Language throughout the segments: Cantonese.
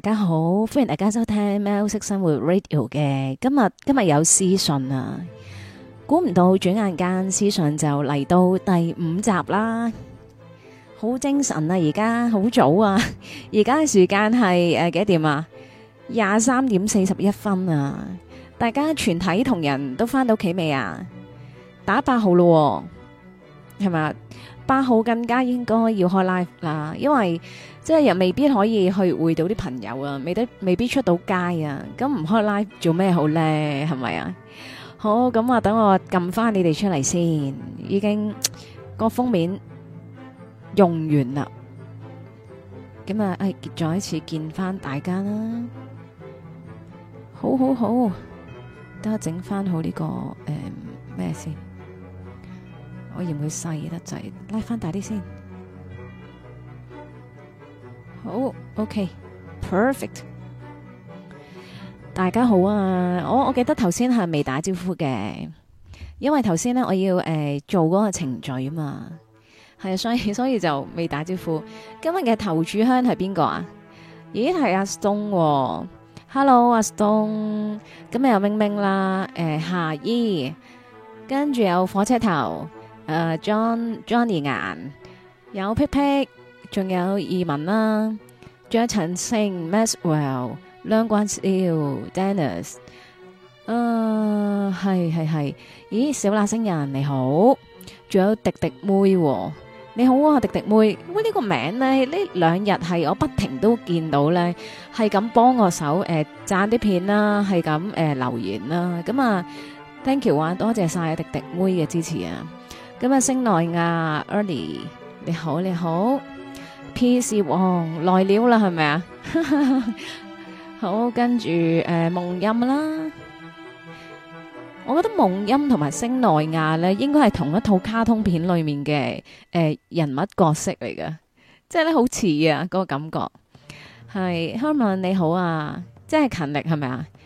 大家好，歡迎大家收聽《喵式生活 Radio》嘅今日，今日有屍訊啊，估唔到轉眼間屍訊就嚟到第五集啦，好精神啊！而家好早啊，而家嘅時間係誒幾多點啊？廿三點四十一分啊！大家全體同仁都翻到屋企未啊？打八號咯，係咪？八號更加應該要開 live 啦，因為，即係又未必可以去會到啲朋友啊，未得未必出到街啊，咁唔開 live 做咩好咧？係咪啊？好，咁啊，等我撳翻你哋出嚟先，已經個封面用完啦。咁啊，誒，再一次見翻大家啦，好好好，等我整翻好呢個誒咩先，我嫌佢細得滯，拉翻大啲先。好、oh，OK，Perfect，okay。大家好啊，我我記得頭先係未打招呼嘅，因為頭先咧我要誒、呃、做嗰個程序啊嘛，係啊，所以所以就未打招呼。今日嘅頭主香係邊個啊？咦，係阿 Stone，Hello、哦、阿 Stone，今日有明明啦，誒、呃，夏姨！跟住有火車頭，誒、呃、John，Johnny 顏，有 pick pick 仲有移民啦，仲有陳星、Maxwell、梁冠少、Dennis，啊係係係，咦，小辣星人你好，仲有迪迪妹喎，你好啊迪迪妹。喂，呢個名咧呢兩日係我不停都見到咧，係咁幫我手誒，讚啲片啦，係咁誒留言啦，咁啊 Thank you 啊多謝晒迪迪妹嘅支持啊，咁啊星奈亞 Early 你好你好。P.C. 王來了啦，係咪啊？ 好，跟住誒夢音啦，我覺得夢音同埋星奈亞咧，應該係同一套卡通片裏面嘅誒人物角色嚟嘅，即係咧好似啊嗰個感覺。係，Herman 你好啊，真係勤力係咪啊？誒、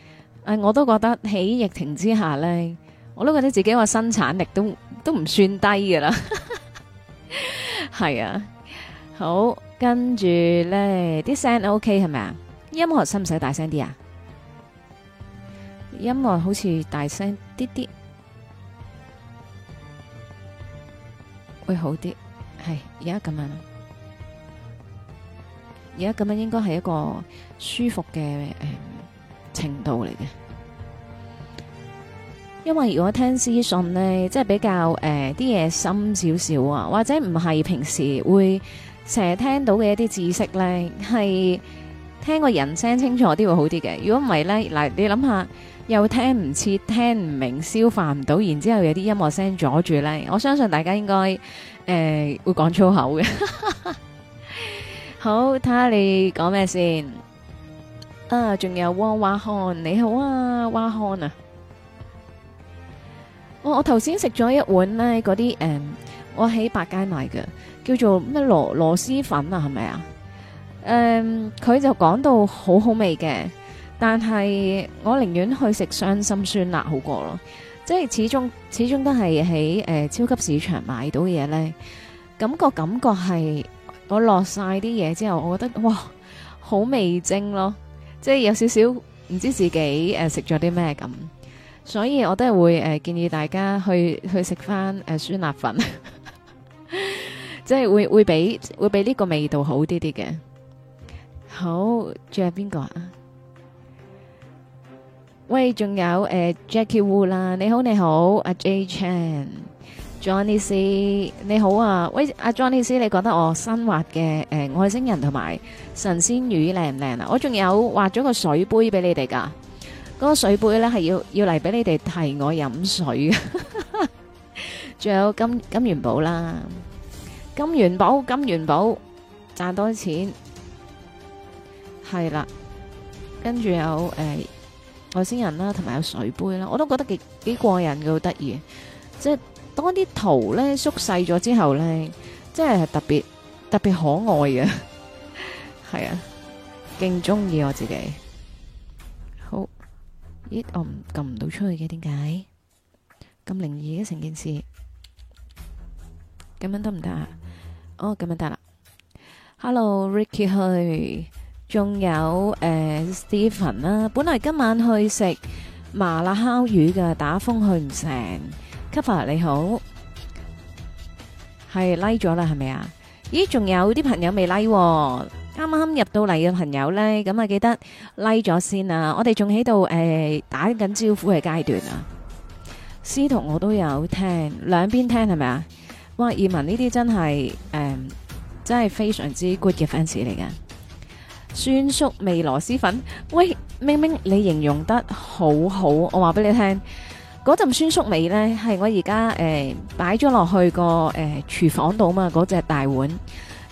呃，我都覺得喺疫情之下咧，我都覺得自己個生產力都都唔算低噶啦，係 啊。好，跟住咧啲聲 OK 係咪啊？音樂使唔使大聲啲啊？音樂好似大聲啲啲會好啲，係而家咁樣，而家咁樣應該係一個舒服嘅誒程度嚟嘅。因為如果聽屍訊呢，即係比較誒啲嘢，深少少啊，或者唔係平時會成日聽到嘅一啲知識咧，係聽個人聲清楚啲會好啲嘅。如果唔係咧，嗱你諗下，又聽唔切，聽唔明，消化唔到，然之後有啲音樂聲阻住咧，我相信大家應該誒會講粗口嘅。好，睇下你講咩先。啊，仲有汪娃漢，你好啊，娃漢啊。我我頭先食咗一碗咧，嗰啲誒，我喺百佳買嘅。叫做咩螺螺螄粉啊，係咪啊？誒，佢就講到好好味嘅，但係我寧願去食傷心酸辣好過咯。即係始終始終都係喺誒超級市場買到嘢咧，那個，感覺感覺係我落晒啲嘢之後，我覺得哇好味精咯，即係有少少唔知自己誒食咗啲咩咁。所以我都係會誒、呃、建議大家去去食翻誒酸辣粉。 即係會會比會比呢個味道好啲啲嘅。好，仲有邊個啊？喂，仲有誒、呃、Jackie Wu 啦，你好你好，阿、啊、Jay Chan，Johnny C，你好啊，喂，阿、啊、Johnny C，你覺得我新畫嘅誒外星人同埋神仙魚靚唔靚啊？我仲有畫咗個水杯俾你哋噶，嗰、那個水杯咧係要要嚟俾你哋提我飲水。仲 有金金元寶啦。金元寶，金元寶，賺多錢係啦，跟住有誒外星人啦，同埋有水杯啦，我都覺得幾幾過癮嘅，好得意。即係當啲圖咧縮細咗之後咧，即係特別特別可愛嘅，係啊，勁中意我自己。好，咦，我唔撳唔到出去嘅，點解咁靈異嘅？成件事？咁樣得唔得啊？哦、oh，咁樣得啦。Hello，Ricky 去，仲有誒、呃、Stephen 啦、啊。本來今晚去食麻辣烤魚嘅，打風去唔成。Cupa 你好，係拉咗啦，係咪啊？咦，仲有啲朋友未拉，哦？啱啱入到嚟嘅朋友咧，咁啊記得拉咗先啊。我哋仲喺度誒打緊招呼嘅階段啊。司徒我都有聽，兩邊聽係咪啊？是哇！葉文呢啲真係誒、嗯，真係非常之 good 嘅 fans 嚟嘅，酸粟味螺螄粉。喂，明明你形容得好好，我話俾你聽，嗰陣酸粟味呢，係我而家誒擺咗落去、個誒廚、呃、房度嘛，嗰隻大碗。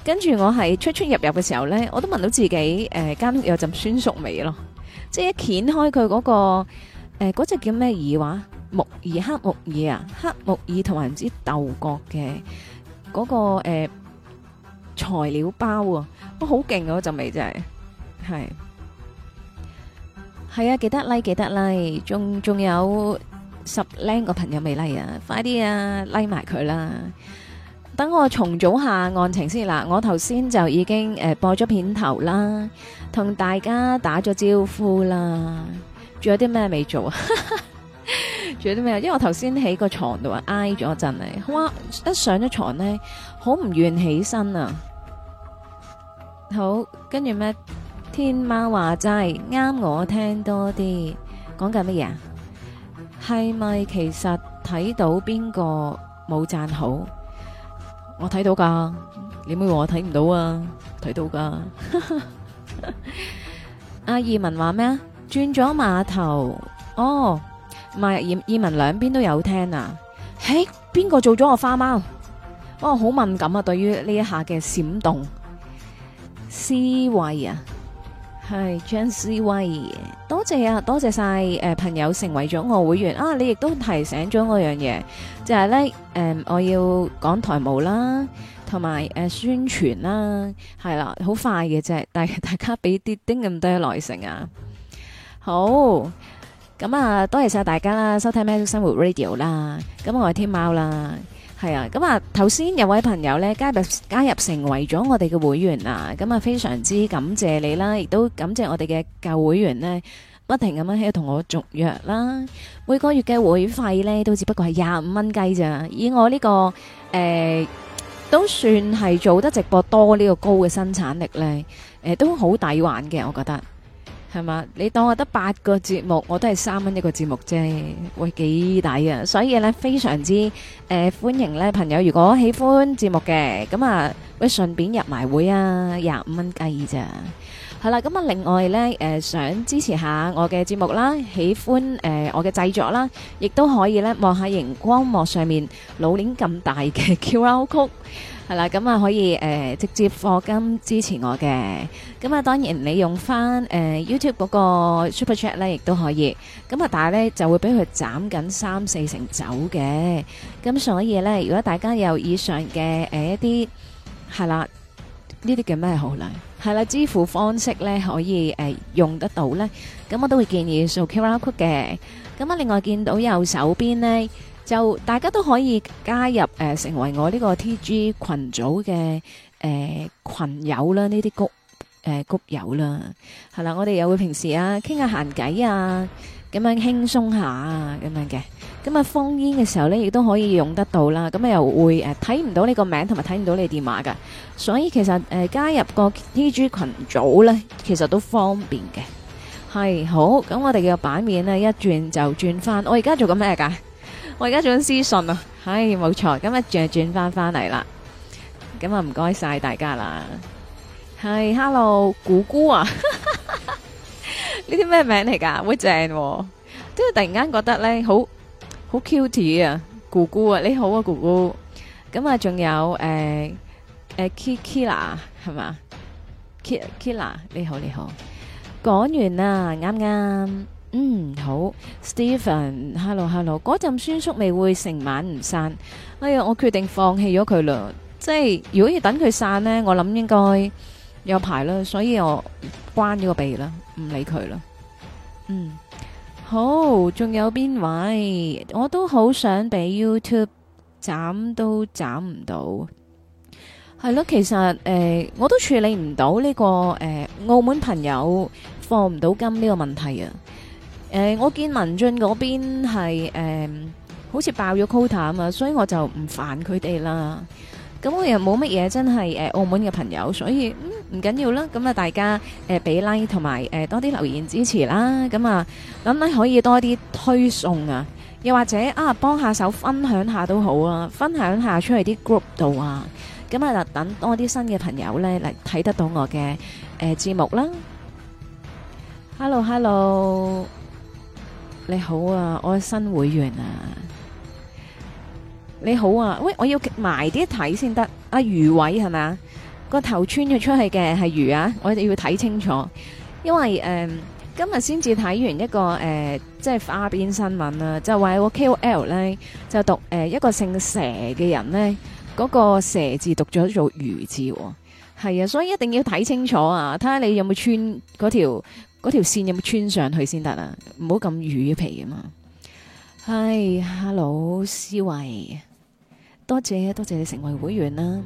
跟住我係出出入入嘅時候呢，我都聞到自己誒間屋有陣酸粟味咯，即係一掀開佢嗰、個嗰隻、呃、叫咩耳話。木耳、黑木耳啊，黑木耳同還之豆角嘅嗰個誒材料包啊，都好勁，嗰陣味真係，係係啊，記得 like 記得 like，仲仲有十零個朋友未 like 啊，快啲啊 like 埋佢啦，等我重組下案情先啦，我頭先就已經誒播咗片頭啦，同大家打咗招呼啦，仲有啲咩未做啊？仲 有啲咩啊？因為我頭先喺個床度挨咗一陣嚟，哇、啊！一上咗床咧，好唔願起身啊。好，跟住咩？天貓話齋啱我聽多啲，講緊乜嘢啊？係咪其實睇到邊個冇讚好？我睇到噶，你妹話我睇唔到啊？睇到噶。阿義文話咩啊？轉咗碼頭哦。唔係耳耳聞兩邊都有聽啊！嘿，邊個做咗我花貓？哇，好敏感啊！對於呢一下嘅閃動 c 位啊，係張 C 位，多謝啊，多謝晒誒、呃、朋友成為咗我會員啊！你亦都提醒咗我樣嘢，就係咧誒，我要講台務啦，同埋誒宣傳啦，係啦，好快嘅啫，但係大家俾啲叮咁多耐性啊，好。咁啊，多謝晒大家啦，收睇《喵式生活 Radio》啦。咁我係天喵啦，係啊。咁啊，頭先有位朋友咧加入加入成為咗我哋嘅會員啊，咁啊非常之感謝你啦，亦都感謝我哋嘅舊會員咧，不停咁樣喺度同我續約啦。每個月嘅會費咧都只不過係廿五蚊雞咋，以我呢個誒都算係做得直播多呢個高嘅生產力咧，誒都好抵玩嘅，我覺得。係嘛？你當我得八個節目，我都係三蚊一個節目啫，會幾抵啊？所以咧非常之誒、呃、歡迎咧朋友，如果喜歡節目嘅咁啊，會順、呃、便入埋會啊，廿五蚊雞咋？係、嗯、啦，咁、嗯、啊另外咧誒、呃、想支持下我嘅節目啦，喜歡誒、呃、我嘅製作啦，亦都可以咧望下熒光幕上面老年咁大嘅 QR Code。係、嗯、啦，咁、嗯、啊可以誒、呃、直接課金支持我嘅，咁、嗯、啊當然你用翻誒、呃、YouTube 嗰個 Super Chat 咧，亦都可以。咁、嗯、啊，但呢，咧就會俾佢斬緊三四成走嘅。咁、嗯、所以咧，如果大家有以上嘅、呃、一啲係、嗯、啦，呢啲叫咩好咧？係啦，支付方式咧可以誒、呃、用得到咧。咁、嗯、我都會建議做 QR Code 嘅。咁、嗯、啊、嗯，另外見到右手邊咧。就大家都可以加入誒、呃，成為我呢個 T G 群組嘅誒、呃、群友啦，呢啲谷誒谷友啦，係啦，我哋又會平時啊傾下閒偈啊，咁、啊、樣輕鬆下啊，咁樣嘅，咁啊封煙嘅時候咧，亦都可以用得到啦，咁、嗯、啊又會誒睇唔到你個名同埋睇唔到你電話噶，所以其實誒、呃、加入個 T G 群組咧，其實都方便嘅，係好，咁我哋嘅版面咧一轉就轉翻，我而家做緊咩噶？我而家仲有私信啊，係冇錯，今日仲係轉翻翻嚟啦，咁啊唔該晒大家啦，係 Hello 姑姑啊，呢啲咩名嚟噶？好正喎，即係突然間覺得咧，好好 cute 啊，姑姑啊，你好啊姑姑，咁啊仲有誒誒 Kila 係嘛，Kila 你好你好，講完啦，啱啱。嗯，好，Stephen，Hello，Hello，嗰 Hello. 陣酸宿味會成晚唔散。哎呀，我決定放棄咗佢啦。即係如果要等佢散呢，我諗應該有排啦，所以我關咗個鼻啦，唔理佢啦。嗯，好，仲有邊位？我都好想俾 YouTube 斬都斬唔到。係咯，其實誒、呃，我都處理唔到呢個誒、呃、澳門朋友放唔到金呢個問題啊。誒、呃，我見文進嗰邊係誒，好似爆咗 quota 啊嘛，所以我就唔煩佢哋啦。咁我又冇乜嘢真係誒、呃、澳門嘅朋友，所以唔緊要啦。咁啊，大家誒俾、呃、like 同埋誒多啲留言支持啦。咁啊，諗諗可以多啲推送啊，又或者啊幫下手分享一下都好啊，分享一下出去啲 group 度啊。咁啊，等多啲新嘅朋友咧嚟睇得到我嘅誒節目啦。Hello，hello hello。你好啊，我係新會員啊！你好啊，喂，我要埋啲睇先得。阿魚尾係咪啊？個頭穿咗出去嘅係魚啊？我哋要睇清楚，因為誒、呃、今日先至睇完一個誒，即、呃、係、就是、花邊新聞啊，就話有個 K O L 咧就讀誒、呃、一個姓蛇嘅人咧，嗰、那個蛇字讀咗做魚字、哦，係啊，所以一定要睇清楚啊，睇下你有冇穿嗰條。嗰條線有冇穿上去先得啊？唔好咁魚皮啊嘛！係，Hello 思慧，多謝多謝你成為會員啦。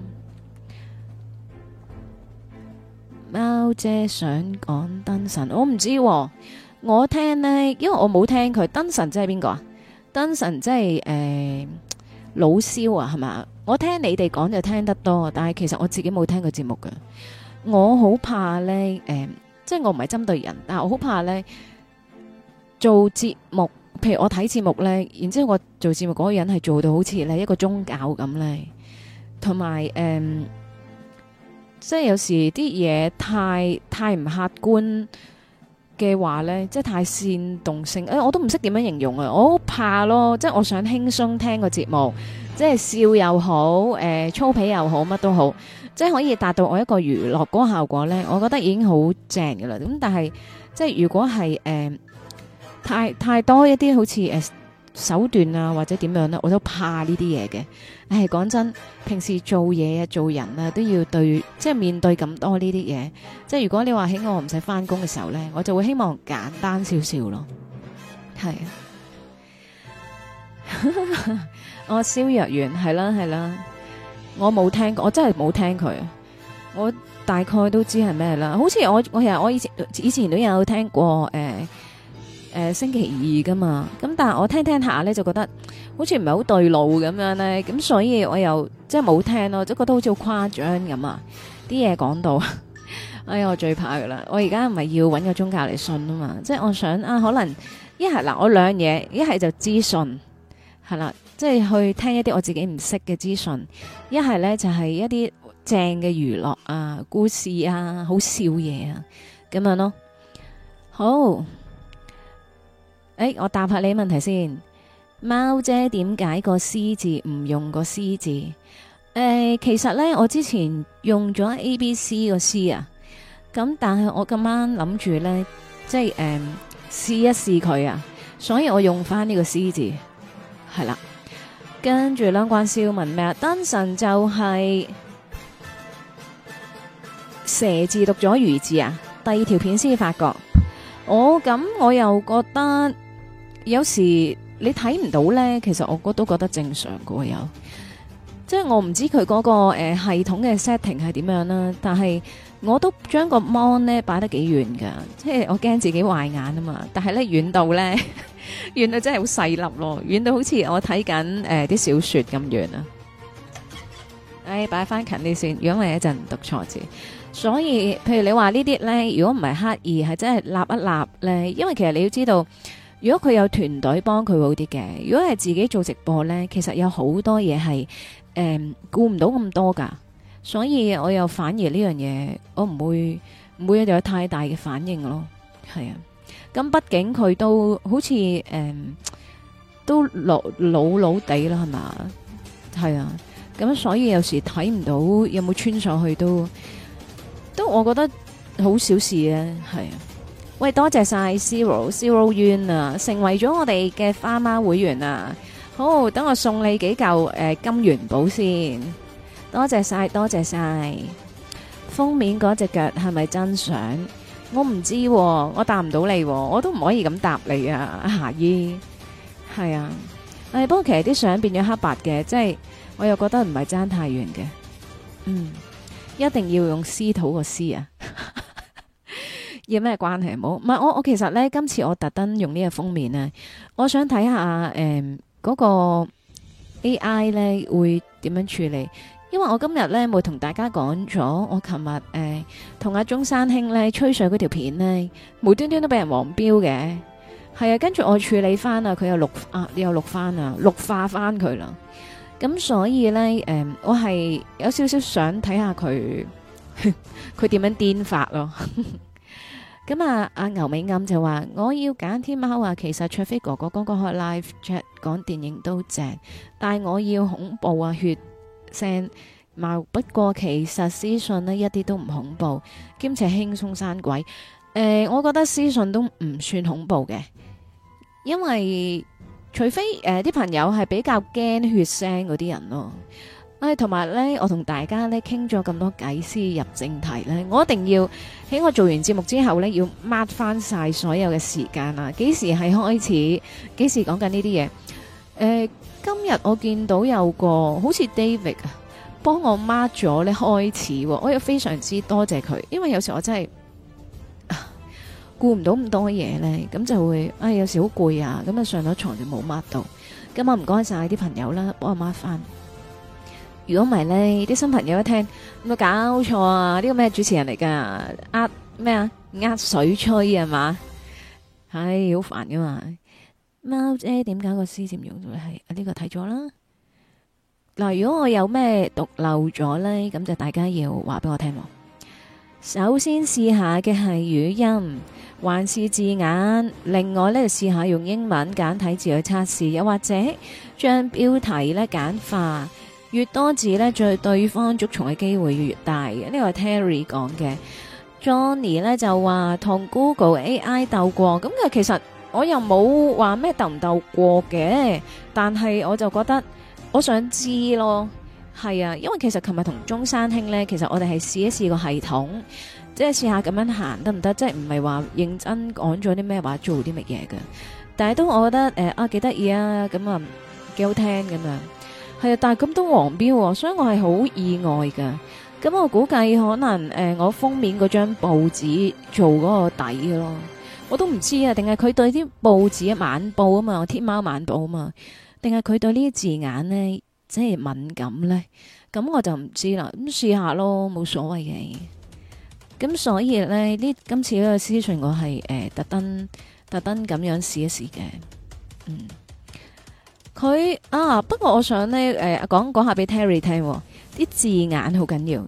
貓姐想講燈神，我唔知道、啊，我聽呢，因為我冇聽佢。燈神即係邊個啊？燈神即係誒、呃、老蕭啊，係嘛？我聽你哋講就聽得多，但係其實我自己冇聽過節目嘅，我好怕呢。誒、呃。即係我唔係針對人，但係我好怕呢做節目，譬如我睇節目呢，然之後我做節目嗰個人係做到好似呢一個宗教咁呢。同埋誒，即係有時啲嘢太太唔客觀嘅話呢，即係太煽動性，誒、哎，我都唔識點樣形容啊，我好怕咯，即係我想輕鬆聽個節目，即係笑又好，誒、呃，粗鄙又好，乜都好。即係可以達到我一個娛樂嗰個效果呢，我覺得已經好正噶啦。咁但係即係如果係誒、呃、太太多一啲好似誒、呃、手段啊或者點樣呢，我都怕呢啲嘢嘅。唉、哎，講真，平時做嘢啊、做人啊，都要對即係面對咁多呢啲嘢。即係如果你話喺我唔使返工嘅時候呢，我就會希望簡單少少咯。係、啊， 我蕭若元，係啦、啊，係啦、啊。我冇聽過，我真係冇聽佢。我大概都知係咩啦，好似我我其實我以前以前都有聽過誒誒、呃呃、星期二噶嘛，咁但係我聽聽下咧就，就覺得好似唔係好對路咁樣咧，咁所以我又即係冇聽咯，即係覺得好似好誇張咁啊！啲嘢講到，哎呀我最怕噶啦，我而家唔係要搵個宗教嚟信啊嘛，即係我想啊，可能一係嗱我兩嘢，一係就資訊係啦。即係去聽一啲我自己唔識嘅資訊，是一係咧就係一啲正嘅娛樂啊、故事啊、好笑嘢啊，咁樣咯。好，誒、欸，我答下你問題先。貓姐點解個屍字唔用個 C 字？誒、呃，其實咧我之前用咗 A、B、C 個 C 啊，咁但係我今晚諗住咧，即係誒試一試佢啊，所以我用翻呢個屍字，係啦。跟住兩關少文咩？啊？燈神就係蛇字讀咗魚字啊！第二條片先發覺，我、oh, 咁我又覺得有時你睇唔到呢，其實我都覺得正常噶有，即係我唔知佢嗰、那個誒、呃、系統嘅 setting 係點樣啦。但係我都將個 mon 咧擺得幾遠噶，即係我驚自己壞眼啊嘛。但係咧遠到呢。遠度呢遠到真係好細粒咯，遠到好似我睇緊誒啲小說咁遠啊！哎，擺翻近啲先，因為一陣讀錯字。所以，譬如你話呢啲咧，如果唔係刻意，係真係立一立咧，因為其實你要知道，如果佢有團隊幫佢好啲嘅，如果係自己做直播咧，其實有好多嘢係誒顧唔到咁多噶。所以我又反而呢樣嘢，我唔會唔會又有太大嘅反應咯。係啊。咁畢竟佢都好似誒、嗯，都老老老哋啦，係嘛？係啊，咁所以有時睇唔到有冇穿上去都都，我覺得好小事啊。係啊。喂，多謝晒 Zero Zero Yuan 啊，成為咗我哋嘅花媽會員啊！好，等我送你幾嚿誒、呃、金元寶先。多謝晒，多謝晒。封面嗰隻腳係咪真相？我唔知道啊，我答唔到你啊，我都唔可以咁答你啊，阿霞姨，係啊，誒，不過其實啲相變咗黑白嘅，即係我又覺得唔係爭太遠嘅，嗯，一定要用司徒個司啊， 有咩關係？唔好，唔係我我其實咧，今次我特登用呢個封面咧，我想睇下誒嗰個 AI 咧會點樣處理。因為我今日咧冇同大家講咗，我琴日誒同阿中山兄咧吹水嗰條片咧，無端端都俾人黃標嘅，係啊，跟住我處理翻啊，佢又綠啊，又綠翻啊，綠化翻佢啦。咁所以咧，誒，我係有少少想睇下佢，佢點樣癲法咯。咁啊，阿牛尾噉就話我要揀天喵啊，其實卓飛哥哥剛剛開 live chat 講電影都正，但係我要恐怖啊，血。聲嘛，不過其實屍訊呢一啲都唔恐怖，兼且輕鬆山鬼。誒，我覺得屍訊都唔算恐怖嘅，因為除非誒啲朋友係比較驚血腥嗰啲人咯。誒，同埋呢，我同大家呢傾咗咁多偈，先入正題呢，我一定要喺我做完節目之後呢，要抹翻晒所有嘅時間啦。幾時係開始？幾時講緊呢啲嘢？誒。今日我見到有個好似 David 啊，幫我 mark 咗咧，開始，我又非常之多謝佢，因為有時我真係顧唔到咁多嘢咧，咁就會啊有時好攰啊，咁啊上咗床就冇 mark 到。今晚唔該晒啲朋友啦，幫我 mark 翻。如果唔係咧，啲新朋友一聽，咁啊搞錯啊，呢個咩主持人嚟噶？呃咩啊？呃水吹係嘛？唉，好煩噶嘛？貓姐點解個獅子用咗？係呢、呢個睇咗啦？嗱，如果我有咩讀漏咗呢，咁就大家要話俾我聽喎。首先試下嘅係語音，還是字眼。另外呢，試下用英文簡體字去測試，又或者將標題呢，簡化，越多字呢，再對方捉蟲嘅機會越大。呢、呢個係 Terry 講嘅。Johnny 呢就話同 Google AI 鬥過，咁佢其實。我又冇話咩鬥唔鬥過嘅，但係我就覺得我想知咯，係啊，因為其實琴日同中山兄咧，其實我哋係試一試個系統，即係試下咁樣行得唔得，即係唔係話認真講咗啲咩話做啲乜嘢嘅。但係都我覺得誒啊幾得意啊，咁啊幾好聽咁樣，係啊，但係咁都黃標，哦，所以我係好意外㗎。咁我估計可能，呃、我封面嗰張報紙做嗰個底咯。我都唔知啊，定係佢對啲報紙啊、晚報啊嘛，天貓晚報啊嘛，定係佢對呢啲字眼呢？即係敏感呢？咁我就唔知啦。咁試下咯，冇所謂嘅。咁所以呢，呢今次呢個屍訊我係誒、呃、特登特登咁樣試一試嘅。嗯，佢啊，不過我想呢，誒、呃，講講下俾 Terry 聽，啲、呃、字眼好緊要。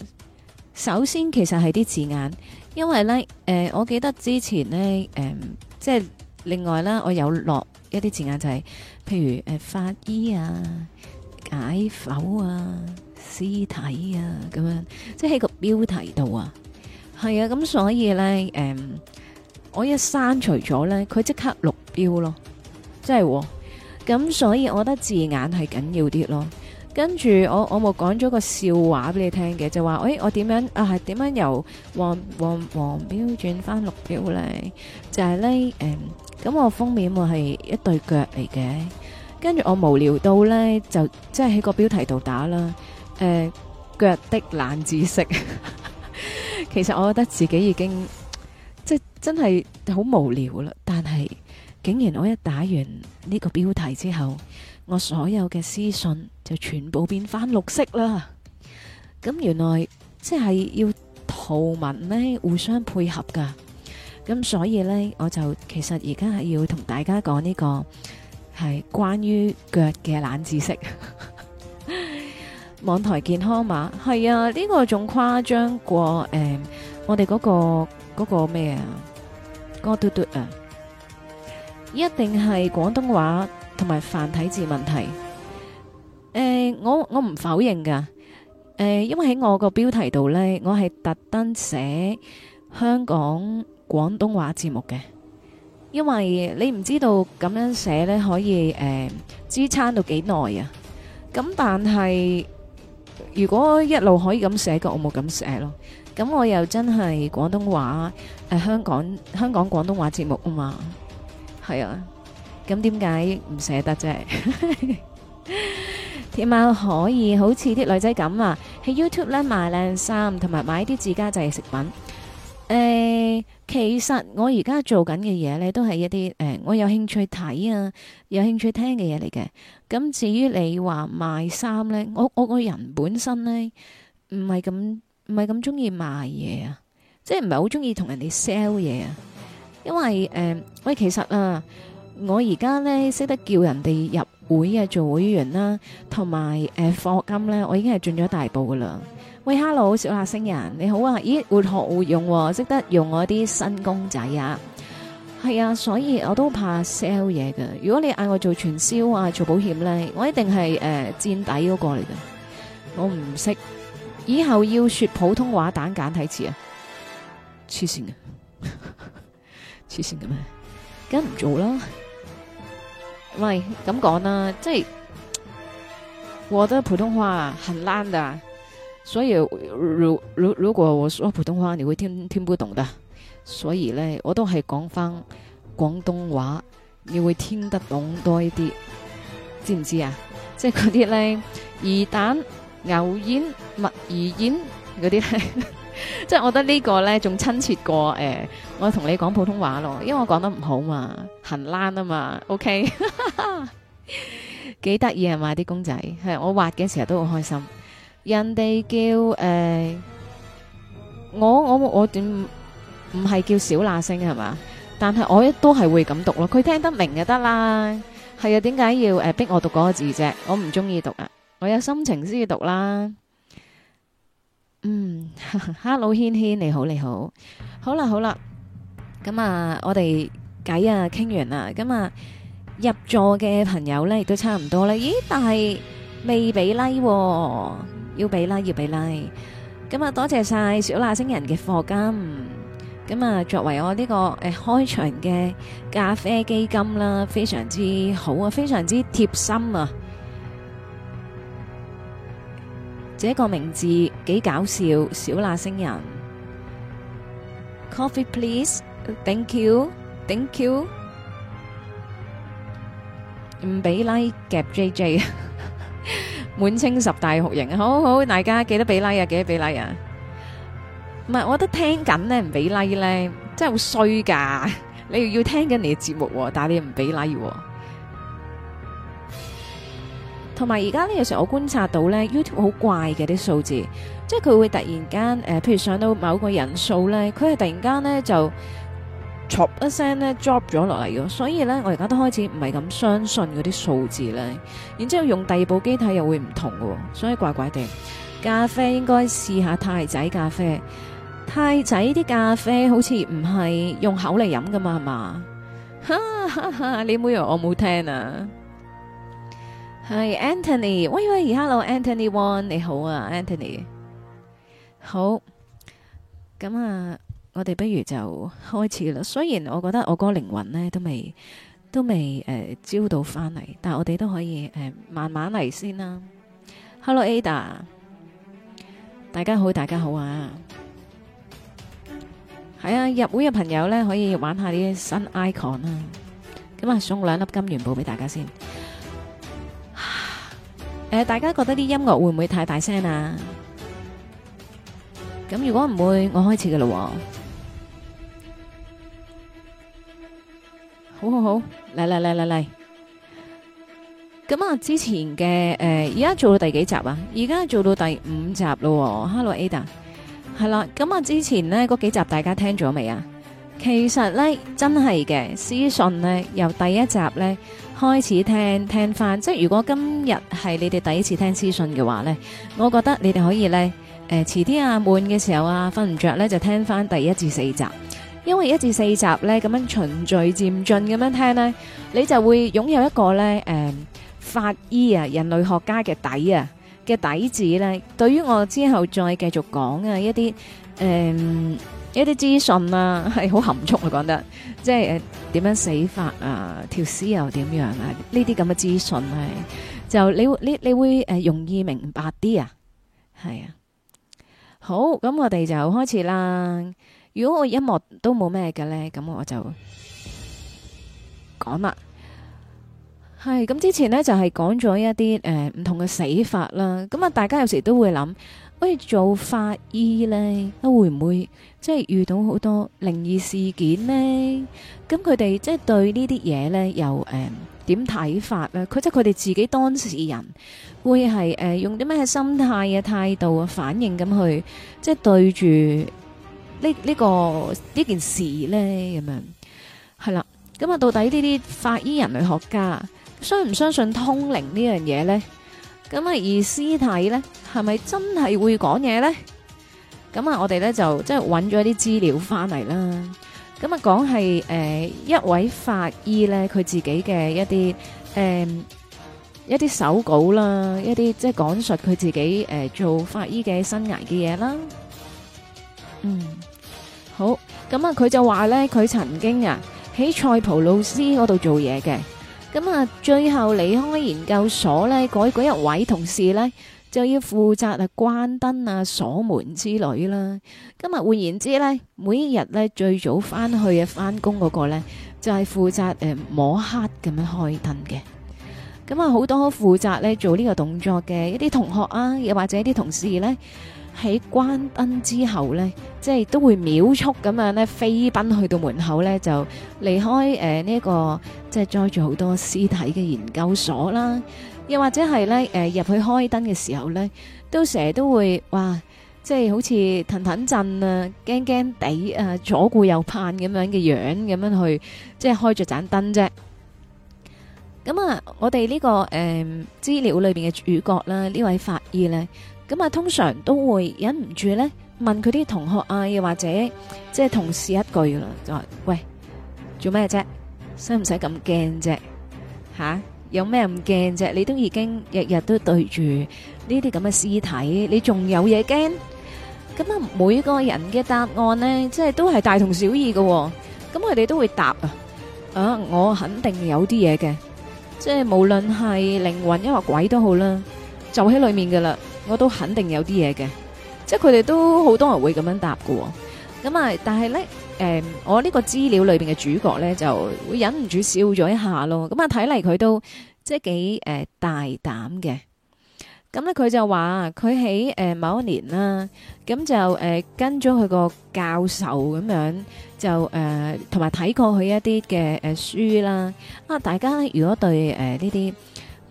首先，其實係啲字眼。因為咧，誒、呃，我記得之前咧，誒、嗯，即係另外啦，我有落一啲字眼，就係、是、譬如誒、呃、法醫啊、解剖啊、屍體啊咁樣，即係喺個標題度啊，係啊，咁所以咧，誒、嗯，我一刪除咗咧，佢即刻綠標咯，即係，咁所以我覺得字眼係緊要啲咯。跟住我，我冇講咗個笑話俾你聽嘅，就話，誒，我點樣啊？係點樣由黃黃黃標轉翻綠標呢？就係呢，誒，咁我封面會係一對腳嚟嘅，跟住我無聊到呢，就即係喺個標題度打啦，誒，腳的冷知識，其實我覺得自己已經即係真係好無聊啦，但係竟然我一打完呢個標題之後。我所有嘅私信就全部變翻綠色啦，咁原來即係要圖文呢互相配合噶，咁所以呢我就其實而家係要同大家講呢個係關於腳嘅冷知識，網台健康碼係啊，呢個仲誇張過誒我哋嗰個嗰個咩啊嗰嘟嘟啊，一定係廣東話。同埋繁體字問題，誒，我我唔否認噶，誒，因為喺我個標題度咧，我係特登寫香港廣東話節目嘅，因為你唔知道咁樣寫咧可以誒支撐到幾耐啊，咁但係如果一路可以咁寫嘅，我冇咁寫咯，咁我又真係廣東話誒香港香港廣東話節目啊嘛，係啊。咁點解唔捨得啫？點解可以好似啲女仔咁啊？喺 YouTube 咧賣靚衫，同埋買啲自家製嘅食品。誒，其實我而家做緊嘅嘢咧，都係一啲誒，我有興趣睇啊，有興趣聽嘅嘢嚟嘅。咁至於你話賣衫咧，我我個人本身咧，唔係咁唔係咁中意賣嘢啊，即係唔係好中意同人哋 sell 嘢啊。因為誒，喂，其實啊～我而家咧識得叫人哋入會啊，做會員啦，同埋誒課金咧，我已經係進咗大步噶啦。喂，hello，小外星人，你好啊！咦，活學活用，啊，識得用我啲新公仔啊？係啊，所以我都怕 sell 嘢嘅。如果你嗌我做傳銷啊，做保險咧，我一定係誒墊底嗰個嚟嘅。我唔識，以後要說普通話，蛋簡體字啊！黐線嘅，黐線嘅咩？梗唔做啦！喂，咁講啦，即係我的普通話很爛的，所以如如如果我說普通話，你會聽聽不懂的，所以咧我都係講翻廣東話，你會聽得懂多一啲，知唔知啊？即係嗰啲咧魚蛋牛丸墨魚丸嗰啲咧。 即係我覺得呢個呢，仲親切過誒、欸，我同你講普通話咯，因為我講得唔好嘛，含懶啊嘛，OK，幾得意係嘛，啲公仔，係我畫嘅時候都好開心。人哋叫誒、欸，我我我點唔係叫小喇聲係嘛？但係我都係會咁讀咯，佢聽得明白就得啦。係啊，點解要誒逼我讀嗰個字啫？我唔中意讀啊，我有心情先要讀啦。嗯，Hello 軒軒，你好你好，好啦好啦，咁啊，我哋偈啊傾完啦，咁啊入座嘅朋友呢亦都差唔多啦，咦，但係未俾 like，要俾 like 要俾 like，咁啊多謝晒小辣星人嘅課金，咁啊作為我呢個誒開場嘅咖啡基金啦，非常之好啊，非常之貼心啊！這個名字幾搞笑，小那星人。Coffee please，Thank you，Thank you。唔俾拉夾 J J，滿清十大酷刑，好好，大家記得俾拉啊，記得俾拉啊。唔係，我都聽緊咧，唔俾拉咧，真係好衰噶。你又要聽緊你嘅節目，但係你唔俾拉喎。同埋而家呢？有時候我觀察到呢 YouTube 好怪嘅啲數字，即係佢會突然間誒、呃，譬如上到某個人數呢，佢係突然間呢就 d 一聲呢，聲呢「drop 咗落嚟嘅，所以呢，我而家都開始唔係咁相信嗰啲數字呢。然之後用第二部機睇又會唔同喎，所以怪怪地。咖啡應該試下太仔咖啡，太仔啲咖啡好似唔係用口嚟飲噶嘛，係嘛？哈哈哈！ 你妹我冇聽啊！係 Anthony，喂喂，Hello Anthony One，你好啊，Anthony。好，咁啊，我哋不如就開始啦。雖然我覺得我個靈魂呢都未都未誒招、呃、到翻嚟，但係我哋都可以誒、呃、慢慢嚟先啦。Hello Ada，大家好，大家好啊。係啊，入會嘅朋友呢可以玩下啲新 icon 啦、啊。咁啊，送兩粒金元寶俾大家先。誒，大家覺得啲音樂會唔會太大聲啊？咁如果唔會，我開始噶咯。好好好，嚟嚟嚟嚟嚟。咁啊，之前嘅誒，而家做到第幾集啊？而家做到第五集咯。Hello Ada，係啦。咁啊，之前咧嗰幾集大家聽咗未啊？其實咧，真係嘅，屍訊咧，由第一集咧。開始聽聽翻，即係如果今日係你哋第一次聽屍訊嘅話呢，我覺得你哋可以呢，誒、呃、遲啲啊悶嘅時候啊，瞓唔着呢，就聽翻第一至四集，因為一至四集呢，咁樣循序漸進咁樣聽呢，你就會擁有一個呢誒、呃、法醫啊、人類學家嘅底啊嘅底子呢。對於我之後再繼續講啊一啲誒，呃一啲資訊啊，係好含蓄啊，講得即係誒，點樣死法啊，條屍又點樣啊？呢啲咁嘅資訊係就你你你會誒容易明白啲啊？係啊，好，咁我哋就開始啦。如果我音樂都冇咩嘅咧，咁我就講啦。係咁之前呢，就係講咗一啲誒唔同嘅死法啦。咁啊，大家有時都會諗。喂，做法醫呢，會唔會即係遇到好多靈異事件呢？咁佢哋即係對呢啲嘢，呢，又誒點睇法呢？佢即係佢哋自己當事人會係誒、呃、用啲咩心態嘅態度啊反應咁去即係對住呢呢個呢件事呢？咁樣係啦。咁啊，到底呢啲法醫人類學家相唔相信通靈呢樣嘢呢？咁啊，而屍體咧，係咪真係會講嘢咧？咁啊，我哋咧就即係揾咗一啲資料翻嚟啦。咁啊，講係誒一位法醫咧，佢自己嘅一啲誒一啲手稿啦，一啲即係講述佢自己誒做法醫嘅生涯嘅嘢啦。嗯，好。咁啊，佢就話咧，佢曾經啊喺塞浦路斯嗰度做嘢嘅。咁啊，最後離開研究所呢，嗰一位同事呢，就要負責啊關燈啊鎖門之類啦。咁啊，換言之呢，每一日呢，最早翻去翻工嗰個呢，就係負責誒摸黑咁樣開燈嘅。咁啊，好多負責呢做呢個動作嘅一啲同學啊，又或者一啲同事呢，喺關燈之後呢，即係都會秒速咁樣咧飛奔去到門口呢就離開誒呢、呃這個即係載住好多屍體嘅研究所啦，又或者係咧誒入去開燈嘅時候呢都成日都會哇，即係好似騰騰震啊，驚驚地啊，左顧右盼咁樣嘅樣，咁樣去即係開著盞燈啫。咁啊，我哋呢、這個誒資、呃、料裏邊嘅主角啦，呢位法醫呢咁啊，通常都會忍唔住咧，問佢啲同學啊，又或者即係同事一句啦，就話喂，做咩啫？使唔使咁驚啫？吓，有咩唔驚啫？你都已經日日都對住呢啲咁嘅屍體，你仲有嘢驚？咁啊，每個人嘅答案咧，即係都係大同小異嘅。咁佢哋都會答啊，啊，我肯定有啲嘢嘅，即係無論係靈魂，抑或鬼都好啦，就喺裏面噶啦。我都肯定有啲嘢嘅，即係佢哋都好多人會咁樣答嘅、哦，咁啊，但係呢，誒、呃，我呢個資料裏邊嘅主角呢，就會忍唔住笑咗一下咯。咁、呃呃、啊，睇嚟佢都即係幾誒大膽嘅。咁、呃、呢，佢就話佢喺誒某一年啦，咁就誒跟咗佢個教授咁樣，就誒同埋睇過佢一啲嘅誒書啦。啊，大家如果對誒呢啲，呃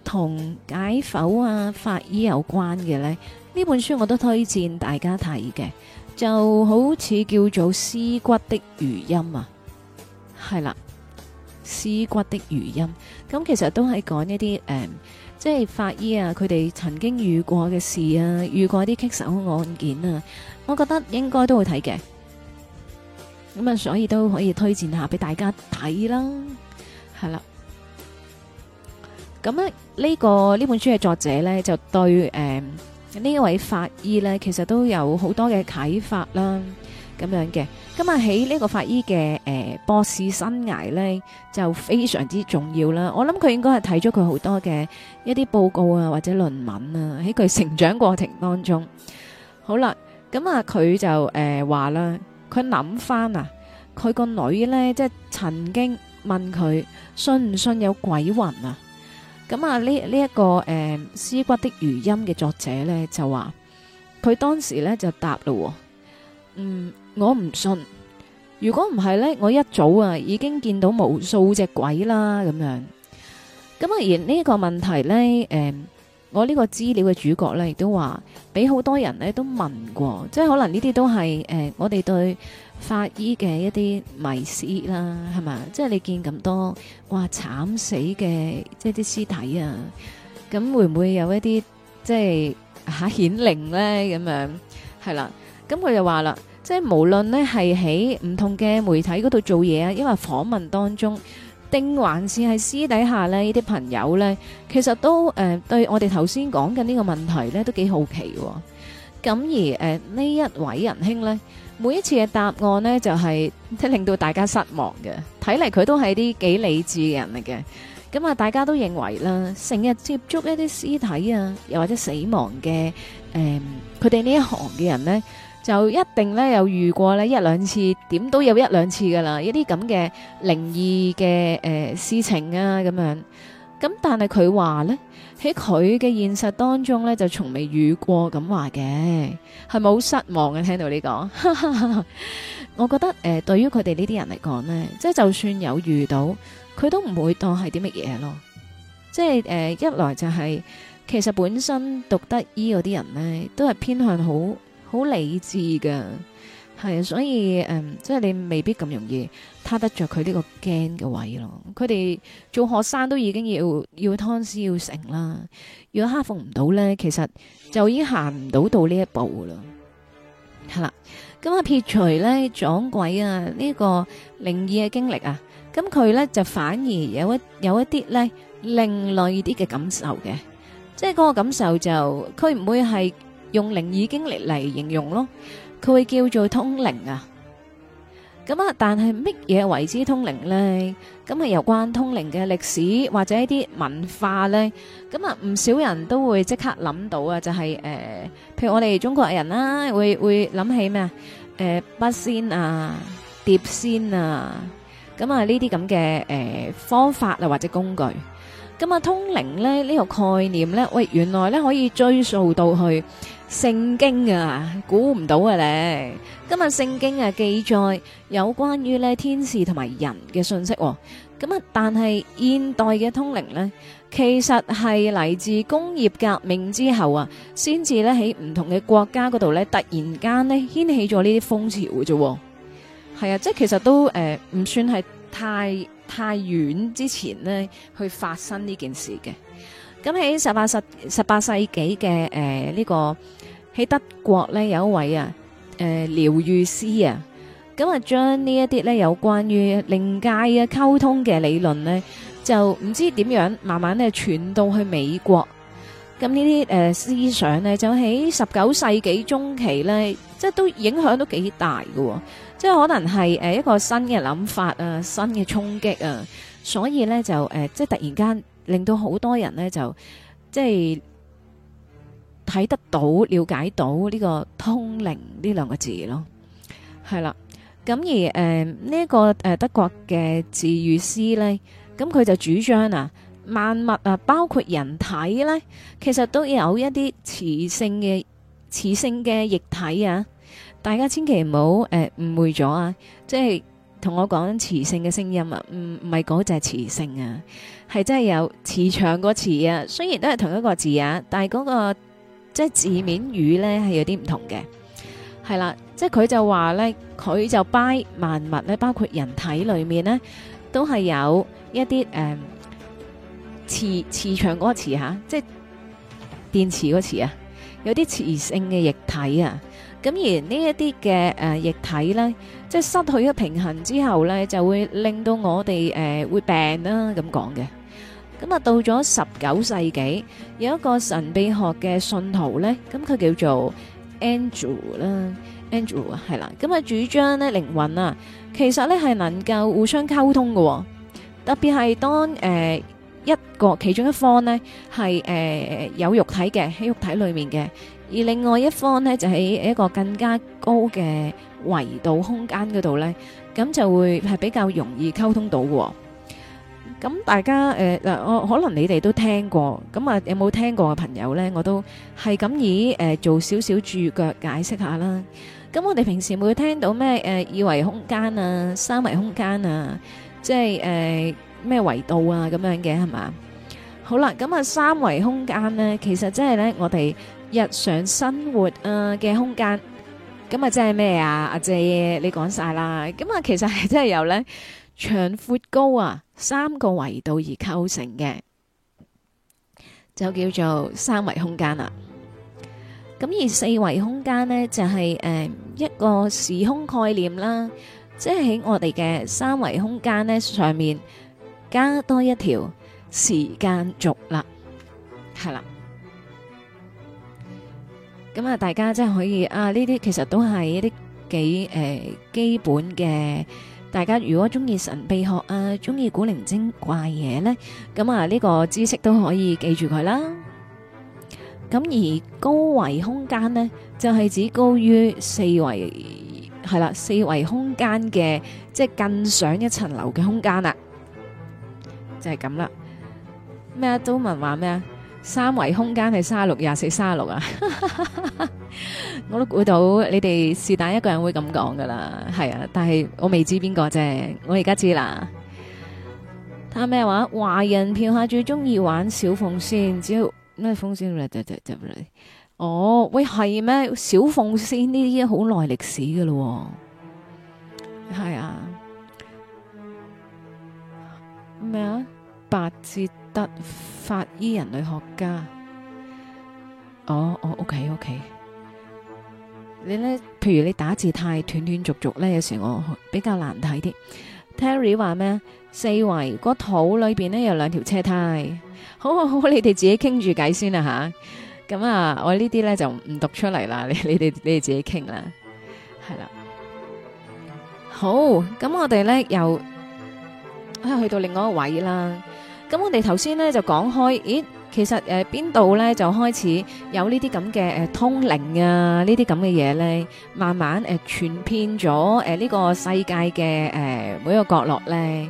同解剖啊、法醫有關嘅呢呢本書我都推薦大家睇嘅，就好似叫做《屍骨的餘音》啊，係啦，《屍骨的餘音》，咁其實都係講一啲誒，即係法醫啊，佢哋曾經遇過嘅事啊，遇過一啲棘手案件啊，我覺得應該都會睇嘅，咁啊，所以都可以推薦下俾大家睇啦，係啦。咁、這、呢個呢本書嘅作者呢，就對誒呢一位法醫呢，其實都有好多嘅啟發啦，咁樣嘅。咁啊，喺呢個法醫嘅誒、呃、博士生涯呢，就非常之重要啦。我諗佢應該係睇咗佢好多嘅一啲報告啊，或者論文啊，喺佢成長過程當中。好啦，咁啊，佢就誒話啦，佢諗返啊，佢個女呢，即、就、係、是、曾經問佢信唔信有鬼魂啊？咁啊，呢呢一個誒《屍、呃、骨的餘音》嘅作者咧就話佢當時咧就答咯、哦，嗯，我唔信。如果唔係咧，我一早啊已經見到無數隻鬼啦。咁樣咁啊，而呢個問題咧，誒、呃，我呢個資料嘅主角咧亦都話俾好多人咧都問過，即係可能呢啲都係誒、呃、我哋對。法醫嘅一啲迷思啦，係嘛？即係你見咁多哇慘死嘅，即係啲屍體啊，咁會唔會有一啲即係嚇顯靈咧？咁樣係啦，咁佢就話啦，即係無論咧係喺唔同嘅媒體嗰度做嘢啊，因為訪問當中，定還是係私底下咧？呢啲朋友咧，其實都誒對我哋頭先講緊呢個問題咧，都幾好奇喎。咁而誒呢一位仁兄咧。每一次嘅答案呢，就係即令到大家失望嘅。睇嚟佢都係啲幾理智嘅人嚟嘅。咁啊，大家都認為啦，成日接觸一啲屍體啊，又或者死亡嘅誒，佢哋呢一行嘅人呢，就一定呢，有遇過呢一兩次，點都有一兩次噶啦，一啲咁嘅靈異嘅誒事情啊，咁樣。咁但係佢話呢。喺佢嘅現實當中咧，就從未遇過咁話嘅，係咪好失望嘅，啊。聽到你、這、講、個， 我覺得誒、呃，對於佢哋呢啲人嚟講咧，即係就算有遇到，佢都唔會當係啲乜嘢咯。即係誒、呃，一來就係、是、其實本身讀得醫嗰啲人咧，都係偏向好好理智嘅。係啊，所以誒，即係你未必咁容易撻得着佢呢個驚嘅位咯。佢哋做學生都已經要要湯師要成啦，如果克服唔到咧，其實就已經行唔到到呢一步啦。係啦，咁啊撇除咧撞鬼啊呢個靈異嘅經歷啊，咁佢咧就反而有一有一啲咧另類啲嘅感受嘅，即係嗰個感受就佢唔會係用靈異經歷嚟形容咯。佢會叫做通靈啊，咁啊，但係乜嘢為之通靈咧？咁啊有關通靈嘅歷史或者一啲文化咧，咁啊唔少人都會即刻諗到啊，就係誒，譬如我哋中國人啦，會會諗起咩啊？誒，筆仙啊，碟仙啊，咁啊呢啲咁嘅誒方法啊或者工具。咁啊，通靈咧呢個概念咧，喂，原來咧可以追溯到去聖經啊，估唔到嘅咧！咁啊聖經啊記載有關於咧天使同埋人嘅信息，哦。咁啊，但係現代嘅通靈咧，其實係嚟自工業革命之後啊，先至咧喺唔同嘅國家嗰度咧，突然間咧掀起咗呢啲風潮嘅啫，哦。係啊，即係其實都誒、呃、唔算係太。太遠之前呢去發生呢件事嘅。咁喺十八十八世紀嘅誒呢個喺德國咧有一位啊誒療癒師啊，咁啊將呢一啲咧有關於靈界嘅溝通嘅理論咧，就唔知點樣慢慢咧傳到去美國。咁呢啲誒思想咧，就喺十九世紀中期咧，即係都影響都幾大嘅、啊。即係可能係誒一個新嘅諗法啊，新嘅衝擊啊，所以咧就誒即係突然間令到好多人咧就即係睇得到、了解到呢個通靈呢兩個字咯，係啦。咁而誒呢、呃這個誒德國嘅治癒師咧，咁佢就主張啊，萬物啊包括人體咧，其實都有一啲磁性嘅磁性嘅液體啊。大家千祈唔好誒誤會咗啊！即係同我講磁性嘅聲音啊，唔唔係嗰隻磁性啊，係真係有磁場個磁啊。雖然都係同一個字啊，但係嗰、那個即係、就是、字面語咧係有啲唔同嘅。係啦，即係佢就話、是、咧，佢就掰萬物咧，包括人體裏面咧，都係有一啲誒、呃、磁磁場嗰個磁吓，即、啊、係、就是、電磁嗰個磁啊，有啲磁性嘅液體啊。咁而呢一啲嘅誒液體咧，即係失去咗平衡之後咧，就會令到我哋誒、呃、會病啦、啊。咁講嘅，咁啊到咗十九世紀，有一個神秘學嘅信徒咧，咁佢叫做 Andrew 啦、啊，Andrew 係啦，咁啊主張咧靈魂啊，其實咧係能夠互相溝通嘅、哦，特別係當誒、呃、一個其中一方咧係誒有肉體嘅喺肉體裏面嘅。而另外一方咧，就喺一個更加高嘅維度空間嗰度咧，咁就會係比較容易溝通到嘅。咁大家誒嗱，我可能你哋都聽過，咁啊有冇聽過嘅朋友咧，我都係咁以誒做少少注腳解釋下啦。咁我哋平時會聽到咩誒二維空間啊、三維空間啊，即係誒咩維度啊咁樣嘅係嘛？好啦，咁啊三維空間咧，其實真係咧我哋日常生活啊嘅空間，咁啊即係咩啊？阿姐，你講晒啦。咁啊，其實係真係由咧長、闊、高啊三個維度而構成嘅，就叫做三維空間啦。咁而四維空間呢，就係誒一個時空概念啦，即係喺我哋嘅三維空間呢上面加多一條時間軸啦，係啦。咁啊，大家真係可以啊，呢啲其實都係一啲幾誒基本嘅。大家如果中意神秘學啊，中意古靈精怪嘢咧，咁啊呢個知識都可以記住佢啦。咁而高維空間咧，就係指高於四維，係啦四維空間嘅即係更上一層樓嘅空間啦，就係咁啦。咩啊都文話咩啊？三圍空間係卅六廿四卅六啊！我都估到你哋是但一個人會咁講噶啦，係啊！但係我未知邊個啫，我而家知啦。睇下咩話？華人票下最中意玩小鳳仙，只有咩鳳仙嚟嚟嚟嚟。哦，喂，係咩？小鳳仙呢啲好耐歷史嘅咯，係啊咩八折？得法醫人類學家，哦，我 OK OK，你咧，譬如你打字太斷斷續續咧，有時候我比較難睇啲。Terry 話咩？四圍個肚裏邊呢，有兩條車胎，啊啊。好，好，好，你哋自己傾住計先啦吓。咁啊，我呢啲咧就唔讀出嚟，啦你你哋你哋自己傾啦，係啦。好，咁我哋咧又去到另外一個位啦。咁我哋頭先咧就講開，咦，其實誒邊度咧就開始有呢啲咁嘅誒通靈啊，呢啲咁嘅嘢咧，慢慢誒傳遍咗誒呢個世界嘅誒每一個角落咧，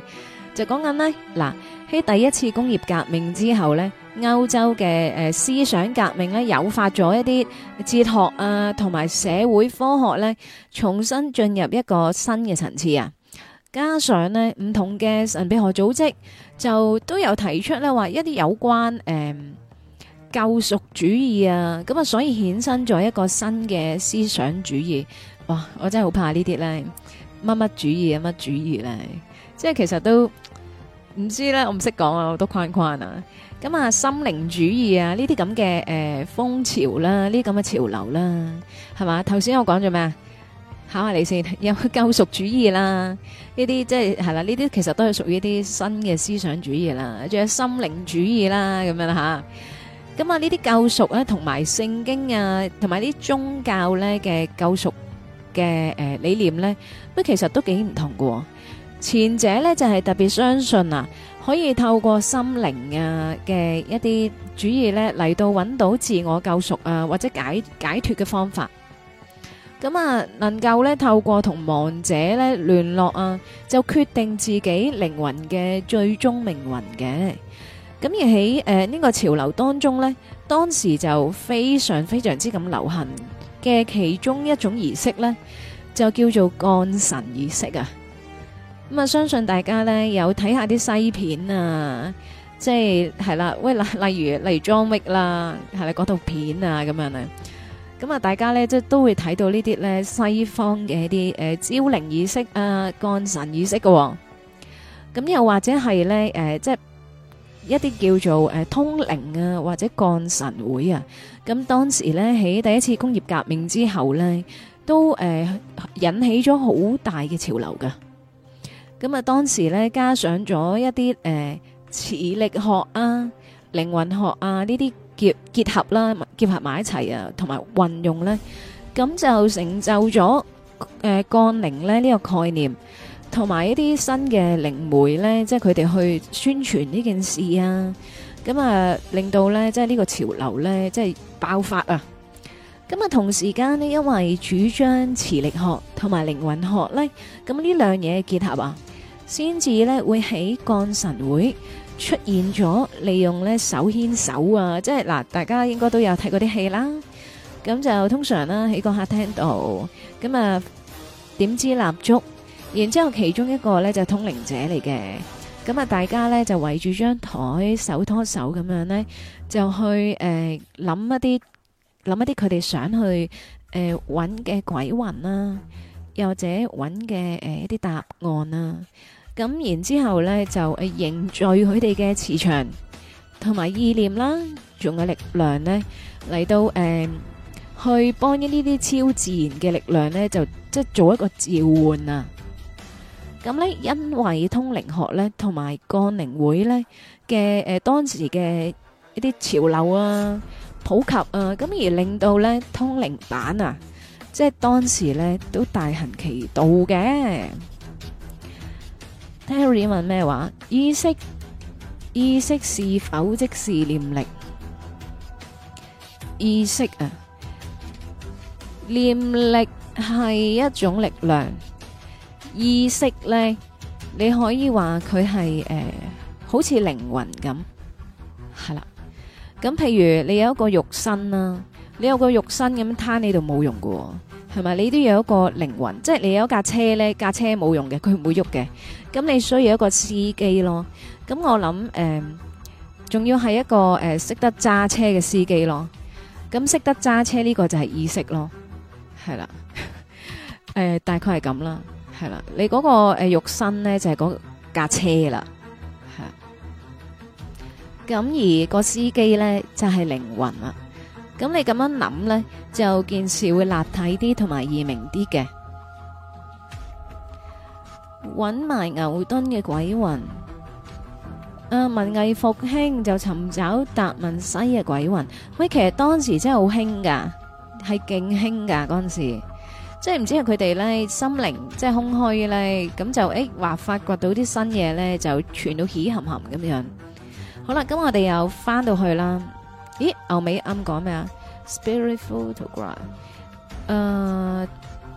就講緊咧，嗱，喺第一次工業革命之後咧，歐洲嘅誒思想革命咧，誘發咗一啲哲學啊，同埋社會科學咧，重新進入一個新嘅層次啊。加上咧，唔同嘅神秘學組織就都有提出咧，話一啲有關誒、嗯、救贖主義啊，咁、嗯、啊，所以衍生咗一個新嘅思想主義。哇，我真係好怕這些呢啲咧，乜乜主義啊，乜主義咧、啊，即係其實都唔知咧，我唔識講啊，好多框框啊。咁、嗯、啊，心靈主義啊，呢啲咁嘅誒風潮啦、啊，呢啲咁嘅潮流啦，係嘛？頭先我講咗咩啊？是考下你先，有救贖主義啦，呢啲即係啦，呢啲其實都係屬於一啲新嘅思想主義啦，仲有心靈主義啦，咁樣吓。咁啊，呢啲救贖啊，同埋聖經啊，同埋啲宗教咧嘅救贖嘅誒理念咧，咁其實都幾唔同嘅。前者咧就係特別相信啊，可以透過心靈啊嘅一啲主義咧嚟到揾到自我救贖啊，或者解解脫嘅方法。，咁啊，能夠咧透過同亡者咧聯絡啊，就決定自己靈魂嘅最終命運嘅。咁而喺誒呢個潮流當中呢，當時就非常非常之咁流行嘅其中一種儀式呢，就叫做幹神儀式啊！咁、嗯、啊，相信大家呢，有睇下啲西片啊，即係係啦，喂，例如例如 John Wick 咁啊，大家咧即係都會睇到呢啲咧西方嘅一啲誒招靈儀式啊、幹神儀式嘅，咁又或者係咧誒，即係一啲叫做誒通靈啊，或者幹神會啊。咁當時咧喺第一次工業革命之後咧，都誒引起咗好大嘅潮流噶。咁啊，當時咧加上咗一啲誒磁力學啊、靈魂學啊呢啲。結結合啦，結合埋一齊啊，同埋運用呢，咁就成就咗誒降靈呢呢個概念，同埋一啲新嘅靈媒呢，即係佢哋去宣傳呢件事啊，咁啊令到呢，即係呢個潮流呢，即係爆發啊，咁啊同時間呢，因為主張磁力學同埋靈魂學呢，咁呢兩嘢結合啊，先至呢會起降神會。出現咗利用咧手牽手啊，即係嗱，大家應該都有睇過啲戲啦。咁就通常咧喺個客廳度，咁啊點支蠟燭，然之後其中一個咧就通靈者嚟嘅。咁啊，大家咧就圍住張台手拖手咁樣咧，就去誒諗一啲諗一啲佢哋想去誒搵嘅鬼魂啦，又或者搵嘅誒一啲答案啦。咁然之後呢，就凝聚佢哋嘅磁場同埋意念啦，仲有力量呢嚟到誒，去幫啲呢啲超自然嘅力量呢，就即係做一個召喚啊！咁呢，因為通靈學呢同埋降靈會呢嘅誒，當時嘅一啲潮流啊、普及啊，咁而令到呢通靈板啊，即係當時呢都大行其道嘅。Terry 你問咩話？意識意識是否即是念力？意識啊，念力係一種力量。意識咧，你可以話佢係誒，好似靈魂咁，係啦。咁譬如你有一個肉身啦，你有個肉身咁攤喺度冇用噶、哦。同埋你都要有一個靈魂，即係你有一架車咧，架車冇用嘅，佢唔會喐嘅。咁你需要一個司機咯。咁我諗誒，仲、呃、要係一個誒識、呃、得揸車嘅司機咯。咁識得揸車呢個就係意識咯，係啦。誒、 呃，大概係咁啦，係啦。你嗰、嗰個誒、呃、肉身咧就係、係、架車啦，係咁而嗰個司機咧就係、係、靈魂啦。咁你咁樣諗咧，就件事會立體啲同埋易明啲嘅。揾埋牛頓嘅鬼魂，誒，文藝復興就尋找達文西嘅鬼魂。喂，其實當時真係好興噶，係勁興噶，嗰陣時，即係唔知係佢哋咧心靈即係空虛咧，咁就誒話發掘到啲新嘢咧，就傳到喜含含咁樣。好啦，咁我哋又翻到去啦。咦，牛尾啱講咩啊？spirit photograph，誒，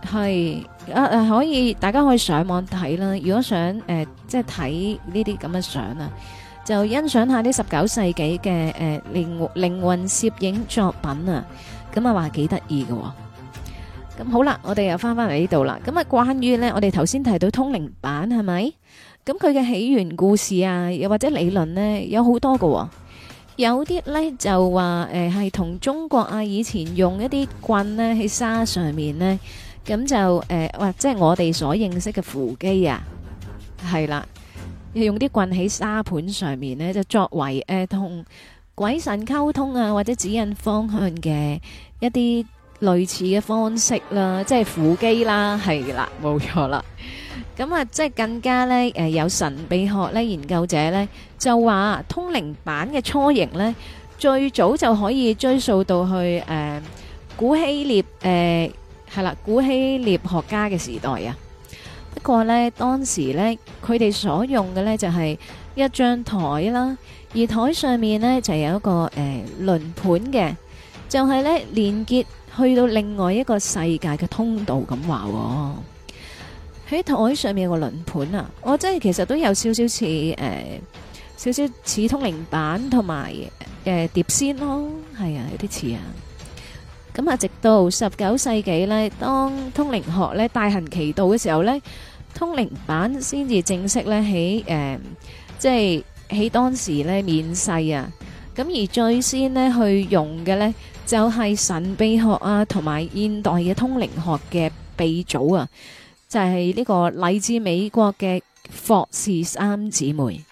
係啊，可以大家可以上網睇啦。如果想誒，即係睇呢啲咁嘅相啊，就欣賞下啲十九世紀嘅誒靈靈魂攝影作品啊。咁啊話幾得意嘅，咁好啦，我哋又翻翻嚟呢度啦。咁啊，關於咧，我哋頭先提到通靈板係咪？咁佢嘅起源故事啊，又或者理論咧，有好多嘅。有啲呢就話誒係同中國啊以前用一啲棍呢喺沙上面呢，咁就誒或者我哋所認識嘅扶乩啊，係啦，用啲棍喺沙盤上面呢，就作為誒同、呃、鬼神溝通啊或者指引方向嘅一啲類似嘅方式啦，即係扶乩啦，係啦，冇錯啦。咁 啊，即係更加呢，誒、呃、有神秘學呢，研究者呢。就話通靈板嘅雛形呢最早就可以追溯到去誒、呃、古希臘誒係啦，古希臘學家嘅時代啊。不過呢當時呢佢哋所用嘅呢就係、是、一張台啦，而台上面呢就有一個誒輪盤嘅，就係、是、咧連結去到另外一個世界嘅通道咁話喎。喺台上面有個輪盤啊，我真係其實都有少少似誒。呃少少似通靈板同埋誒碟仙咯，係啊，有啲似啊。咁啊，直到十九世紀呢，當通靈學呢大行其道嘅時候呢，通靈板先至正式呢喺誒，即係喺當時呢面世啊。咁而最先呢去用嘅呢就係神秘學啊，同埋現代嘅通靈學嘅鼻祖啊，就係呢個嚟自美國嘅霍氏三姊妹。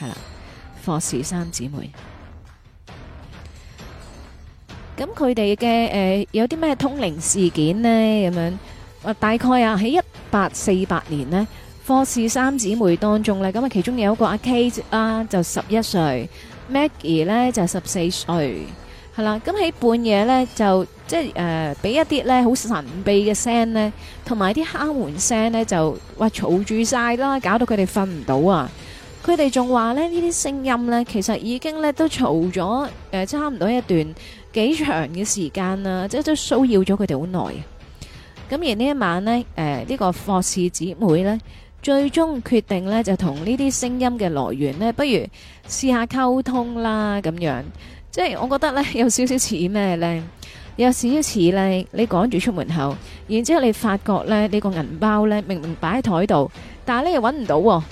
係啦，霍氏三姊妹，咁佢哋嘅誒有啲咩通靈事件呢？咁樣，啊大概啊喺一八四八年呢，霍氏三姊妹當中呢，咁啊其中有一個阿 Kate 啊就十一歲，Maggie 呢就十四歲，係啦，咁喺半夜呢就即係誒俾一啲呢好神秘嘅聲呢，同埋啲敲門聲呢就哇嘈住晒啦，搞到佢哋瞓唔到啊！佢哋仲話咧，這聲呢啲聲音咧，其實已經咧都嘈咗，誒、呃、差唔多一段幾長嘅時間啦，即係都騷擾咗佢哋好耐。咁而呢一晚呢，誒、呃、呢、這個霍氏姊妹咧，最終決定呢就同呢啲聲音嘅來源咧，不如試下溝通啦。咁樣即係我覺得呢有少少似咩呢？有少少似呢：你趕住出門口，然之後你發覺咧，這個、銀呢個銀包咧明明擺喺台度，但係呢又揾唔到喎、哦。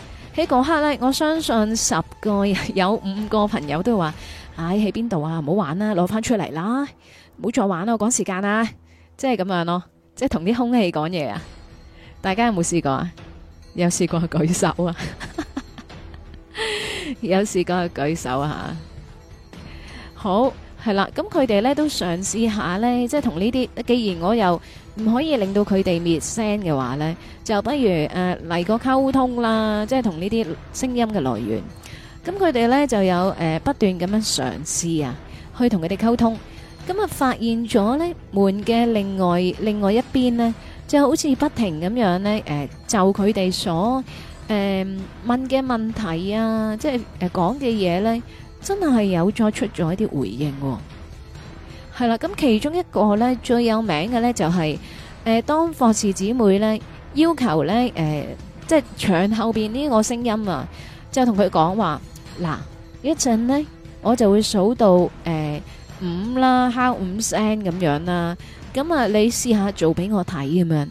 喺嗰刻呢，我相信十個有五個朋友都話，唉、哎，喺邊度啊？唔好玩啦，攞翻出嚟啦，唔好再玩啦，我趕時間啊！即係咁樣咯，即係同啲空氣講嘢啊！大家有冇試過啊？有試過舉手啊？ 有試過舉手啊？好，係啦，咁佢哋呢都嘗試下呢，即係同呢啲，既然我又。唔可以令到佢哋滅聲嘅話咧，就不如誒嚟個溝通啦，即係同呢啲聲音嘅來源。咁佢哋咧就有誒不斷咁樣嘗試啊，去同佢哋溝通。咁啊發現咗咧門嘅另外另外一邊咧，就好似不停咁樣咧誒就佢哋所誒問嘅問題啊，即係誒講嘅嘢咧，真係有再出咗一啲回應喎。係啦，咁其中一個咧最有名嘅咧就係、是，誒、呃，當霍士姊妹咧要求咧，誒、呃，即係牆後邊呢個聲音啊，就同佢講話，嗱，一陣呢，我就會數到，誒、呃，五啦，敲五聲咁樣啦，咁啊，你試下做俾我睇咁樣，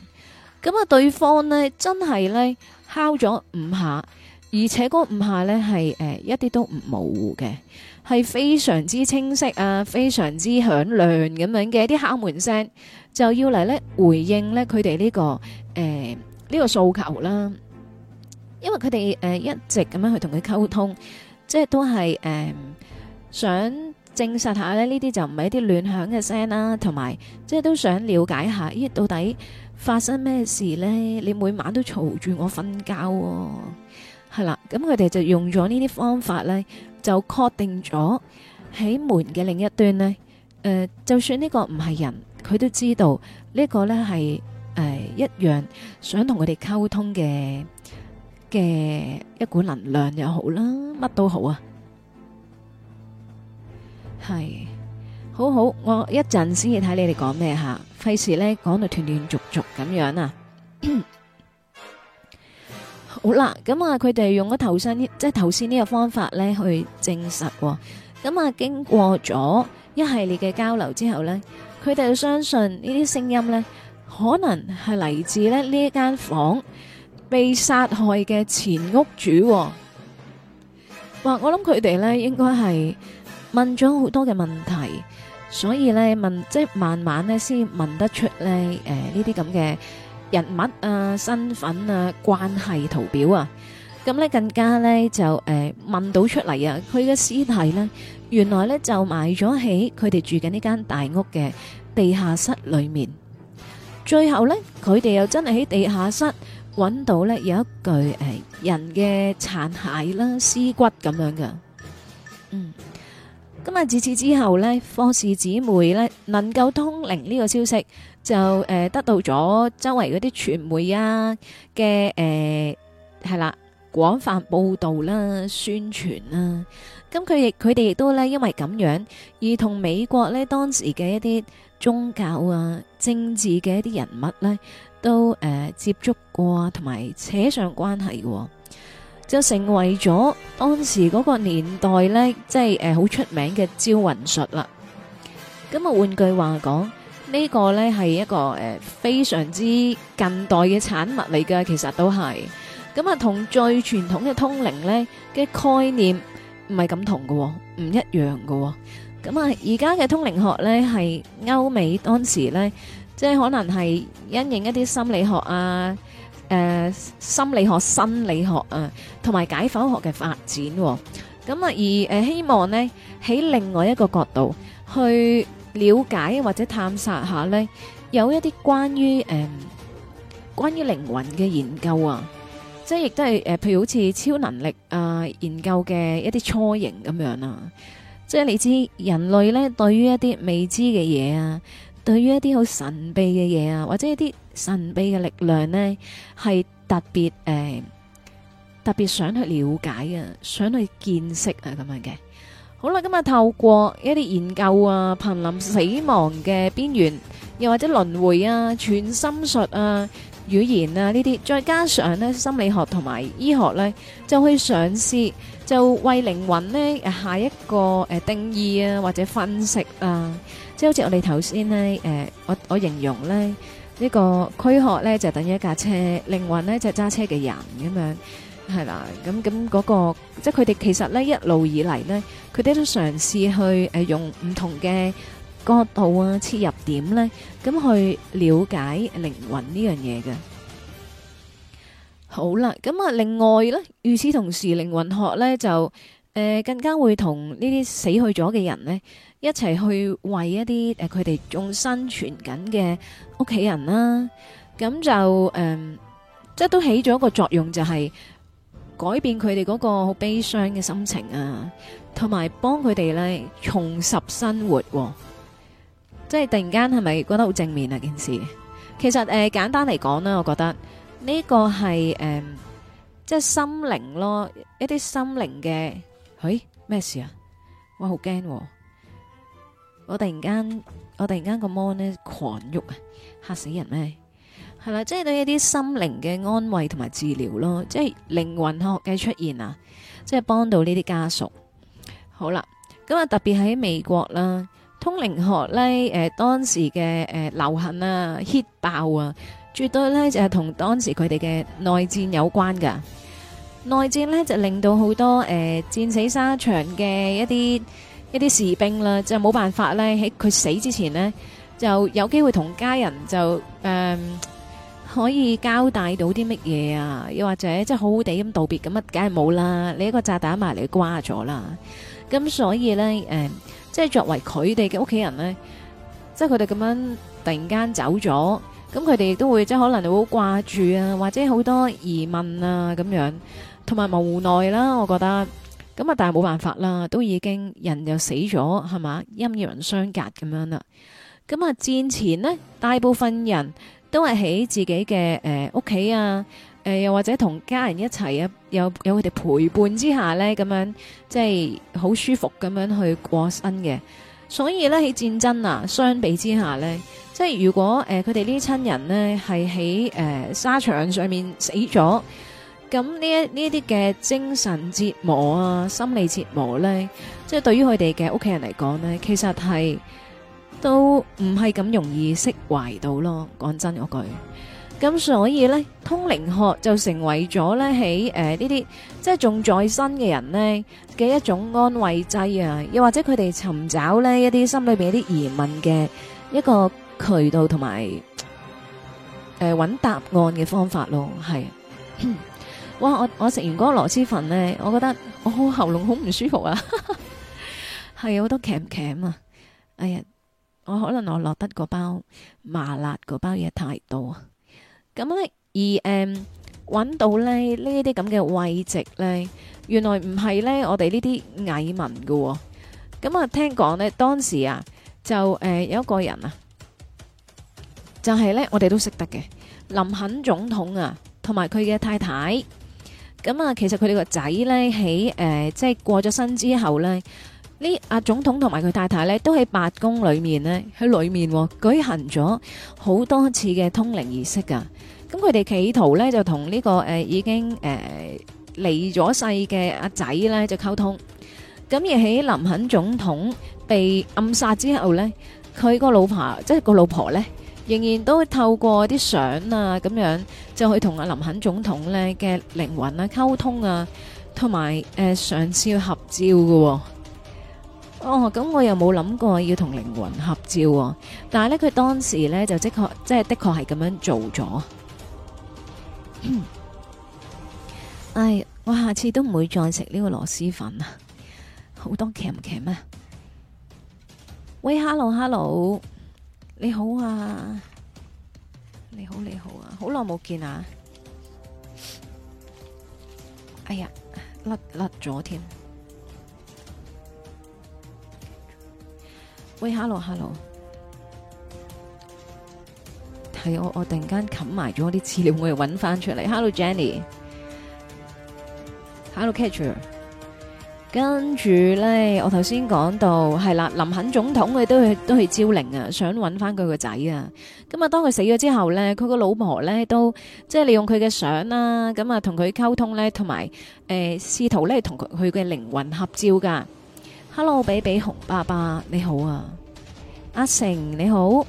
咁啊，對方咧真係咧敲咗五下，而且嗰五下咧係，誒、呃，一啲都唔模糊嘅。係非常之清晰啊，非常之響亮咁樣嘅一啲敲門聲，就要嚟咧回應咧佢哋呢、呢個誒呢、呃呢個訴求啦。因為佢哋誒一直咁樣去同佢溝通，即係都係誒、呃、想證實一下咧呢啲就唔係一啲亂響嘅聲啦，同埋即係都想了解一下，咦到底發生咩事呢？你每晚都嘈住我瞓覺、哦，係啦。咁佢哋就用咗呢啲方法咧。就確定咗喺門嘅另一端呢，誒，就算呢個唔係人，佢都知道呢個呢係誒一樣想同佢哋溝通嘅嘅一股能量又好啦，乜都好啊，係，好好，我一陣先至睇你哋講咩吓，費事呢講到斷斷續續咁樣啊。好啦，咁啊，佢哋用咗頭先即係頭先呢個方法咧去證實哦，咁啊經過咗一系列嘅交流之後呢，佢哋相信呢啲聲音呢，可能係嚟自咧呢一間房被殺害嘅前屋主哦。哇！我諗佢哋呢應該係問咗好多嘅問題，所以呢，問即係慢慢呢先問得出誒呢啲咁嘅。呃這人物啊、身份啊、關係圖表啊，咁呢更加呢就誒問到出嚟啊！佢嘅屍體呢，原來呢就埋咗喺佢哋住緊呢間大屋嘅地下室裏面。最後呢，佢哋又真係喺地下室揾到呢有一具誒人嘅殘骸啦、屍骨咁樣㗎。嗯，咁啊，自此之後呢，科氏姊妹呢能夠通靈呢個消息，就誒得到咗周圍嗰啲傳媒啊嘅，誒係啦，廣泛報道啦，宣傳啦，咁佢亦佢哋亦都咧因為咁樣而同美國咧當時嘅一啲宗教啊、政治嘅一啲人物呢都誒接觸過，同埋扯上關係嘅，就成為咗當時嗰個年代呢，即係誒好出名嘅招魂術啦。咁啊，換句話講。呢個咧係一個誒非常之近代嘅產物嚟㗎，其實都係咁啊，同最傳統嘅通靈咧嘅概念唔係咁同嘅，唔一樣嘅。咁啊，而家嘅通靈學咧係歐美當時咧，即係可能係因應一啲心理學啊、誒心理學、生理學啊，同埋解剖學嘅發展。咁啊，而誒希望咧喺另外一個角度去。了解，或者探索下咧，有一啲關於誒、呃、關於靈魂嘅研究啊，即係亦都係誒、呃，譬如好似超能力啊、呃，研究嘅一啲雛形咁樣啊，即係你知人類咧，對於一啲未知嘅嘢啊，對於一啲好神秘嘅嘢啊，或者一啲神秘嘅力量咧，係特別誒、呃、特別想去了解啊，想去見識啊咁樣嘅。好啦，今日透過一啲研究啊，瀕臨死亡嘅邊緣，又或者輪回啊、傳心術啊、語言啊呢啲，再加上咧心理學同埋醫學咧，就去嘗試就為靈魂咧下一個誒定義啊，或者分析啊，即係好似我哋頭先咧誒，我我形容咧呢個軀殼咧就等於一架車，靈魂咧就係揸車嘅人咁樣。係啦，咁咁嗰個即係佢哋其實咧一路以嚟咧，佢哋都嘗試去誒用唔同嘅角度啊、切入點咧，咁去了解靈魂呢樣嘢嘅。好啦，咁啊，另外咧，與此同時，靈魂學咧就誒更加會同呢啲死去咗嘅人咧一齊去為一啲誒佢哋仲生存緊嘅屋企人啦，咁就誒即係都起咗一個作用，就係。改變佢哋嗰個好悲傷嘅心情啊，同埋幫佢哋咧重拾生活，啊，即係突然間係咪覺得好正面啊件事？其實誒、呃，簡單嚟講啦，我覺得呢個係誒，即、呃、係、就是、心靈咯，一啲心靈嘅，誒、欸、咩事啊？我好驚，我突然間我突然間個 mon 咧狂喐啊，嚇死人咩？係啦，即係對一啲心靈嘅安慰同埋治療咯，即係靈魂學嘅出現啊，即係幫到呢啲家屬。好啦，咁啊特別喺美國啦，通靈學咧，誒當時嘅誒流行啊，hit 爆啊，絕對咧就係同當時佢哋嘅內戰有關噶。內戰咧就令到好多誒戰死沙場嘅一啲一啲士兵啦，就冇辦法咧喺佢死之前咧就有機會同家人就誒。可以交代到啲乜嘢啊？又或者即係、就是、好好地咁道別咁啊？梗係冇啦，你一個炸彈埋嚟，瓜咗啦。咁所以呢，誒、嗯，即係作為佢哋嘅屋企人呢，即係佢哋咁樣突然間走咗，咁佢哋都會即係可能好掛住啊，或者好多疑問啊咁樣，同埋無奈啦。我覺得，咁啊，但係冇辦法啦，都已經人又死咗，係嘛，陰陽相隔咁樣啦。咁啊，戰前呢，大部分人。都係喺自己嘅，誒屋企啊，誒、呃、又或者同家人一齊啊，有有佢哋陪伴之下咧，咁樣即係好舒服咁樣去過身嘅。所以咧喺戰爭啊，相比之下咧，即係如果誒佢哋呢親人呢，係喺誒沙場上面死咗，咁呢一呢啲嘅精神折磨啊、心理折磨咧，即係對於佢哋嘅屋企人嚟講咧，其實係。都唔係咁容易釋懷到咯，講真嗰句。咁所以呢，通靈學就成為咗呢喺誒呢啲即係仲在生嘅人呢嘅一種安慰劑啊，又或者佢哋尋找呢一啲心裏邊一啲疑問嘅一個渠道同埋誒揾答案嘅方法咯。係，哇！我我食完嗰個螺螄粉呢，我覺得我好喉嚨好唔舒服啊，係好多鉗鉗啊，哎呀！我、哦、可能我落得個包麻辣個包嘢太多啊！咁咧而誒揾、嗯、到咧呢啲咁嘅慰藉咧，原來唔係咧我哋、哦、呢啲蟻民嘅喎。咁啊聽講咧當時啊就誒、呃、有一個人啊，就係、是、咧我哋都識得嘅林肯總統啊，同埋佢嘅太太。咁啊，其實佢哋個仔咧喺誒即係過咗身之後咧。呢阿、啊、總統同埋佢太太呢都喺白宮裏面呢喺裏面，裏面、哦、舉行咗好多次嘅通靈儀式噶。咁佢哋企圖呢就同呢、這個、呃、已經誒離咗世嘅阿仔呢就溝通。咁、嗯、而喺林肯總統被暗殺之後呢，佢個老婆即係個老婆呢仍然都會透過啲相啊咁樣就去同阿林肯總統呢嘅靈魂啊溝通啊，同埋、呃、上次合照喎、哦。哦，咁我又冇諗過要同靈魂合照喎、哦，但係呢，佢當時呢，就即確即係的確係咁樣做咗。 唉，我下次都唔會再食呢個螺螄粉啦，好多鹹唔鹹咩？喂，Hello Hello，你好啊，你好你好啊，好耐冇見啊！哎呀，甩甩咗添。喂，hello，hello，係 Hello。我我突然間冚埋咗啲資料，我嚟搵翻出嚟。Hello，Jenny，Hello，Catcher。跟住呢，我頭先講到係啦，林肯總統佢都去都去招靈啊，想搵翻佢個仔啊。咁啊，當佢死咗之後呢，佢個老婆呢，都即係利用佢嘅相啦，咁啊同佢溝通呢，同埋誒試圖呢同佢佢嘅靈魂合照噶。Hello，比比熊爸爸你好啊，阿成你好，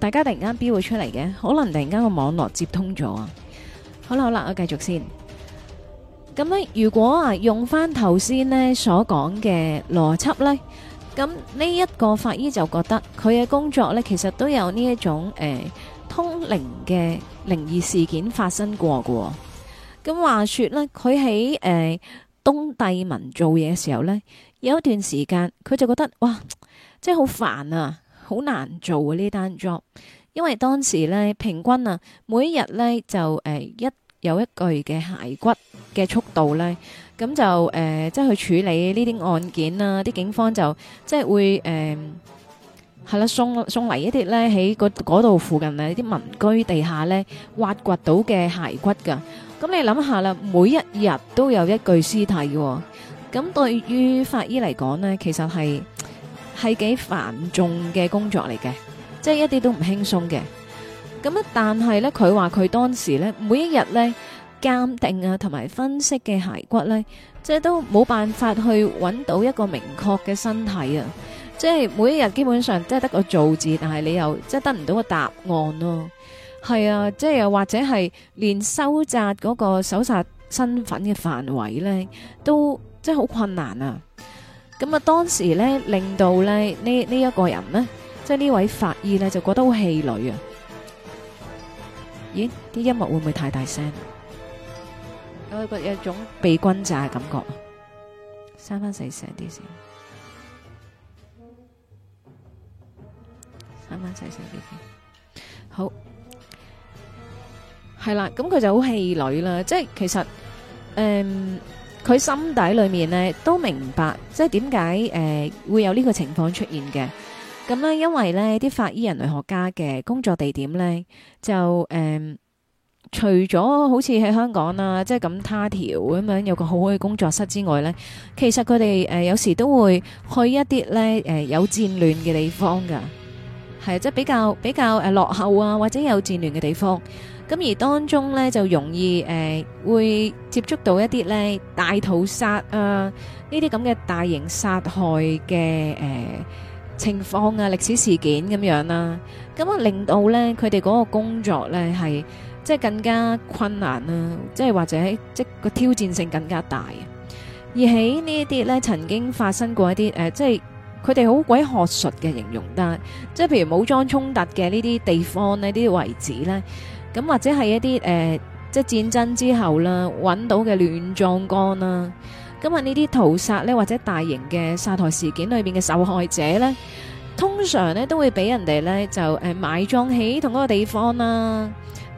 大家突然間邊會出嚟嘅？可能突然間個網絡接通咗啊！好啦好啦，我繼續先。咁咧，如果啊用翻頭先呢所講嘅邏輯呢，咁呢一個法醫就覺得佢嘅工作呢其實都有呢一種誒、呃、通靈嘅靈異事件發生過喎。咁話說呢，佢喺誒東帝汶做嘢嘅時候呢。有一段時間，佢就覺得哇，即係好煩啊，好難做啊呢單 job。因為當時咧，平均啊，每一日咧就誒、呃、一有一具嘅骸骨嘅速度咧，咁就誒、呃、即係去處理呢啲案件啦、啊。啲警方就即係會誒係啦，送送嚟一啲咧喺嗰度附近咧啲民居地下咧挖掘到嘅骸骨噶。咁你諗下啦，每一日都有一具屍體嘅、哦。咁對於法醫嚟講咧，其實係係幾繁重嘅工作嚟嘅，即係一啲都唔輕鬆嘅。咁啊，但係咧，佢話佢當時咧，每一日咧鑑定啊，同埋分析嘅骸骨咧，即係都冇辦法去揾到一個明確嘅身體啊！即係每一日基本上即係得個做字，但係你又即係得唔到個答案咯。係啊，即係又或者係連收窄嗰個搜查身份嘅範圍咧，都。真係好困難啊！咁啊，當時咧令到咧呢呢一個人咧，即係呢位法醫咧，就覺得好氣餒啊！咦？啲音樂會唔會太大聲？我覺有種被轟炸嘅感覺啊！刪翻細聲啲先，刪翻細聲啲先。好係啦，咁佢就好氣餒啦。即係其實，誒。佢心底裏面咧都明白，即係點解誒會有呢個情況出現嘅？咁咧，因為咧啲法醫人類學家嘅工作地點咧，就誒除咗好似喺香港啦，即係咁他條咁樣有個好好嘅工作室之外咧，其實佢哋誒有時都會去一啲咧誒有戰亂嘅地方噶，係即係比較比較誒落後啊，或者有戰亂嘅地方。咁而當中咧，就容易誒會接觸到一啲咧大屠殺啊，呢啲咁嘅大型殺害嘅誒情況啊，歷史事件咁樣啦。咁啊，令到咧佢哋嗰個工作咧係即係更加困難啦，即係或者即個挑戰性更加大。而喺呢一啲咧曾經發生過一啲誒，即係佢哋好鬼學術嘅形容，但係即係譬如武裝衝突嘅呢啲地方咧，呢啲位置咧。咁或者係一啲誒，即係戰爭之後啦，搵到嘅亂葬崗啦。咁呢啲屠殺咧，或者大型嘅殺台事件裏邊嘅受害者咧，通常咧都會俾人哋咧就誒埋葬喺同一個地方啦。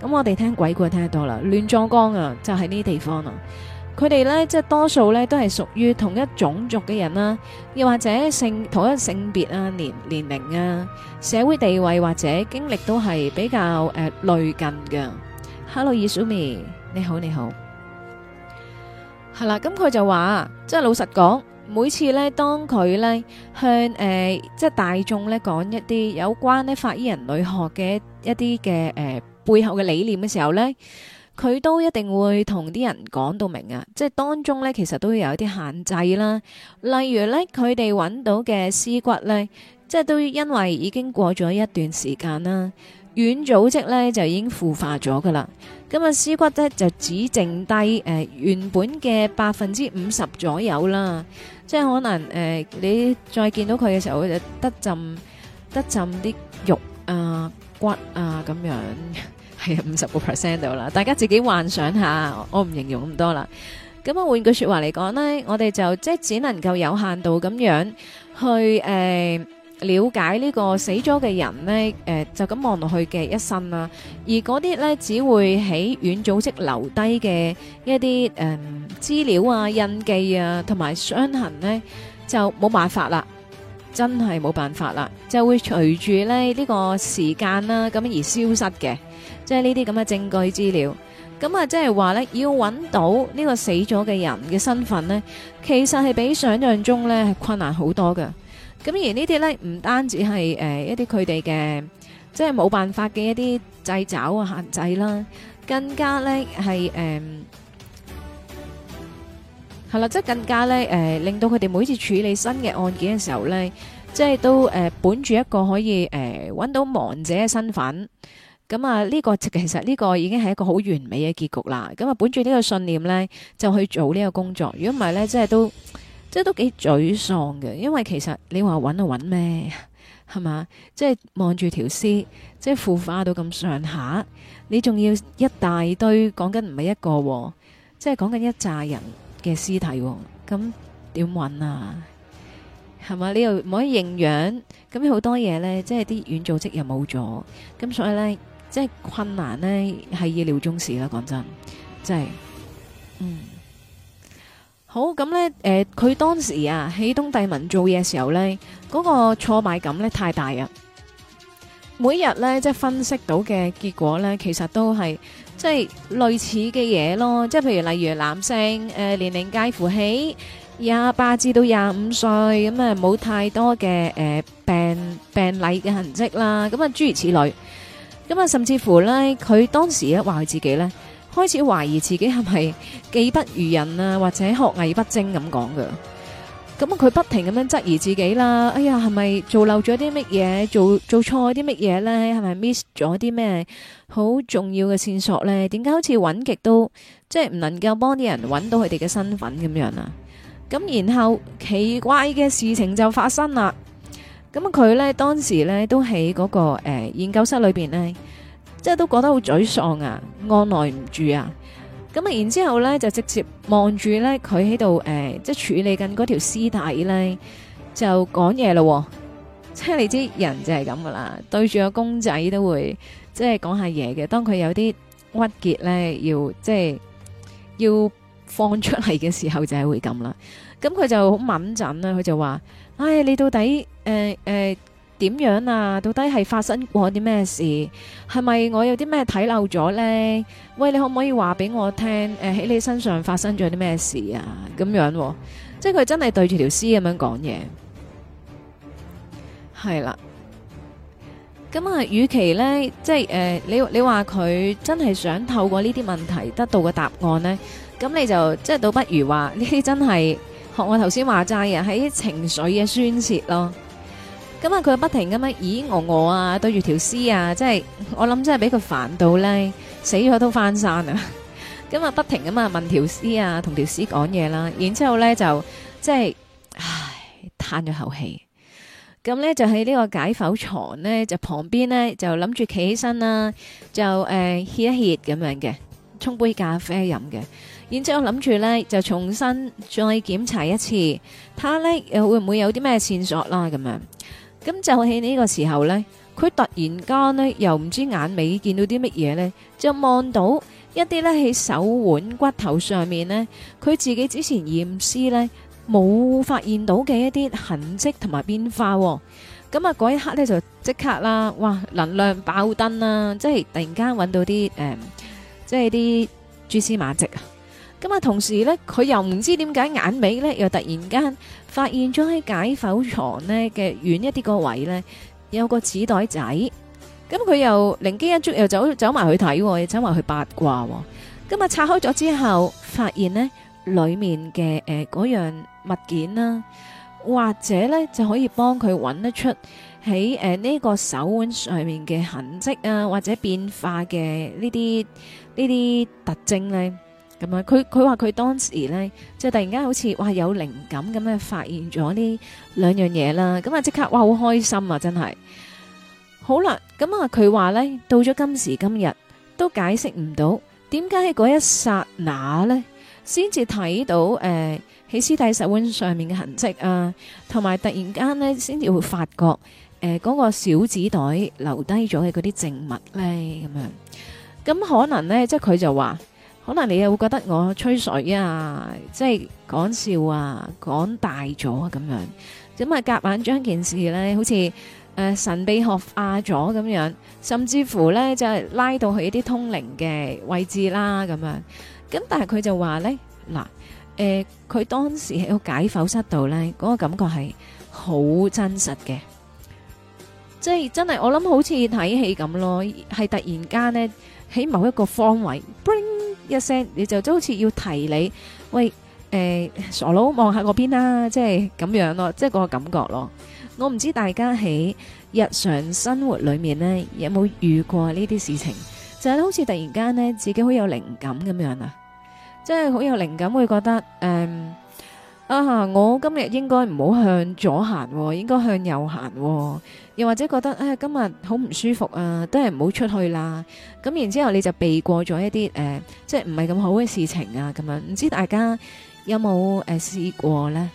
咁我哋聽鬼故聽得多啦，亂葬崗啊，就喺呢啲地方啊。佢哋咧，即係多數咧都係屬於同一種族嘅人啦，又或者性同一性別啊、年年齡啊、社會地位或者經歷都係比較誒類近嘅。Hello，伊小美，你好，你好。係啦，咁佢就話，即係老實講，每次咧，當佢咧向誒即係大眾咧講一啲有關咧法醫人類學嘅一啲嘅誒背後嘅理念嘅時候咧，佢都一定會同啲人講到明啊，即係當中呢，其實都有一啲限制啦。例如呢，佢哋揾到嘅屍骨呢，即係都因為已經過咗一段時間啦，軟組織呢就已經腐化咗噶啦。咁啊，屍骨呢，就只剩低誒、呃、原本嘅百分之五十左右啦。即係可能誒、呃，你再見到佢嘅時候，就得浸得浸啲肉啊骨啊咁樣。係五十個 percent 到啦，大家自己幻想下，我唔形容咁多啦。咁啊，換句說話嚟講咧，我哋就即係只能夠有限度咁樣去誒了解呢個死咗嘅人咧誒，就咁望落去嘅一生啦。而嗰啲咧，只會喺軟組織留低嘅一啲誒資料啊、印記啊同埋傷痕咧，就冇辦法啦。真係冇辦法啦，就會隨住咧呢個時間啦咁而消失嘅，即係呢啲咁嘅證據資料。咁啊，即係話呢，要揾到呢個死咗嘅人嘅身份呢，其實係比想象中呢係困難好多嘅。咁而呢啲呢，唔單止係誒一啲佢哋嘅，即係冇辦法嘅一啲掣肘啊限制啦，更加呢係誒。呃係啦，即係更加咧，誒令到佢哋每次處理新嘅案件嘅時候咧，即係都誒本住一個可以誒揾到亡者嘅身份咁啊。呢個其實呢個已經係一個好完美嘅結局啦。咁啊，本住呢個信念咧，就去做呢個工作。如果唔係咧，即係都即係都幾沮喪嘅，因為其實你話揾啊揾咩係嘛？即係望住條屍，即係腐化到咁上下，你仲要一大堆講緊唔係一個，即係講緊一紮人。嘅屍體、哦，咁點搵啊？係嘛，你又唔可以營養，咁好多嘢呢，即係啲軟組織又冇咗，咁所以呢，即係困難呢，係意料中事啦。講真，即係，嗯，好，咁呢，誒、呃，佢當時啊喺東帝汶做嘢時候呢，嗰、那個挫敗感呢太大啊，每日呢，即係分析到嘅結果呢，其實都係。即係類似嘅嘢咯，即係譬如，例如男性，誒、呃、年齡介乎起廿八至到廿五歲，咁啊冇太多嘅誒、呃、病病例嘅痕迹啦，咁啊諸如此類，咁啊甚至乎咧佢當時咧話佢自己咧開始懷疑自己係咪技不如人啊，或者學藝不精咁講噶。咁啊，佢不停咁樣質疑自己啦。哎呀，係咪做漏咗啲乜嘢？做做錯啲乜嘢呢？係咪 miss 咗啲咩好重要嘅線索呢？點解好似揾極都即係唔能夠幫啲人揾到佢哋嘅身份咁樣啊？咁然後奇怪嘅事情就發生啦。咁啊，佢呢當時呢都喺嗰個誒研究室裏邊呢，即係都覺得好沮喪啊，按捺唔住啊。咁啊，然之後咧就直接望住咧佢喺度誒，即係處理緊嗰條屍體咧，就講嘢咯。即係你知，人就係咁噶啦，對住個公仔都會即係講下嘢嘅。當佢有啲鬱結咧，要即係要放出嚟嘅時候就係會咁啦。咁、嗯、佢就好敏感啦，佢就話：唉、哎，你到底誒誒？呃呃點樣啊？到底係發生過啲咩事？係咪我有啲咩睇漏咗咧？喂，你可唔可以話俾我聽？誒，喺你身上發生咗啲咩事啊？咁樣，即係佢真係對住條屍咁樣講嘢，係啦。咁啊，與其咧，即係誒，你你話佢真係想透過呢啲問題得到嘅答案咧，咁你就即係倒不如話呢啲真係學我頭先話齋嘅，係情緒嘅宣泄咯。咁啊！佢不停咁啊！咦，我我啊，對住條屍啊，即係我諗，真係俾佢煩到咧，死咗都翻山啊！咁啊，不停咁啊，問條屍啊，同條屍講嘢啦。然之後咧就即係唉，嘆咗口氣。咁咧就喺呢個解剖床咧，就旁邊咧就諗住企起身啦，就誒歇、呃、一歇咁樣嘅，沖杯咖啡飲嘅。然之後我諗住咧就重新再檢查一次，睇下咧又會唔會有啲咩線索啦咁樣。咁就喺呢個時候呢，佢突然間呢，又唔知眼尾見到啲乜嘢呢，就望到一啲呢，喺手腕骨頭上面呢，佢自己之前驗屍呢，冇發現到嘅一啲痕跡同埋變化，哦。咁啊，嗰一刻呢，就即刻啦，哇，能量爆燈啦，啊，即係突然間揾到啲誒、呃，即係啲蛛絲馬跡。咁啊！同時咧，佢又唔知點解眼尾咧，又突然間發現咗喺解剖床咧嘅遠一啲個位咧，有個紙袋仔。咁佢又靈機一觸，又走走埋去睇，又走埋去八卦。咁啊，拆開咗之後，發現咧，裡面嘅誒嗰樣物件啦，或者咧就可以幫佢揾得出喺誒呢個手腕上面嘅痕跡啊，或者變化嘅呢啲呢啲特徵咧。咁樣，佢佢話佢當時咧，即係突然間好似哇有靈感咁咧，發現咗呢兩樣嘢啦，咁啊即刻哇好開心啊，真係好啦。咁啊佢話咧，到咗今時今日都解釋唔到，點解喺嗰一剎那咧，先至睇到誒喺屍體手腕上面嘅痕跡啊，同埋突然間咧先至會發覺誒嗰、呃那個小紙袋留低咗嘅嗰啲證物咧，咁樣，咁可能咧即係佢就話。可能你又會覺得我吹水啊，即係講笑啊，講大咗咁樣，咁啊夾硬將件事咧，好似誒神秘學化咗咁樣，甚至乎咧就係拉到去一啲通靈嘅位置啦咁樣，咁但係佢就話咧嗱，誒佢當時喺個解剖室度咧，嗰個感覺係好真實嘅，即係真係我諗好似睇戲咁咯，係突然間咧喺某一個方位。一聲，你就都好似要提你，喂，誒、欸，傻佬望下嗰邊啦，即係咁樣咯，即係嗰個感覺咯。我唔知大家喺日常生活裏面呢，有冇遇過呢啲事情，就係、是、好似突然間呢，自己好有靈感咁樣啊，即係好有靈感會覺得誒。嗯啊！我今日應該唔好向左行，哦，應該向右行，哦。又或者覺得哎呀，今日好唔舒服啊，都係唔好出去啦。咁然之後你就避過咗一啲誒、呃，即係唔係咁好嘅事情啊。咁樣唔知大家有冇誒、呃、試過呢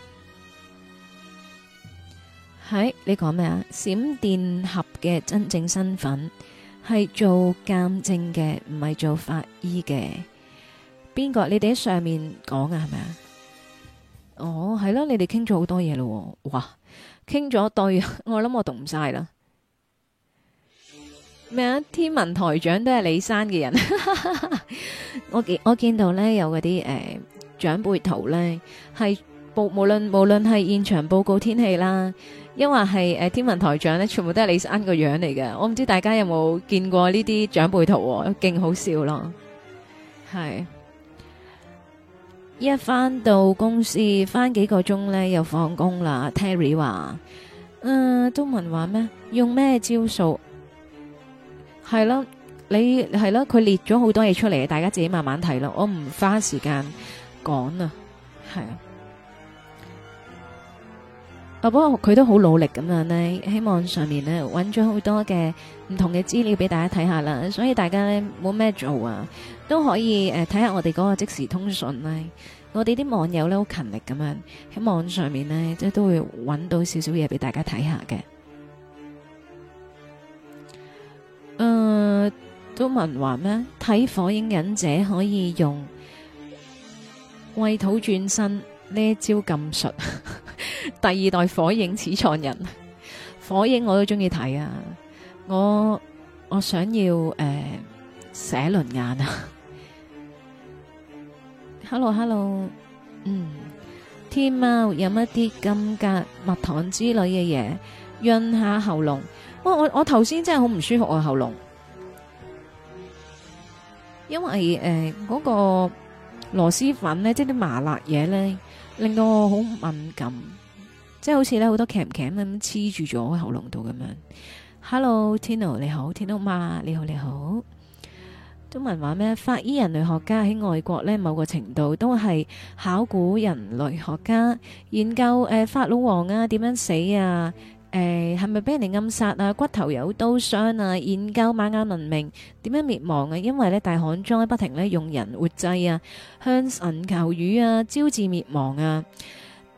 係、哎、你講咩啊？閃電俠嘅真正身份係做鑑證嘅，唔係做法醫嘅。邊個？你哋喺上面講呀，係咪啊？哦，係咯，你哋傾咗好多嘢咯，哇！傾咗一對，我諗我讀唔晒啦。咩啊？天文台長都係李生嘅人 我，我見我見到咧有嗰啲誒長輩圖咧，係無論無論係現場報告天氣啦，亦或係誒天文台長咧，全部都係李生個樣嚟嘅。我唔知大家有冇見過呢啲長輩圖，啊，勁好笑咯，係。一翻到公司，翻幾個鐘咧又放工啦。Terry 話，呃，都問話，嗯，中文話咩？用咩招數？係囉，你係囉。佢列咗好多嘢出嚟，大家自己慢慢睇囉。我唔花時間講啊，係啊。不過佢都好努力咁樣呢，希望上面呢揾咗好多嘅唔同嘅資料俾大家睇下啦。所以大家呢，冇咩做啊。都可以，誒睇下我哋嗰個即時通訊咧，我哋啲網友咧好勤力咁樣喺網上面咧，即係都會揾到少少嘢俾大家睇下嘅。誒、呃，都文話咩？睇《火影忍者》可以用「穢土轉生」呢招禁術。 第二代火影始創人，火影我都中意睇啊！我我想要誒，呃、寫輪眼啊！hello hello，嗯，天貓飲一啲金桔蜜糖之類嘅嘢潤下喉嚨。我我我頭先真係好唔舒服啊喉嚨，因為誒嗰、呃那個螺螄粉咧，即、就、啲、是、麻辣嘢咧，令到我好敏感，即、就、係、是、好似咧好多鉗鉗咁黐住咗喉嚨度咁樣。Hello 天 i 你好天 i n 你好你好。Tino 媽你好你好中文話咩？法醫人類學家喺外國咧，某個程度都係考古人類學家，研究誒法老王啊點樣死啊？誒係咪俾人哋暗殺啊？骨頭有刀傷啊？研究瑪雅文明點樣滅亡啊？因為咧大旱災不停咧用人活祭啊，向神求雨啊，招致滅亡啊。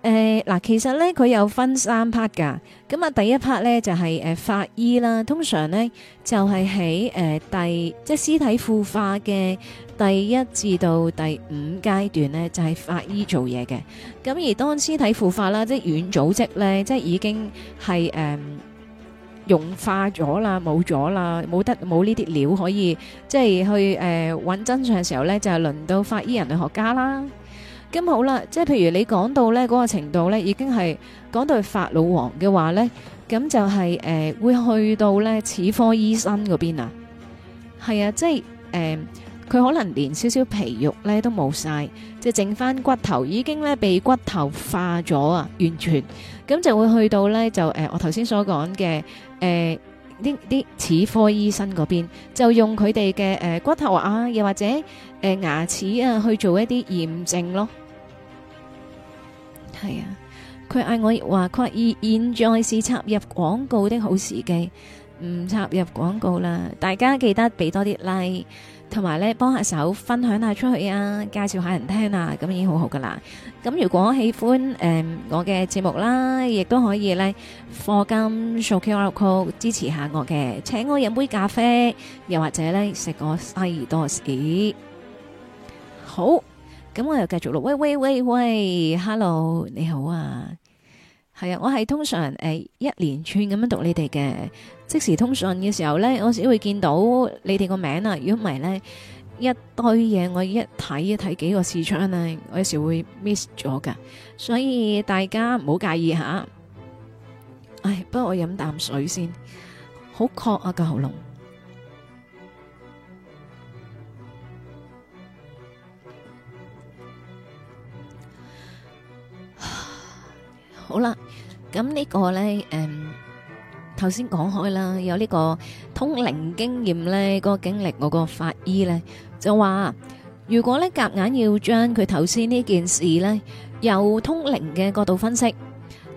誒，嗱，其實咧佢有分三 part 噶，咁啊，第一 part 咧就係、是、誒、呃、法醫啦，通常咧就係喺誒第即係屍體腐化嘅第一至到第五階段咧，就係、是、法醫做嘢嘅。咁而當屍體腐化啦，即係軟組織咧，即係已經係誒融化咗啦，冇咗啦，冇得冇呢啲料可以即係去誒、呃、揾真相嘅時候咧，就係輪到法醫人類學家啦。咁好啦，即係譬如，你講到呢嗰個程度呢，已經係講到法老王嘅話呢，咁就係、是、誒、呃、會去到呢齒科醫生嗰邊啊，係啊，即係誒佢可能連少少皮肉呢都冇晒，即係剩翻骨頭，已經呢白骨化咗啊，完全，咁就會去到呢，就誒、呃、我頭先所講嘅誒。呃啲啲齒科醫生嗰邊就用佢哋嘅誒骨頭啊，又或者誒牙齒啊，去做一啲驗證咯。係啊，佢嗌我話，佢現現在是插入廣告的好時機，唔插入廣告啦。大家記得俾多啲 like。同埋咧，幫下手分享下出去啊，介紹下人聽啊，咁已經好好噶啦。咁如果喜歡誒、呃、我嘅節目啦，亦都可以咧，課金數 QR code 支持下我嘅，請我飲杯咖啡，又或者咧食個西多士。好，咁我又繼續錄。喂喂喂喂，hello，你好啊！係啊，我係通常誒一連串咁樣讀你哋嘅即時通訊嘅時候呢，我只會見到你哋個名啊。如果唔係呢，一堆嘢我一睇一睇幾個視窗呢，我有時會 miss 咗噶。所以大家唔好介意吓。唉，不過我飲啖水先，好涸啊個喉嚨。好啦。咁呢個咧，誒，頭先講開啦，有呢個通靈經驗咧，呢個經歷，我個法醫咧就話，如果咧夾硬要將佢頭先呢件事咧，由通靈嘅角度分析，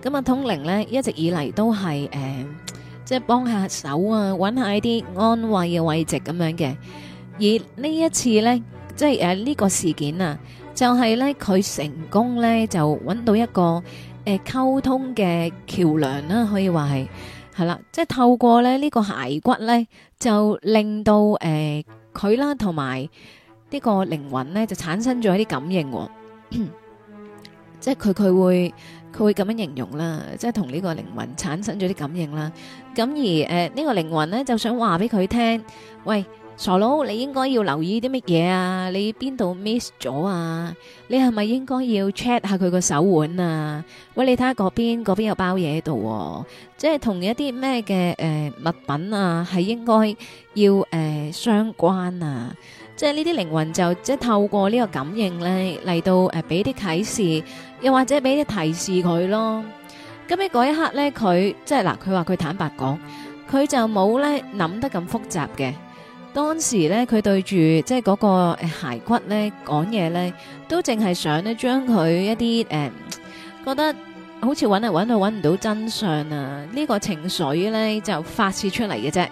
咁啊，通靈咧一直以嚟都係誒，即係幫下手啊，揾下啲安慰嘅位置咁樣嘅，而呢一次咧，即係誒呢個事件啊，就係咧佢成功咧就揾到一個。呃、溝通嘅橋樑啦，可以話係，係啦，即係透過呢個骸骨呢就令到佢啦同埋呢個靈魂呢，就產生咗一啲感應喎。 傻佬，你應該要留意啲乜嘢啊？你邊度 miss 咗啊？你係咪應該要 check 下佢個手腕啊？喂，你睇下嗰邊，嗰邊有包嘢喺度，即係同一啲咩嘅誒物品啊，係應該要誒、呃、相關啊。即係呢啲靈魂就即係透過呢個感應咧嚟到誒，俾、呃、啲啟示，又或者俾啲提示佢咯。咁喺嗰一刻咧，佢即係嗱，佢話佢坦白講，佢就冇咧諗得咁複雜嘅。當時咧，佢對住即係嗰個骸骨咧講嘢咧，都淨係想咧將佢一啲誒、呃、覺得好似搵嚟搵去搵唔到真相啊，呢、這個情緒咧就發泄出嚟嘅啫，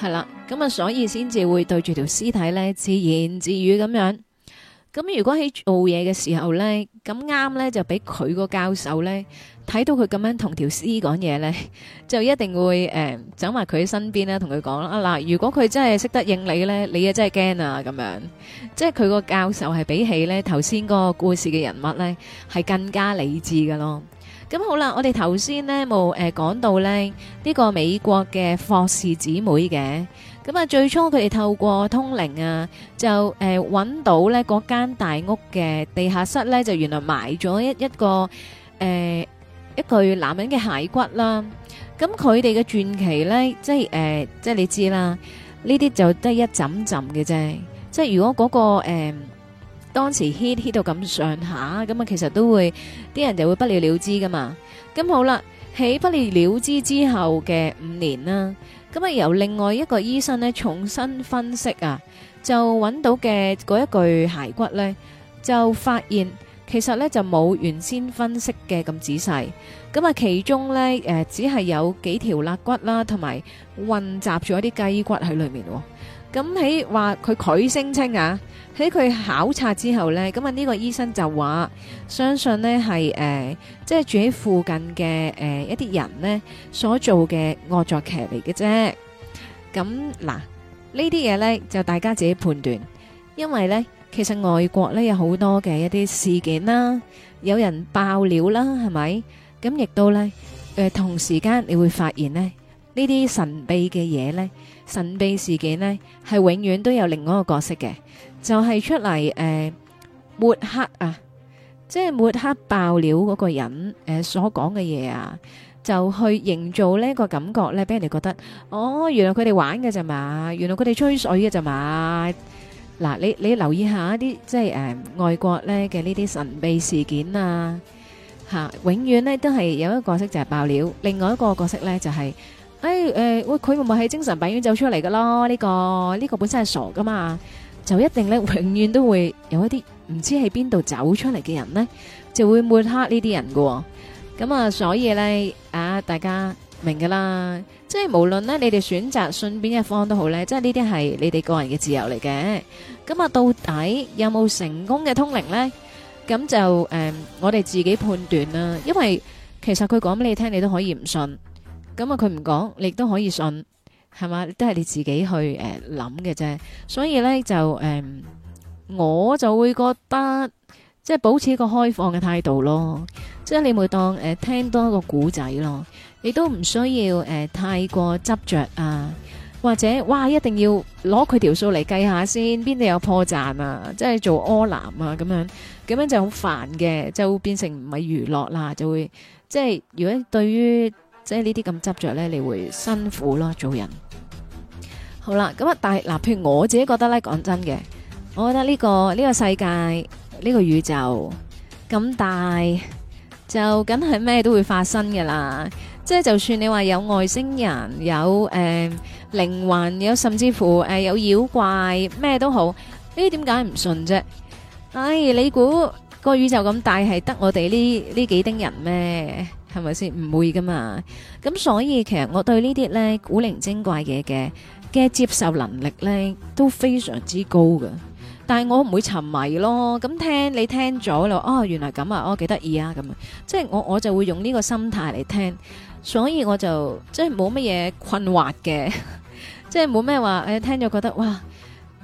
係啦，咁啊，所以先至會對住條屍體咧自言自語咁樣。咁如果喺做嘢嘅時候咧，咁啱咧就俾佢個教授咧。睇到佢咁樣同條屍講嘢咧，就一定會誒走埋佢身邊咧，同佢講啦。嗱，如果佢真係識得應你咧，你啊真係驚啊咁樣。即係佢個教授係比起咧頭先個故事嘅人物咧，係更加理智㗎咯。咁好啦，我哋頭先咧冇誒講到咧呢個美國嘅霍氏姊妹嘅。咁啊，最初佢哋透過通靈啊，就誒揾到咧嗰間大屋嘅地下室咧，就原來埋咗一一個誒。一具男人嘅骸骨啦，咁佢哋嘅傳奇咧，即係誒，即係你知啦，呢啲就得一枕枕嘅啫，即係如果嗰個誒當時 hit hit 到咁上下，咁啊其實都會啲人就會不了了之噶嘛，咁好啦，喺不了了之之後嘅五年啦，咁啊由另外一個醫生咧重新分析啊，就揾到嘅嗰一具骸骨咧，就發現。其實咧就冇原先分析嘅咁仔細，咁啊其中咧誒只係有幾條肋骨啦，同埋混雜咗一啲雞骨喺裏面。咁喺話佢佢聲稱啊，喺佢考察之後咧，咁啊呢個醫生就話相信咧係誒即係住喺附近嘅誒一啲人咧所做嘅惡作劇嚟嘅啫。咁嗱呢啲嘢咧就大家自己判斷，因為咧。其實外國咧有好多嘅一啲事件啦，有人爆料啦，係咪？咁亦都咧，誒，同時間你會發現咧，呢啲神秘嘅嘢咧，神秘事件咧，係永遠都有另外一個角色嘅，就係出嚟誒，抹黑啊，即係抹黑爆料嗰個人誒所講嘅嘢啊，就去營造呢個感覺咧，俾人哋覺得，哦，原來佢哋玩嘅咋嘛，原來佢哋吹水嘅咋嘛。嗱，你你留意下一啲即係誒、呃、外國咧嘅呢啲神秘事件啊，嚇、啊，永遠咧都係有一個角色就係爆料，另外一個角色咧就係、是，誒、哎、誒，喂佢會唔會喺精神病院走出嚟嘅咯？呢、這個呢、這個本身係傻噶嘛，就一定咧永遠都會有一啲唔知喺邊度走出嚟嘅人咧，就會抹黑呢啲人嘅、哦。咁啊，所以咧啊，大家。明噶啦，即係無論咧，你哋選擇信邊一方都好咧，即係呢啲係你哋個人嘅自由嚟嘅。咁啊，到底有冇成功嘅通靈呢？咁就誒、呃，我哋自己判斷啦。因為其實佢講俾你聽，你都可以唔信。咁啊，佢唔講，你都可以信，係嘛？都係你自己去誒諗嘅啫。所以呢，就、呃、誒，我就會覺得即係保持一個開放嘅態度咯。即係你每當誒、呃、聽多一個古仔咯。你都唔需要誒、呃、太過執着啊，或者哇一定要攞佢條數嚟計下先，邊度有破綻啊，即係做柯南啊咁樣，咁樣就好煩嘅，就變成唔係娛樂啦，就會，是、啊、就會即係如果對於即係呢啲咁執着呢，你會辛苦咯做人。好啦，咁啊，但係嗱，譬如我自己覺得呢，講真嘅，我覺得呢、呢個呢、呢個世界呢、呢個宇宙咁大，就梗係咩都會發生噶啦。即係就算你話有外星人、有誒靈魂、有甚至乎誒有妖怪，咩都好，呢啲點解唔信啫？唉，你估個宇宙咁大，係得我哋呢呢幾丁人咩？係咪先？唔會噶嘛。咁所以其實我對呢啲咧古靈精怪嘢嘅嘅接受能力咧都非常之高噶。但係我唔會沉迷咯。咁聽你聽咗啦，哦，原來咁啊，哦，幾得意啊咁。即係我我就會用呢個心態嚟聽。所以我就即係冇乜嘢困惑嘅、 欸，即係冇咩話誒，聽咗覺得哇，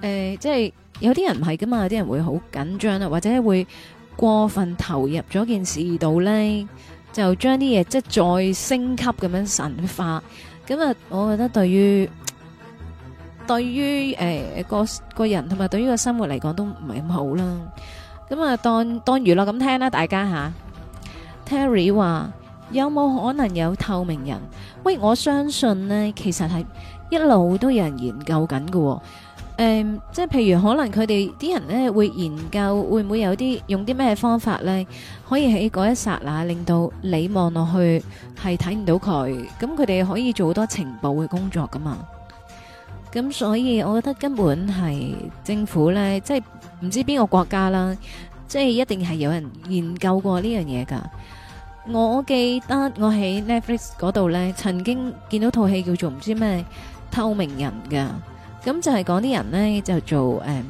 誒，即係有啲人唔係噶嘛，有啲人會好緊張啦，或者會過分投入咗件事度咧，就將啲嘢即係再升級咁樣神化，咁啊，我覺得對於對於誒、欸、個個人同埋對於個生活嚟講都唔係咁好啦，咁啊當當娛樂咁聽啦，大家吓、啊，Terry 話。有冇可能有透明人？喂，我相信呢，其實係一路都有人研究緊噶喎。誒、嗯，即係譬如可能佢哋啲人呢會研究，會唔會有啲用啲咩方法呢？可以喺嗰一剎那令到你望落去係睇唔到佢？咁佢哋可以做好多情報嘅工作噶嘛？咁所以我覺得根本係政府呢，即係唔知邊個國家啦，即係一定係有人研究過呢樣嘢噶。我記得我喺 Netflix 嗰度呢，曾經見到套戲叫做唔知咩透明人嘅，咁就係講啲人呢就做誒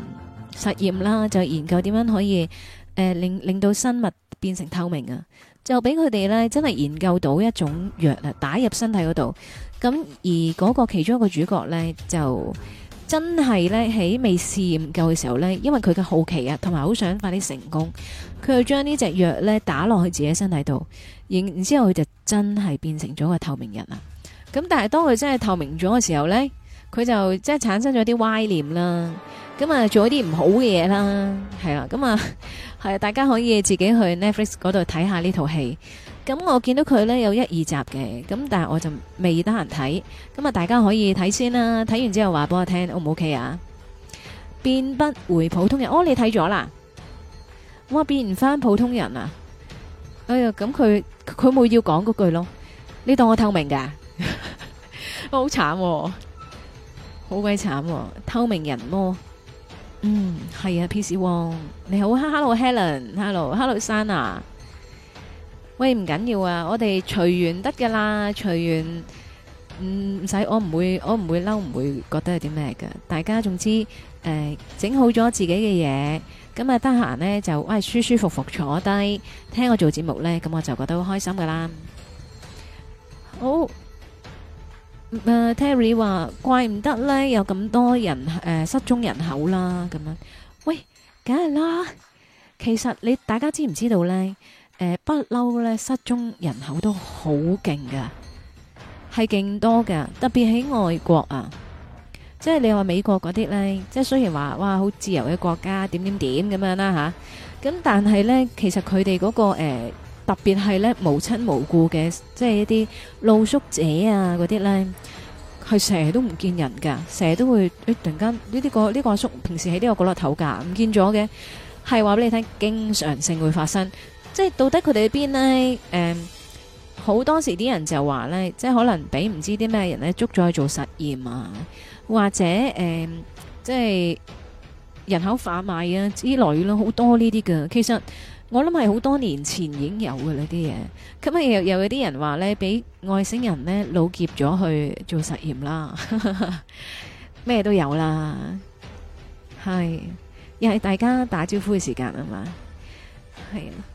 實驗啦，就研究點樣可以誒令令到生物變成透明啊，就俾佢哋呢真係研究到一種藥啊，打入身體嗰度，咁而嗰個其中一個主角呢就，真係咧喺未試驗夠嘅時候咧，因為佢嘅好奇啊，同埋好想快啲成功，佢又將呢隻藥咧打落去自己身體度，然然之後佢就真係變成咗個透明人啦，咁但係當佢真係透明咗嘅時候咧，佢就即係產生咗啲歪念啦，咁啊做一啲唔好嘅嘢啦，係啦，咁啊，係大家可以自己去 Netflix 嗰度睇下呢套戲。咁、嗯、我見到佢呢有一二集嘅，咁但係我就未得閒睇，咁啊大家可以睇先啦，睇完之後話俾我聽，O 唔 O K 啊？變不回普通人，哦你睇咗啦，我變唔翻普通人啊！哎呀，咁佢佢冇要講嗰句咯，你當我透明噶，我 好慘，啊，好鬼慘，透明人喎！嗯，係啊，P C 王你好哈，Hello Helen，Hello Hello，Hello Sana。喂，唔緊要啊，我哋隨緣得噶啦，隨緣唔唔使，我唔會，我唔會嬲，唔會覺得係啲咩㗎。大家總之誒，整好咗自己嘅嘢，咁啊得閒呢就喂舒舒服服坐低聽我做節目呢，咁我就覺得好開心噶啦。好，誒，Terry 話怪唔得呢，有咁多人誒失蹤人口啦，咁樣，喂，梗係啦，其實你大家知唔知道呢？誒，不嬲咧，失蹤人口都好勁噶，係勁多噶。特別喺外國啊，即係你話美國嗰啲咧，即係雖然話哇好自由嘅國家，點點點咁樣啦吓。咁但係咧，其實佢哋嗰個誒，特別係咧無親無故嘅，即係一啲露宿者啊，嗰啲咧，佢成日都唔見人噶，成日都會誒，突然間呢啲個呢個阿叔平時喺呢個角落頭噶，唔見咗嘅，係話俾你聽，經常性會發生。即係到底佢哋邊呢？誒、嗯，好多時啲人就話呢，即係可能俾唔知啲咩人呢捉咗去做實驗啊，或者誒、嗯，即係人口販賣啊之類啦、啊，好多呢啲噶。其實我諗係好多年前已經有嘅呢啲嘢。咁啊又有啲人話呢，俾外星人呢擄劫咗去做實驗啦，咩 都有啦，係又係大家打招呼嘅時間啊嘛，係啊。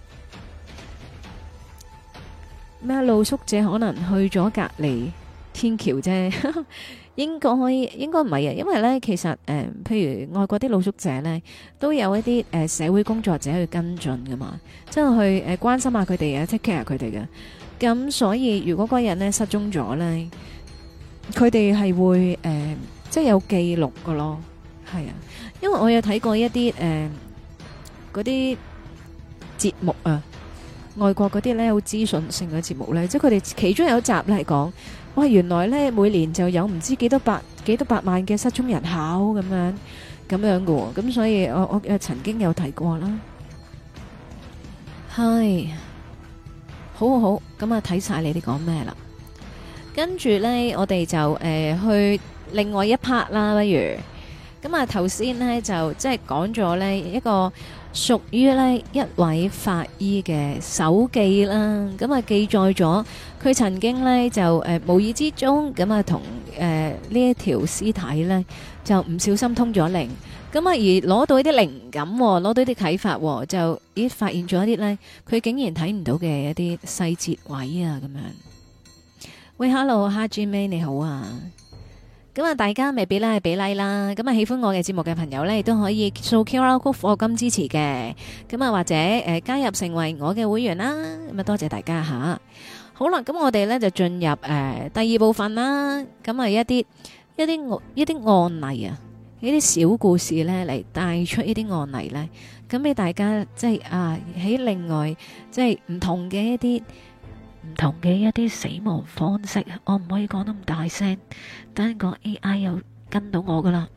咩露宿者可能去咗隔離天橋啫？ 應該可以，應該唔係啊，因為咧其實誒、呃，譬如外國啲露宿者咧，都有一啲誒、呃、社會工作者去跟進噶嘛，即係去誒、呃、關心下佢哋啊，take care 佢哋嘅。咁所以如果嗰人咧失蹤咗咧，佢哋係會誒即係有記錄噶咯，係啊，因為我有睇過一啲誒嗰啲節目啊。呃外國嗰啲呢好資訊性嘅節目呢，即係佢哋其中有一集呢係講，哇原來呢每年就有唔知幾多百幾多百萬嘅失蹤人口咁樣咁樣嘅，咁所以我我曾經有提過啦，係，好好好，咁啊睇晒你哋講咩啦，跟住呢我哋就誒去另外一 part 啦，不如，咁啊頭先呢就即係講咗呢一個。屬於咧一位法醫嘅手記啦，咁啊記載咗佢曾經咧就誒無意之中，咁啊同誒呢一條屍體咧就唔小心通咗靈，咁啊而攞到一啲靈感，攞到一啲啟發，就咦發現咗一啲咧佢竟然睇唔到嘅一啲細節位啊咁樣。喂，hello，Hajime 你好啊！咁啊，大家咪俾、like like、啦，俾 like 啦。咁啊，喜歡我嘅節目嘅朋友咧，亦都可以掃 QR code 課金支持嘅。咁啊，或者誒、呃、加入成為我嘅會員啦。咁啊，多謝大家吓。好啦，咁我哋咧就進入誒、呃、第二部分啦。咁啊，一啲一啲案一啲案例啊，呢啲小故事咧嚟帶出一啲案例咧，咁俾大家即係、就是、啊喺另外即係唔同嘅一啲。唔同嘅一啲死亡方式，我唔可以講得咁大聲，等個 AI 又跟到我噶啦，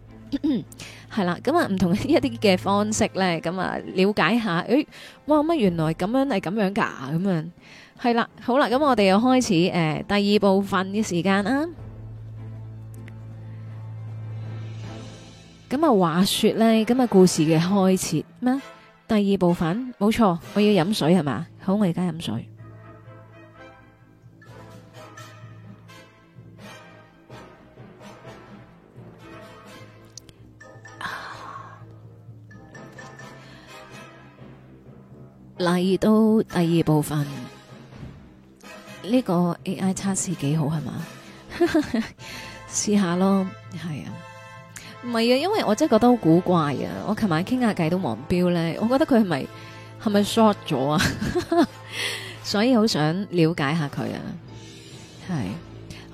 係啦，咁啊唔同的一啲嘅方式呢，咁啊了解一下，誒、哎，哇，乜原來咁樣係咁樣噶，咁樣係啦，好啦，咁我哋又開始誒、呃、第二部分嘅時間啊，咁啊，話說呢，咁啊，故事嘅開始咩，第二部分，冇錯，我要飲水係嘛，好，我而家飲水。例都第二部分呢個 A. I. 測試幾好係嘛？試 下咯，係啊，唔係啊，因為我真係覺得好古怪啊。我琴晚傾下偈都黃標咧，我覺得佢係咪係咪 short 咗啊？ 所以好想了解下佢啊。係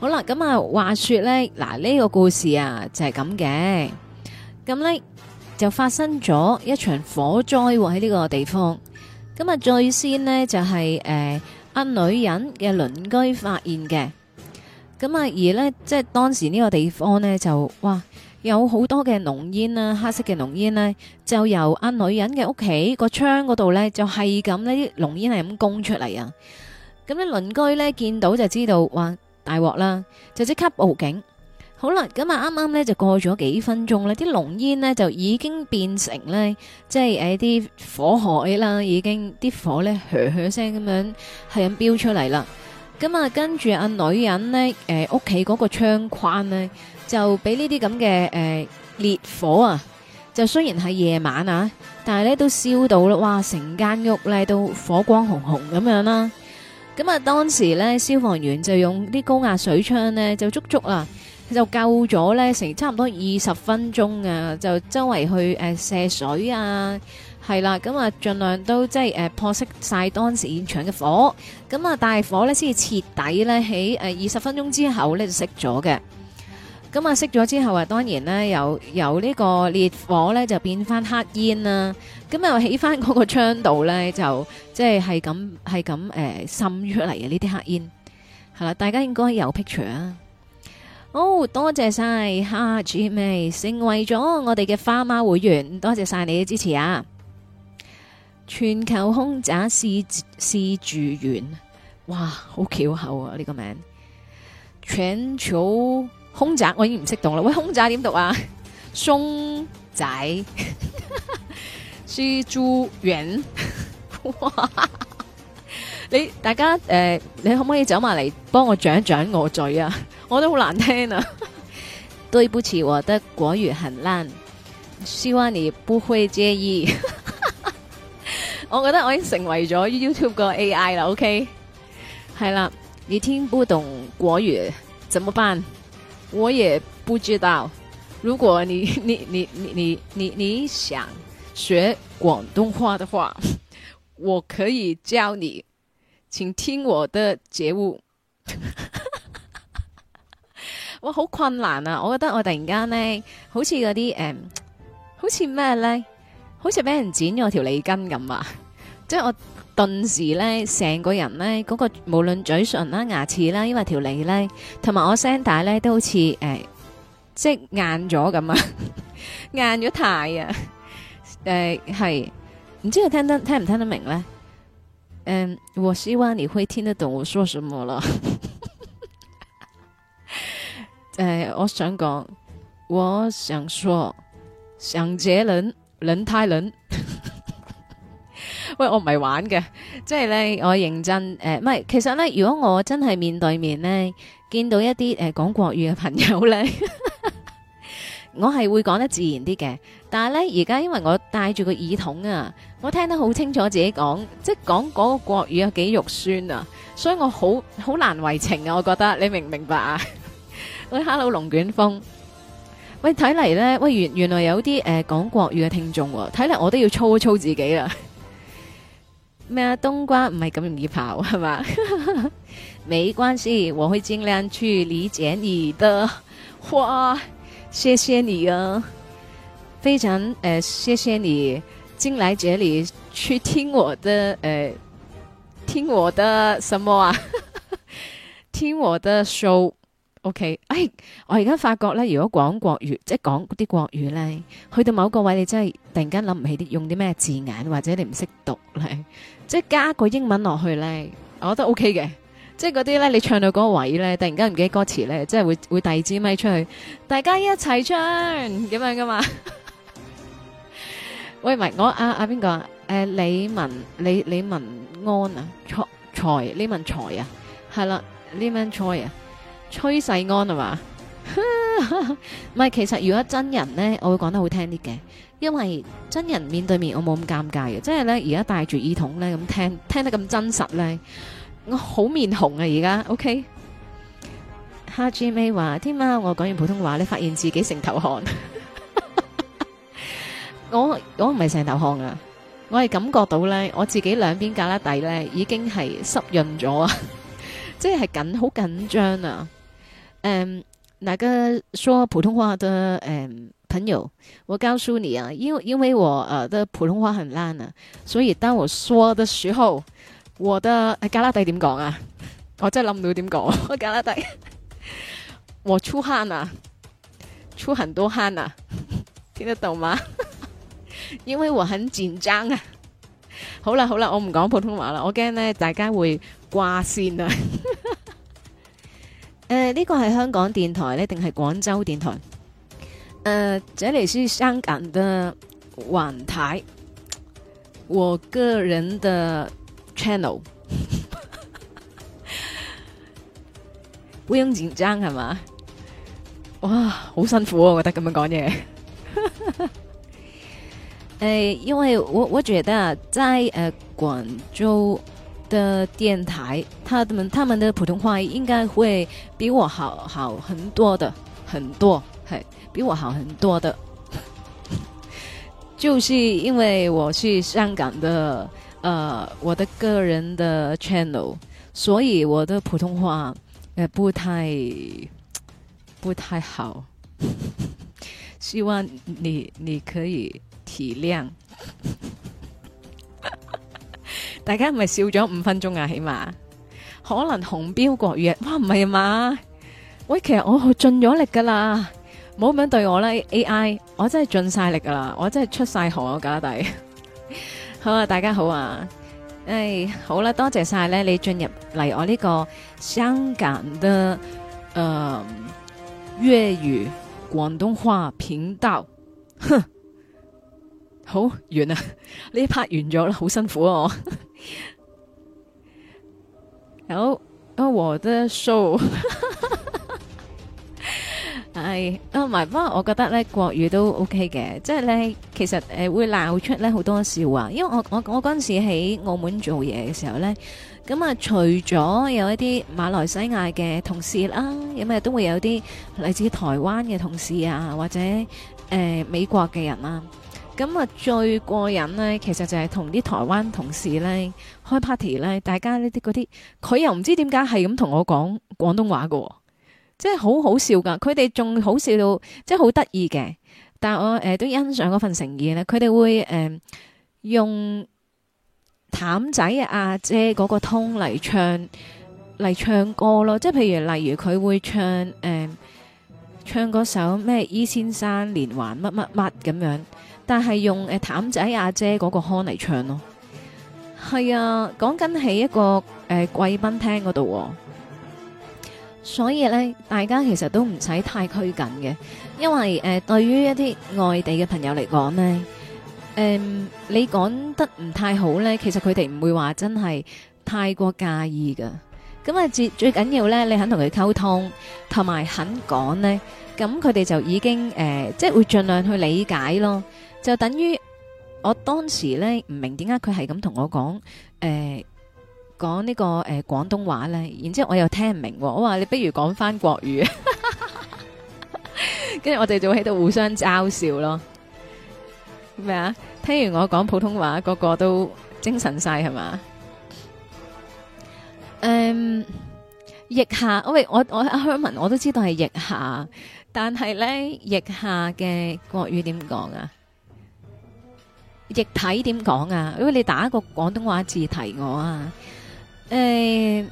好啦，咁啊，話說咧，嗱呢個故事啊就係咁嘅，咁咧就發生咗一場火災喎，喺呢個地方。咁啊，最先呢，就係、是、誒，阿、呃、女人嘅鄰居發現嘅。咁啊，而呢，即係當時呢個地方呢，就哇，有好多嘅濃煙啦，黑色嘅濃煙呢，就由阿女人嘅屋企個窗嗰度呢，就係咁呢啲濃煙係咁供出嚟啊。咁啲鄰居呢，見到就知道哇，大鑊啦，就即刻報警。好啦，咁啊，啱啱咧就過咗幾分鐘咧，啲濃煙咧就已經變成咧，即係誒啲火海啦，已經啲火咧嘰嘰聲咁樣係咁飆出嚟啦。咁啊，跟住阿女人咧，誒屋企嗰個窗框咧就俾呢啲咁嘅誒烈火啊，就雖然係夜晚啊，但係咧都燒到啦，哇！成間屋咧都火光紅紅咁樣啦。咁啊，當時咧消防員就用啲高壓水槍咧就足足啦。就夠咗咧，成差唔多二十分鐘啊！就周圍去、呃、射水啊，係啦，咁、嗯、啊盡量都即係、呃、撲熄晒當時現場嘅火，咁、嗯、啊大火咧先至徹底咧喺二十分鐘之後咧就熄咗嘅。咁啊熄咗之後啊，當然呢，由由呢個烈火咧就變翻黑煙啦，咁、嗯、又起翻嗰個窗度咧就即係係咁係咁誒滲出嚟嘅呢啲黑煙，係啦，大家應該有 picture 啊。哦、oh，多謝晒哈 G 妹，成為咗我哋嘅花貓會員，多謝晒你嘅支持啊！全球空宅是，是住院，哇，好拗口啊！呢、這個名全球空宅，我已經唔識讀啦，喂，空宅點讀啊？松仔 是住院哇你大家誒、呃，你可唔可以走埋嚟幫我獎一獎我嘴啊？我都好難聽啊， 對不起，我的國語很爛，希望你不會介意。 我覺得我已經成為咗 YouTube 個 AI、okay? 啦。OK，係啦，你聽不懂國語怎麼辦？我也不知道。如果你你你你你你你想學廣東話的話，我可以教你。請聽我的節目。哇 好困難啊！我覺得我突然間咧，好似嗰啲誒，好似咩咧，好似俾人剪咗條脷根咁啊！即 係我頓時咧，成個人咧，嗰個無論嘴唇啦、牙齒啦，因為條脷咧，同埋我聲帶咧，都好似誒，即硬咗咁 態啊，硬咗太啊！誒，係唔知佢聽得聽唔聽得明咧？嗯、um，我希望你會聽得懂我說什麼了誒， uh, 我想講，我想說，想接人，輪胎人。 喂，我唔係玩嘅，即係咧，我認真。誒，唔係，其實咧，如果我真係面對面咧，見到一啲誒、呃、講國語嘅朋友咧， 我係會講得自然啲嘅。但係咧，而家因為我戴住個耳筒啊，我聽得好清楚自己講，即係講嗰個國語有幾肉酸啊，所以我好好難為情啊，我覺得你明唔明白啊？喂 ，Hello 龍捲風，喂，睇嚟咧，喂原原來有啲誒講國語嘅聽眾，啊，睇嚟我都要操一操自己啦。咩啊，冬瓜唔係咁容易跑係嘛？ 沒關係，我會盡量去理解你的。哇，謝謝你啊！非常誒、呃，謝謝你進嚟呢度去聽我的誒、呃，聽我的什麼啊？ 聽我的 show，OK？Okay. 誒、哎，我而家發覺咧，如果講國語，即係講啲國語咧，去到某個位，你真係突然間諗唔起啲用啲咩字眼，或者你唔識讀咧，即係加個英文落去咧，我覺得 OK 嘅。即係嗰啲咧，你唱到嗰個位咧，突然間唔記得歌詞咧，即係會會遞支咪出去，大家一齊唱咁樣㗎嘛。 喂，唔係我啊阿邊、啊啊、個？誒、啊，李文李李文安啊，卓才李文才啊，係啦，李文才啊，崔、啊、世安係嘛？唔係， 其實如果真人咧，我會講得好聽啲嘅，因為真人面對面，我冇咁尷尬嘅，即係咧而家戴住耳筒咧，咁聽聽得咁真實咧，我好面紅啊！而家，OK，哈 J 咪話，添啊，我講完普通話你發現自己成頭汗。我我唔係成頭汗啊，我係感覺到咧，我自己兩邊架拉底咧已經係濕潤咗啊，即係緊好緊張啊。嗯，那個說普通話的誒、um, 朋友，我告訴你啊，因為因為我誒的普通話很爛啊，所以當我說的時候，我的架拉底點講啊？我真係諗唔到點講，架拉底，我出汗啊，出很多汗啊，聽得到嗎？ 因為我很緊張啊！好啦好啦，我唔講普通話啦，我驚咧大家會掛線啊！誒、 呃，呢、這個係香港電台咧，定係廣州電台？誒、呃，這裡是香港的環台，我個人的 channel， 不用緊張係嘛？哇，好辛苦啊！我覺得咁樣講嘢。 誒、哎，因為我我覺得在呃廣州的電台，他們他們的普通話應該會比我好好很多的很多，嘿，比我好很多的。 就是因為我是香港的，呃，我的個人的 channel，所以我的普通話、呃、不太不太好。 希望你你可以。體靚， 大家唔係笑咗五分鐘啊，起碼可能紅標國語，哇唔係嘛？喂，其實我好盡咗力噶啦，冇咁樣對我啦，AI，我真係盡晒力噶啦，我真係出晒汗我家底。好啊，大家好啊，哎，好啦、啊，多謝晒咧，你進入嚟我呢個香港的嗯粵、呃、語廣東話頻道，哼。好完啦，呢 part 完咗啦，好辛苦哦。好，《The Show》係，啊，唔 係、oh, want， 不 過樂我覺得咧國語都 OK 嘅，即係咧其實誒會鬧出咧好多笑話，因為我我我嗰陣時喺澳門做嘢嘅時候咧，咁啊除咗有一啲馬來西亞嘅同事啦，咁咩都會有啲嚟自台灣嘅同事啊，或者誒、呃、美國嘅人啊。咁啊，最過癮咧，其實就係同啲台灣同事咧開 party 咧，大家呢啲嗰啲，佢又唔知點解係咁同我講廣東話噶、哦，即係好好笑噶，佢哋仲好笑到，即係好得意嘅。但係我誒、呃、都欣賞嗰份誠意咧，佢哋會誒、呃、用譚仔的阿姐嗰個 tone 嚟唱嚟唱歌咯，即係譬如例如佢會唱誒、呃、唱嗰首咩？伊先生連環乜乜乜咁樣。但係用誒譚仔阿姐嗰個腔嚟唱咯、哦，係啊，講緊喺一個誒貴賓廳嗰度，所以咧大家其實都唔使太拘謹嘅，因為誒、呃、對於一啲外地嘅朋友嚟講咧，誒、呃、你講得唔太好咧，其實佢哋唔會話真係太過介意噶，咁啊最最緊要咧，你肯同佢溝通，同埋肯講咧，咁佢哋就已經誒、呃、即係會盡量去理解咯。就等於我當時咧唔明點解佢係咁同我講，誒講呢個誒廣、呃、東話咧，然之後我又聽唔明、哦，我話你不如講翻國語，跟 住我哋就會喺度互相嘲笑咯。咩啊？聽完我講普通話，個個都精神晒係嘛？嗯，腋下喂，我我阿 Herman 我都知道係腋下，但係咧腋下嘅國語點講啊？液體點講啊？如果你打一個廣東話字提我啊，誒、哎，呢、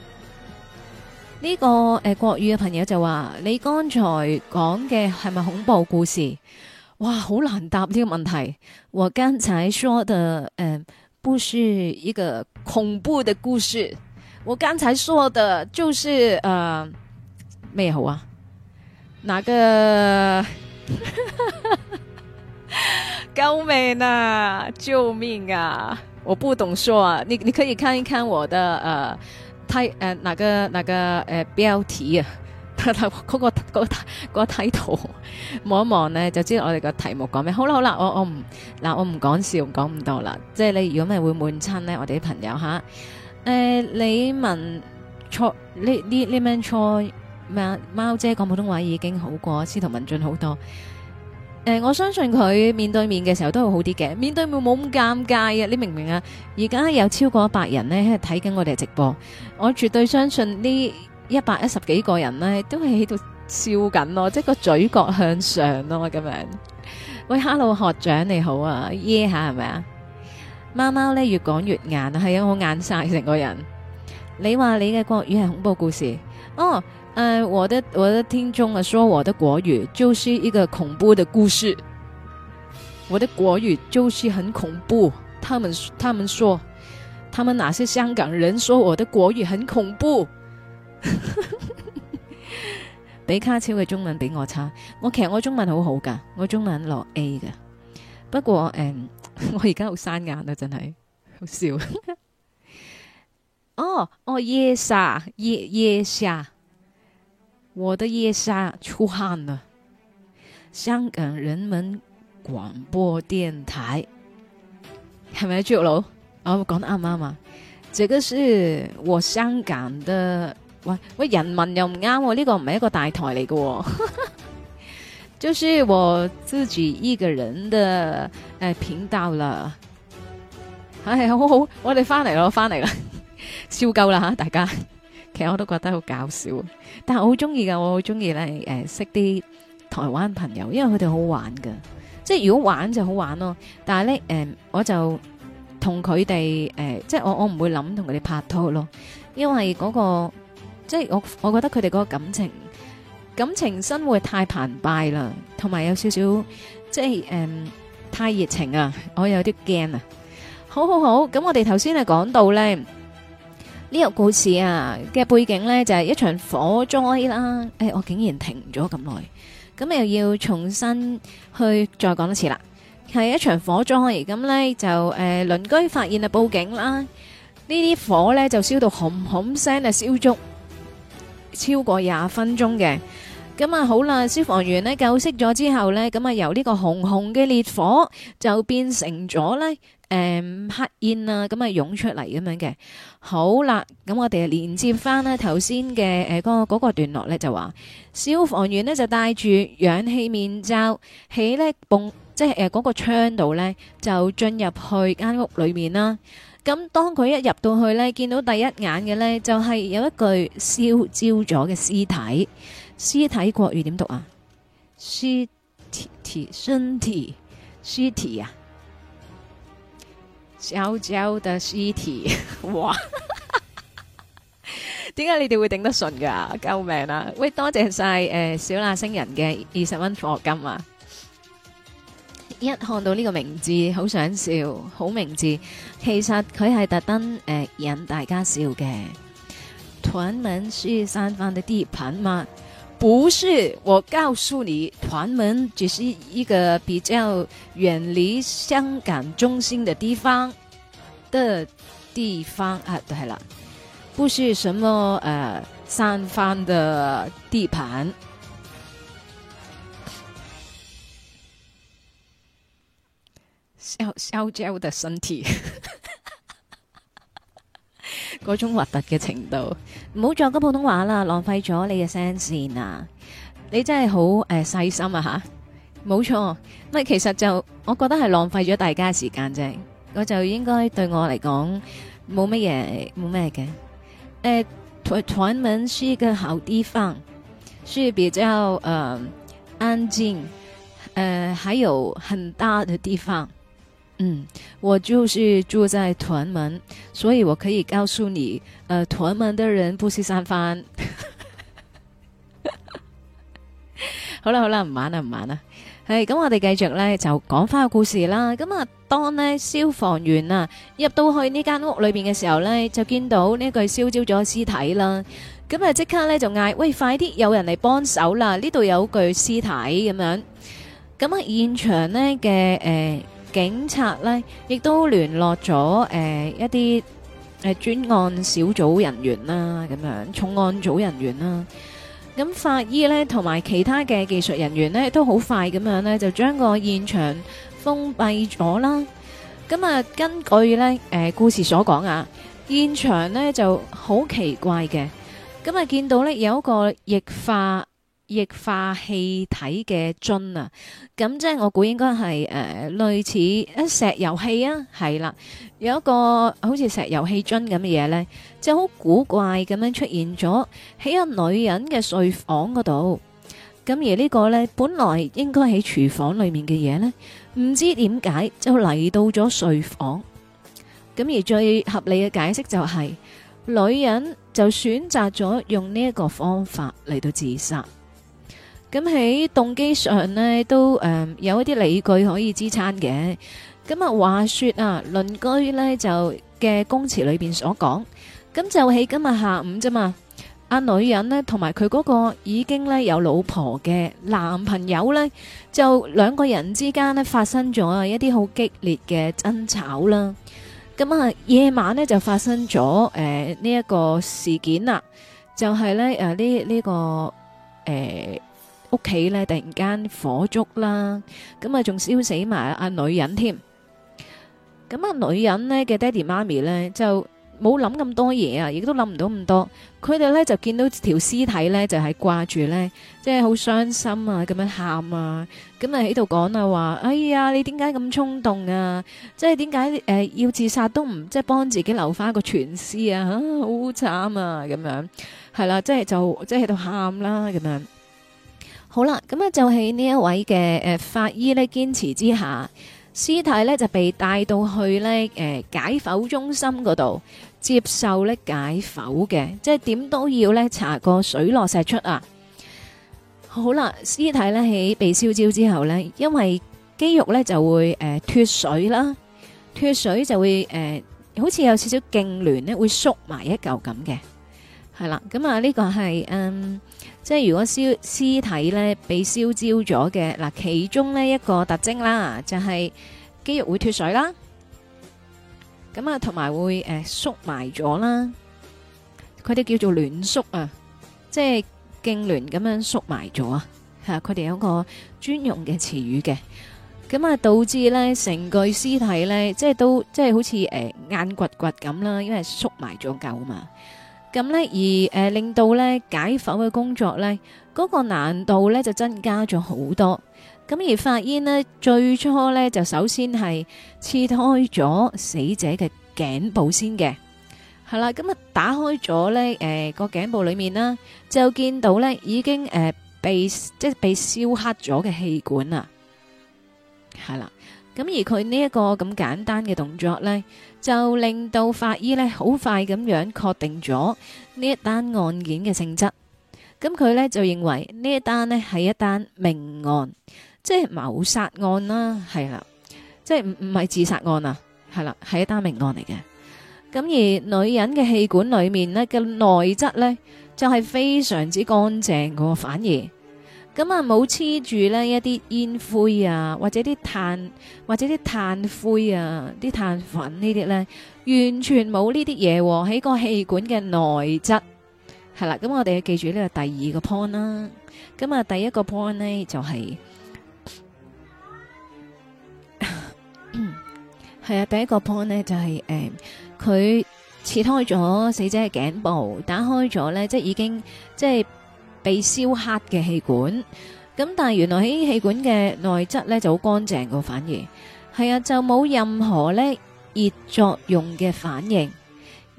這個誒、呃、國語嘅朋友就話你剛才講嘅係咪恐怖故事？哇，好難答呢個問題。我剛才說的誒、呃、不是一個恐怖的故事，我剛才說的就是誒咩好啊？哪個？ 救命啊！救命啊！我不懂說、啊，你你可以看一看我的，呃，太，呃，那個那個，誒、呃，標題啊，嗰、那個嗰、那個嗰、那個睇圖，望、那個、一望咧，就知道我哋個題目講咩。好啦好啦，我我唔嗱，我唔講笑，講唔到啦。即係你如果咪會滿親咧，我哋啲朋友吓，誒、啊，李文錯呢呢呢名錯，貓貓姐講普通話已經好過司徒文進好多。誒、呃，我相信佢面對面嘅時候都會好啲嘅，面對面冇咁尷尬啊！你明唔明啊？而家有超過一百人呢喺度睇緊我哋直播，我絕對相信呢一百一十幾個人呢都係喺度笑緊咯，即係個嘴角向上咯、啊、咁樣。喂，Hello 學長你好啊，耶下係咪啊？貓貓呢越講越眼瞓啊，係啊，我眼瞓晒成個人。你話你嘅國語係恐怖故事，哦、oh,。嗯、uh,，我的我的聽眾啊說我的國語就是一個恐怖的故事，我的國語就是很恐怖。他們他們說，他們哪些香港人說我的國語很恐怖？ 比卡超嘅中文比我差，我其實我中文好好的，我中文攞 A 的。不過，嗯，我而家好生硬啊，真係好笑。哦 哦、oh, oh,，yes 啊，yes 啊、yes.。我的腋下出汗了。香港人民廣播電台，係咪豬肉佬？啊、哦，講得啱唔啱啊？這個是我香港的喂喂，人民又唔啱、啊，我、這、呢個唔係一個大台嚟嘅、哦，就是我自己一個人嘅誒、呃、頻道了。唉、哎，好好，我哋翻嚟咯，翻嚟啦，笑夠啦吓，大家。其實我都覺得好搞笑，但係我好中意噶，我好中意咧，誒，識啲台灣朋友，因為佢哋好玩噶，即係如果玩就好玩咯。但係咧，誒，我就同佢哋，誒，即係我我唔會諗同佢哋拍拖咯，因為嗰個，即係我我覺得佢哋嗰個感情，感情生活太澎湃啦，同埋有少少，即係誒，太熱情啊，我有啲驚啊。好好好，咁我哋頭先係講到咧。呢、這個故事啊嘅背景呢，就係、是、一場火災啦，誒、哎、我竟然停咗咁耐，咁啊又要重新去再講一次啦，係一場火災嚟，咁咧就誒鄰、呃、居發現啊報警啦，呢啲火呢，就燒到轟轟聲啊燒足超過廿分鐘嘅，咁啊好啦，消防員呢，救熄咗之後呢，咁啊由呢個紅紅嘅烈火就變成咗呢，誒、嗯，黑煙啊，咁啊湧出嚟咁樣嘅，好啦，咁我哋連連接翻咧頭先嘅誒，嗰、嗰個個段落呢，就話，消防員呢就帶住氧氣面罩，起呢泵，即係誒個窗度呢，就進入去間屋裏面啦。咁當佢一入到去呢，見到第一眼嘅呢，就係、是、有一具燒焦咗嘅屍體，屍體國語點讀啊？屍體體體、啊小 o 的 City，哇！點 解你哋會頂得順噶？救命啊！喂，多謝晒誒、呃、小辣星人嘅二十蚊課金啊！一看到呢個名字，好想笑，好名字，其實佢係特登誒引大家笑嘅。短文書生翻啲低品嘛。不是，我告訴你，屯門只是一個比較遠離香港中心的地方，的地方啊，對了，不是什麼呃三方的地盤，小小嬌的身體。 嗰種核突嘅程度，唔好再講普通話啦，浪費咗你嘅聲線啊！你真係好誒細心啊吓，冇錯，唔係其實就我覺得係浪費咗大家時間啫，我就應該對我嚟講冇乜嘢冇咩嘅。誒，台灣、呃、是一個好地方，是比較誒、呃、安靜，誒、呃、還有很大嘅地方。嗯，我就是住在屯門，所以我可以告訴你，呃，屯門的人不是山番。 好啦，好啦，唔玩啦，唔玩啦。係咁，我哋繼續咧就講翻個故事啦。咁啊，當呢消防員啊入到去呢間屋裏邊嘅時候咧，就見到燒就呢具燒焦咗屍體啦。咁啊，即刻咧就嗌，喂，快啲有人嚟幫手啦！呢度有具屍體咁樣。咁啊，現場呢嘅誒。警察呢亦都聯絡咗誒、呃、一啲誒專案小組人員啦，咁樣重案組人員啦。咁法醫呢同埋其他嘅技術人員呢都好快咁樣呢，就將個現場封閉咗啦。咁啊，根據呢誒、呃、故事所講啊，現場呢就好奇怪嘅。咁啊，見到呢有一個液化，液化氣體嘅樽啊，咁即係我估應該係誒類似石油氣啊，係啦，有一個好似石油氣樽咁嘅嘢呢，就好古怪咁樣出現咗喺一個女人嘅睡房嗰度。咁而呢個呢，本來應該喺廚房裏面嘅嘢呢，唔知點解就嚟到咗睡房。咁而最合理嘅解釋就係女人就選擇咗用呢一個方法嚟到自殺。咁喺動機上呢，都誒、呃、有一啲理據可以支撐嘅。咁啊，話說啊，鄰居呢就嘅供詞裏邊所講，咁就喺今日下午啫嘛。阿女人呢，同埋佢嗰個已經咧有老婆嘅男朋友呢，就兩個人之間呢發生咗一啲好激烈嘅爭吵啦。咁啊，夜晚呢，就發生咗誒呢一個事件啦，就係、是、呢誒呢呢個誒。呃屋企咧突然間火燭啦，咁啊仲燒死埋阿女人添。咁啊女人呢嘅爹哋媽咪呢，就冇諗咁多嘢啊，亦都諗唔到咁多。佢哋呢，就見到條屍體呢，就係掛住呢，即係好傷心啊，咁樣喊啊，咁啊喺度講啊話，哎呀你點解咁衝動啊？即係點解誒要自殺都唔即係幫自己留翻個全屍啊？吓好慘啊！咁樣係啦，即係就即係喺度喊啦，咁樣。好啦，咁就喺呢一位嘅誒、呃、法醫呢堅持之下，屍體呢就被帶到去呢誒、呃、解剖中心嗰度接受呢解剖嘅，即係點都要呢查個水落石出啊！好啦，屍體呢喺被燒焦之後呢，因為肌肉呢就會誒脫、呃、水啦，脫水就會誒、呃、好似有少少痙攣呢會縮埋一嚿咁嘅。係啦，咁啊，呢個係嗯，即係如果燒屍體咧，被燒焦咗嘅嗱，其中呢一個特徵啦，就係、是、肌肉會脫水啦，咁啊，同、呃、埋會誒縮埋咗啦。佢哋叫做攣縮啊，即係痙攣咁樣縮埋咗啊。吓，佢哋有個專用嘅詞語嘅，咁啊，導致咧成具屍體咧，即係都即係好似誒硬掘掘咁啦，因為縮埋咗夠啊嘛。咁咧，而誒、呃、令到咧解剖嘅工作咧，嗰個難度咧就增加咗好多。咁而法醫呢，最初咧就首先係切開咗死者嘅頸部先嘅，係啦。咁、嗯、啊，打開咗咧誒個頸部裏面啦，就見到咧已經誒、呃、被即係被燒黑咗嘅氣管啦，係啦。咁而佢呢一個咁簡單嘅動作呢，就令到法醫呢好快咁樣確定咗呢一單案件嘅性質。咁佢呢就認為呢一單呢係一單命案，即係謀殺案啦，係啦，即係唔係自殺案啊，係啦，係一單命案嚟嘅。咁而女人嘅氣管裏面呢，嘅內質呢，就係、是、非常之乾淨個，反而。咁啊，冇黐住咧一啲煙灰啊，或者啲碳，或者啲碳灰啊，啲碳粉呢啲咧，完全冇呢啲嘢喺個氣管嘅內側，係啦。咁我哋要記住呢個第二個 point 啦。咁啊，第一個 point 呢，就係、是，係啊，第一個 point 呢，就係誒，佢切開咗死者嘅頸部，打開咗咧，即係已經，即係。被燒黑嘅氣管，咁但係原來喺氣管嘅內側咧就好乾淨個，反而係啊，就冇任何咧熱作用嘅反應，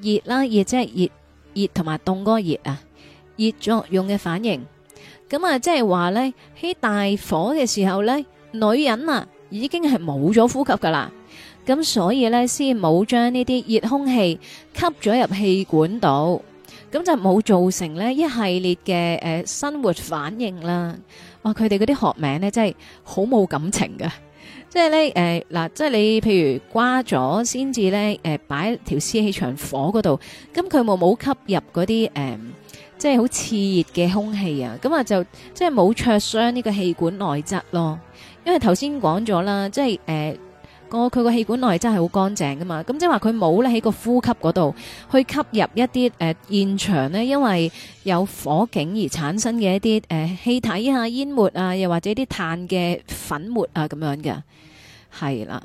熱啦，熱即係熱熱同埋凍嗰個熱啊，熱作用嘅反應，咁啊即係話咧喺大火嘅時候咧，女人啊已經係冇咗呼吸噶啦，咁所以咧先冇將呢啲熱空氣吸咗入氣管度。咁就冇造成咧一系列嘅生活反應啦。哇！佢哋嗰啲學名咧真係好冇感情㗎。即係咧誒嗱，即係你譬如刮咗先至咧誒擺條屍氣場火嗰度，咁佢冇冇吸入嗰啲誒即係好刺熱嘅空氣啊，咁啊就即係冇灼傷呢個氣管內側咯。因為頭先講咗啦，即係誒。呃個佢個氣管內真係好乾淨噶嘛，咁即係話佢冇咧喺個呼吸嗰度去吸入一啲誒現場呢，因為有火警而產生嘅一啲誒氣體啊、煙沫啊，又或者啲碳嘅粉末啊咁樣嘅，係啦，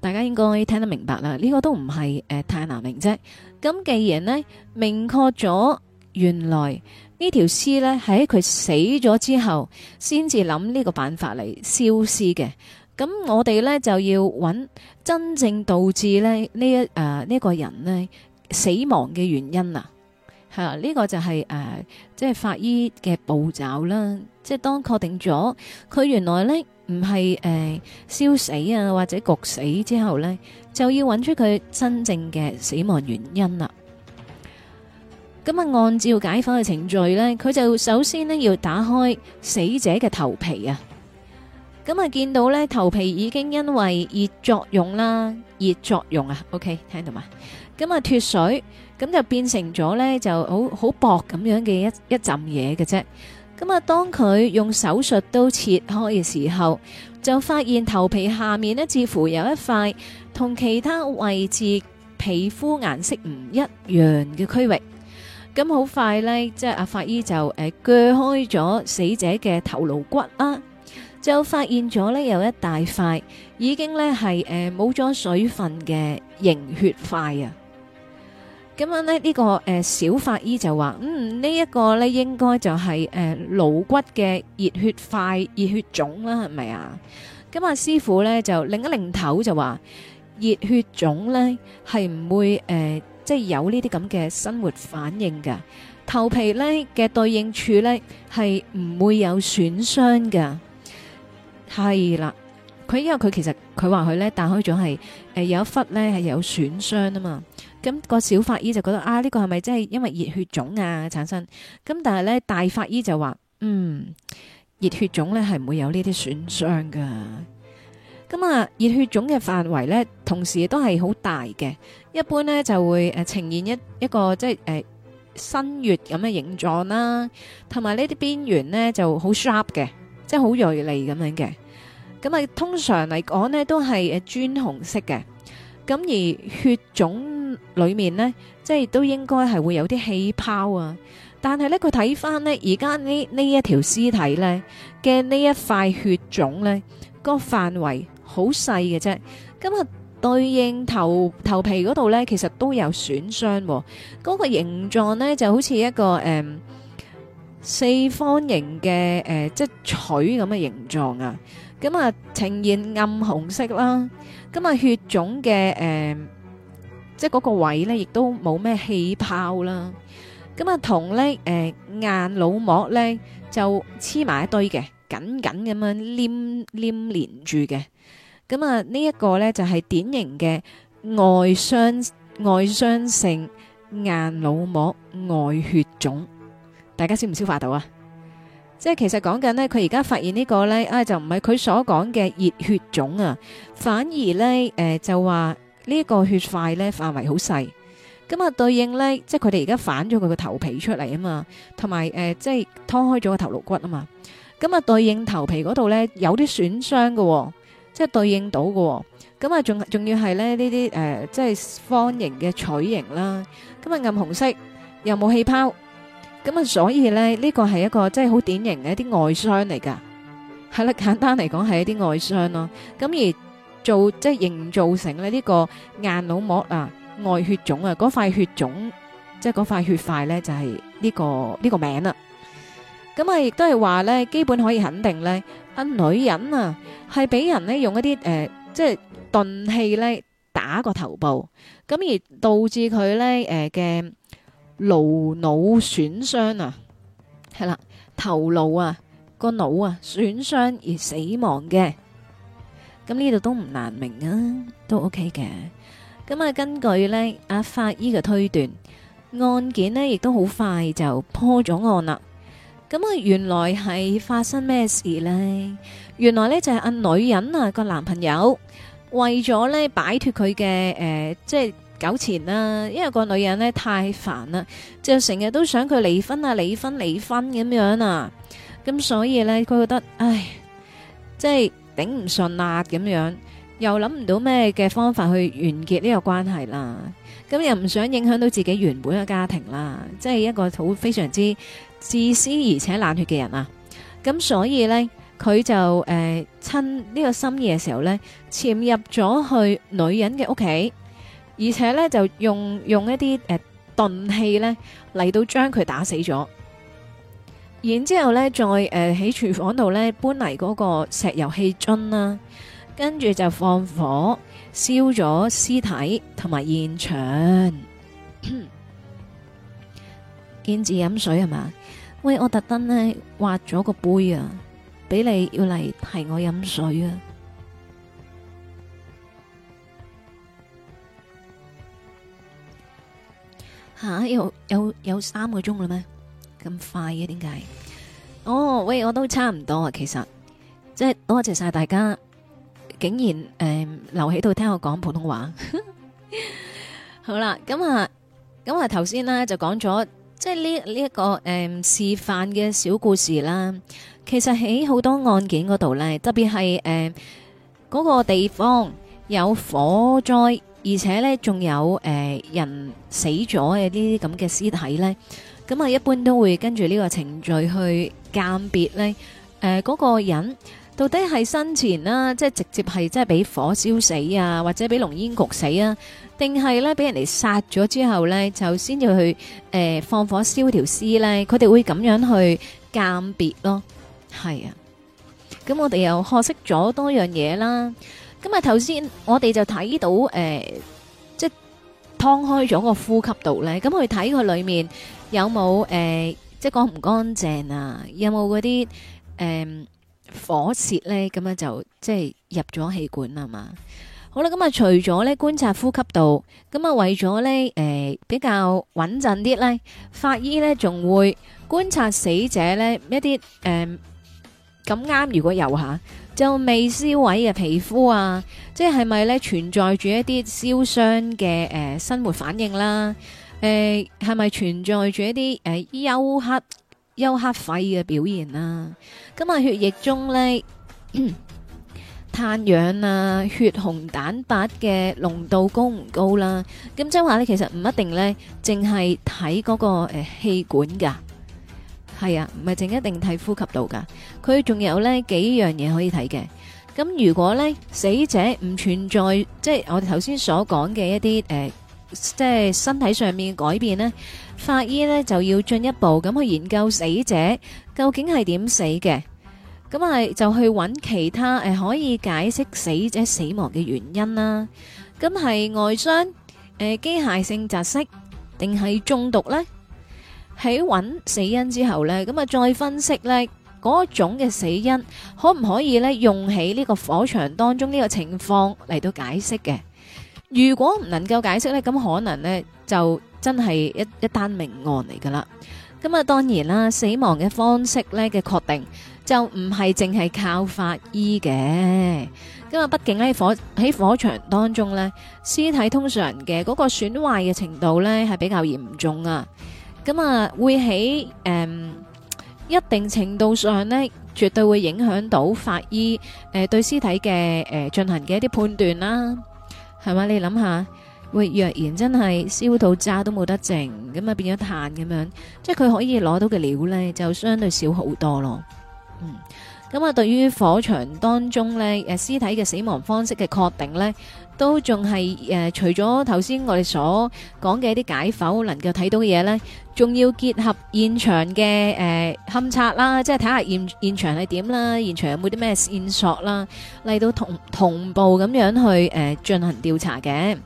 大家應該聽得明白啦。呢個都唔係誒太難明啫。咁既然呢，明確咗，原來呢條屍呢，喺佢死咗之後先至諗呢個辦法嚟消屍嘅。咁我哋呢就要揾真正導致呢呢一誒呢個人呢死亡嘅原因啊吓，呢個就係誒即係法醫嘅步驟啦。即係當確定咗佢原來呢唔係誒燒死啊或者焗死之後呢，就要揾出佢真正嘅死亡原因啦。咁啊，按照解剖嘅程序呢，佢就首先呢要打開死者嘅頭皮啊。咁啊，見到咧頭皮已經因為熱作用啦，熱作用啊，OK，聽到嘛？咁啊，脫水，咁就變成咗咧就好好薄咁樣嘅一一浸嘢嘅啫。咁啊，當佢用手術刀切開嘅時候，就發現頭皮下面呢，似乎有一塊同其他位置皮膚顏色唔一樣嘅區域。咁好快咧，即係阿法醫就誒鋸開咗死者嘅頭顱骨啦。就發現咗呢有一大塊已經呢係誒冇咗水分嘅凝血塊啊。咁啊，呢、呢、呢個誒、呃、小法醫就話嗯、呢個、呢一個咧應該就係誒腦骨嘅熱血塊，熱血腫啦，係咪啊？咁啊，師傅呢就擰一擰頭就話，熱血腫呢係唔會誒即係有呢啲咁嘅生活反應噶頭皮呢嘅對應處呢，係唔會有損傷噶。係啦，佢因為佢其實佢話佢咧打開咗係誒有一忽咧係有損傷啊嘛，咁、那個小法醫就覺得啊呢、這個係咪真係因為熱血腫啊產生？咁但係咧大法醫就話嗯熱血腫咧係唔會有呢啲損傷噶，咁啊熱血腫嘅範圍咧同時亦都係好大嘅，一般咧就會誒呈現一一個即係誒、呃、新月咁嘅形狀啦，同埋呢啲邊緣咧就好 sharp 嘅。即係好銳利咁樣嘅，咁啊通常嚟講呢都係誒磚紅色嘅，咁而血腫裏面呢，即係都應該係會有啲氣泡啊。但係呢，佢睇翻呢而家呢呢一條屍體呢嘅呢一塊血腫呢個範圍好細嘅啫。咁啊對應頭頭皮嗰度呢，其實都有損傷，嗰、那個形狀呢就好似一個誒，嗯四方形嘅誒，即係取咁嘅形狀啊，咁啊呈現暗紅色啦，咁啊血腫嘅誒，即係嗰個位咧，亦都冇咩氣泡啦，咁啊同呢誒硬腦膜咧就黐埋一堆嘅，緊緊咁樣黏黏連住嘅，咁啊呢一個咧就係典型嘅外傷外傷性硬腦膜外血腫。大家消唔消化到啊？即係其實講緊呢，佢而家發現呢、呢個呢，唉、哎、就唔係佢所講嘅熱血腫啊，反而呢，誒、呃、就話呢個血塊呢，範圍好細。咁啊對應呢，即係佢哋而家反咗佢個頭皮出嚟啊嘛，同埋誒即係攤開咗個頭顱骨啊嘛。咁啊對應頭皮嗰度呢，有啲損傷嘅，即係對應到嘅、哦。咁啊仲仲要係咧呢啲誒、呃、即係方形嘅取形啦。咁啊，暗紅色，又冇氣泡？咁啊，所以咧，呢個係一個即係好典型嘅一啲外傷嚟噶，係啦，簡單嚟講係一啲外傷咯。咁而做即係營造成咧呢個硬腦膜啊外血腫啊嗰塊血腫，即係嗰塊血塊咧就係呢個呢個名啦。咁啊，亦都係話咧，基本可以肯定咧，啊女人啊係俾人咧用一啲誒即係鈍器咧打個頭部，咁而導致佢咧誒嘅。顱腦損傷啊，係啦，頭顱啊個腦啊損傷而死亡嘅，咁呢度都唔難明啊，都 OK 嘅。咁啊，根據呢阿法醫嘅推斷，案件呢亦都好快就破咗案啦。咁啊，原來係發生咩事呢？原來呢就係阿女人啊個男朋友為咗呢擺脫佢嘅誒，即係。久前啦，因為個女人呢太煩啦，就成日都想佢離婚啊、離婚、離婚咁樣啊，咁所以呢，佢覺得，唉，即係頂唔順啦咁樣，又諗唔到咩嘅方法去完結呢個關係啦，咁又唔想影響到自己原本嘅家庭啦，即係一個好非常之自私而且冷血嘅人啊，咁所以呢，佢就誒、呃、趁呢個深夜嘅時候呢，潛入咗去女人嘅屋企。而且咧就用用一啲誒鈍器咧嚟到將佢打死咗，然之後咧再誒喺、呃、廚房度咧搬嚟嗰個石油氣樽啦，跟、啊、住就放火燒咗屍體同埋現場。 見字飲水係嘛？喂，我特登咧畫咗個杯啊，俾你要嚟提我飲水啊。吓、啊、有有有三個鐘嘞咩？咁快嘅，點解？哦、oh, 喂，我都差唔多啊，其實即係多謝晒大家，竟然誒、呃、留喺度聽我講普通話。 好啦，咁啊咁啊，頭、嗯、先、嗯、呢就講咗，即係呢呢一個誒、嗯、示範嘅小故事啦。其實喺好多案件嗰度呢，特別係誒嗰個地方有火災。而且咧，仲有誒人死咗嘅啲咁嘅屍體咧，咁啊，一般都會跟住呢個程序去鑑別咧，誒嗰個人到底係生前啦，即係直接係即係俾火燒死啊，或者俾濃煙焗死啊，定係咧俾人哋殺咗之後咧，就先要去誒放火燒條屍咧，佢哋會咁樣去鑑別咯，係啊，咁我哋又學識咗多樣嘢啦。咁啊，頭先我哋就睇到誒，即係劏開咗個呼吸道咧，咁去睇佢裏面有冇誒、呃，即係乾唔乾淨啊？有冇嗰啲誒火舌咧？咁啊就即係入咗氣管啦嘛。好啦，咁啊，除咗咧觀察呼吸道，咁啊為咗咧誒比較穩陣啲咧，法醫咧仲會觀察死者咧一啲誒咁啱如果有下。就未燒毀嘅皮膚啊，即係咪咧存在住一啲燒傷嘅誒、呃、生活反應啦？誒係咪存在住一啲誒、呃、休克、休克肺嘅表現啦、啊？咁、嗯、啊，血液中咧碳氧啊、血紅蛋白嘅濃度高唔高啦？咁即係話咧，其實唔一定咧，淨係睇嗰個誒氣、呃、管㗎。係啊，唔係淨一定睇呼吸道噶，佢仲有咧幾樣嘢可以睇嘅。咁如果咧死者唔存在，即係我哋頭先所講嘅一啲誒，即係身體上面改變咧，法醫咧就要進一步咁去研究死者究竟係點死嘅。咁係就去揾其他誒可以解釋死者死亡嘅原因啦。咁係外傷、誒機械性窒息定係中毒咧？喺揾死因之後呢，咁啊再分析呢嗰種嘅死因，可唔可以呢用喺呢個火場當中呢個情況嚟到解釋嘅？如果唔能夠解釋呢，咁可能呢就真係一一單命案嚟㗎喇。咁啊，當然啦，死亡嘅方式呢嘅確定就唔係淨係靠法醫嘅。咁啊，畢竟喺火喺火場當中呢，屍體通常嘅嗰個損壞嘅程度呢係比較嚴重啊。咁啊，會喺誒、嗯、一定程度上呢，絕對會影響到法醫誒、呃、對屍體嘅誒、呃、進行嘅一啲判斷啦，係嘛？你諗下，會若然真係燒到渣都冇得剩，咁啊變咗碳咁樣，即係佢可以攞到嘅料呢，就相對少好多咯。嗯，咁啊，對於火場當中呢，誒、呃、屍體嘅死亡方式嘅確定呢。都仲係誒，除咗頭先我哋所講嘅一啲解剖能夠睇到嘅嘢咧，仲要結合現場嘅誒勘查啦，即係睇下現現場係點啦，現場有冇啲咩線索啦，嚟到同同步咁樣去誒進行調查嘅。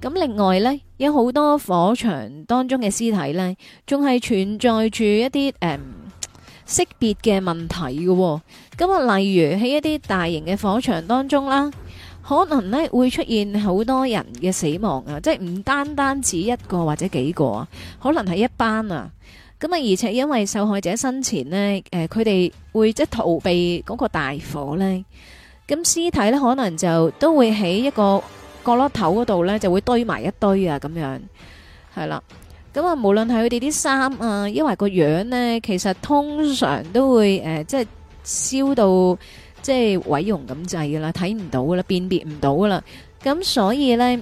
咁另外咧，有好多火場當中嘅屍體咧，仲係存在住一啲誒識別嘅問題嘅喎。咁啊，例如喺一啲大型嘅火場當中啦。可能呢會出現好多人嘅死亡啊！即係唔單單只一個或者幾個啊，可能係一班啊。咁啊，而且因為受害者生前呢，誒佢哋會即係逃避嗰個大火呢，咁屍體呢可能就都會喺一個角落頭嗰度呢，就會堆埋一堆啊，咁樣係啦。咁啊，無論係佢哋啲衫啊，因為個樣呢，其實通常都會誒即係燒到，即係毀容咁滯噶啦，睇唔到噶啦，辨別唔到噶啦，咁所以呢，誒、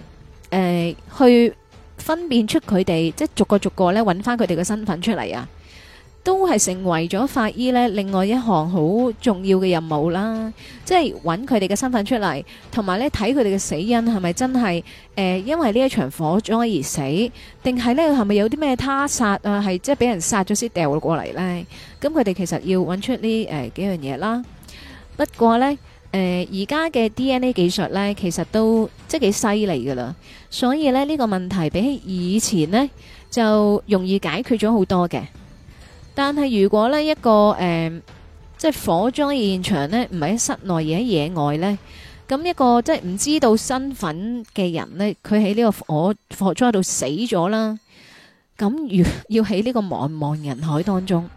呃，去分辨出佢哋，即係逐個逐個咧，揾翻佢哋嘅身份出嚟啊，都係成為咗法醫呢另外一項好重要嘅任務啦，即係揾佢哋嘅身份出嚟，同埋咧睇佢哋嘅死因係咪真係，誒、呃，因為呢一場火災而死，定係呢係咪有啲咩他殺啊？係即係俾人殺咗先掉過嚟呢？咁佢哋其實要揾出呢誒、呃、幾樣嘢啦。不過呢，誒、呃，而家嘅 DNA 技術呢，其實都即係幾犀利噶啦，所以呢，呢、呢個問題比起以前呢，就容易解決咗好多嘅。但係如果呢一個誒、呃，即係火災現場呢，唔係喺室內而喺野外呢，咁一個即係唔知道身份嘅人呢，佢喺呢個火火災度死咗啦，咁要要喺呢個茫茫人海當中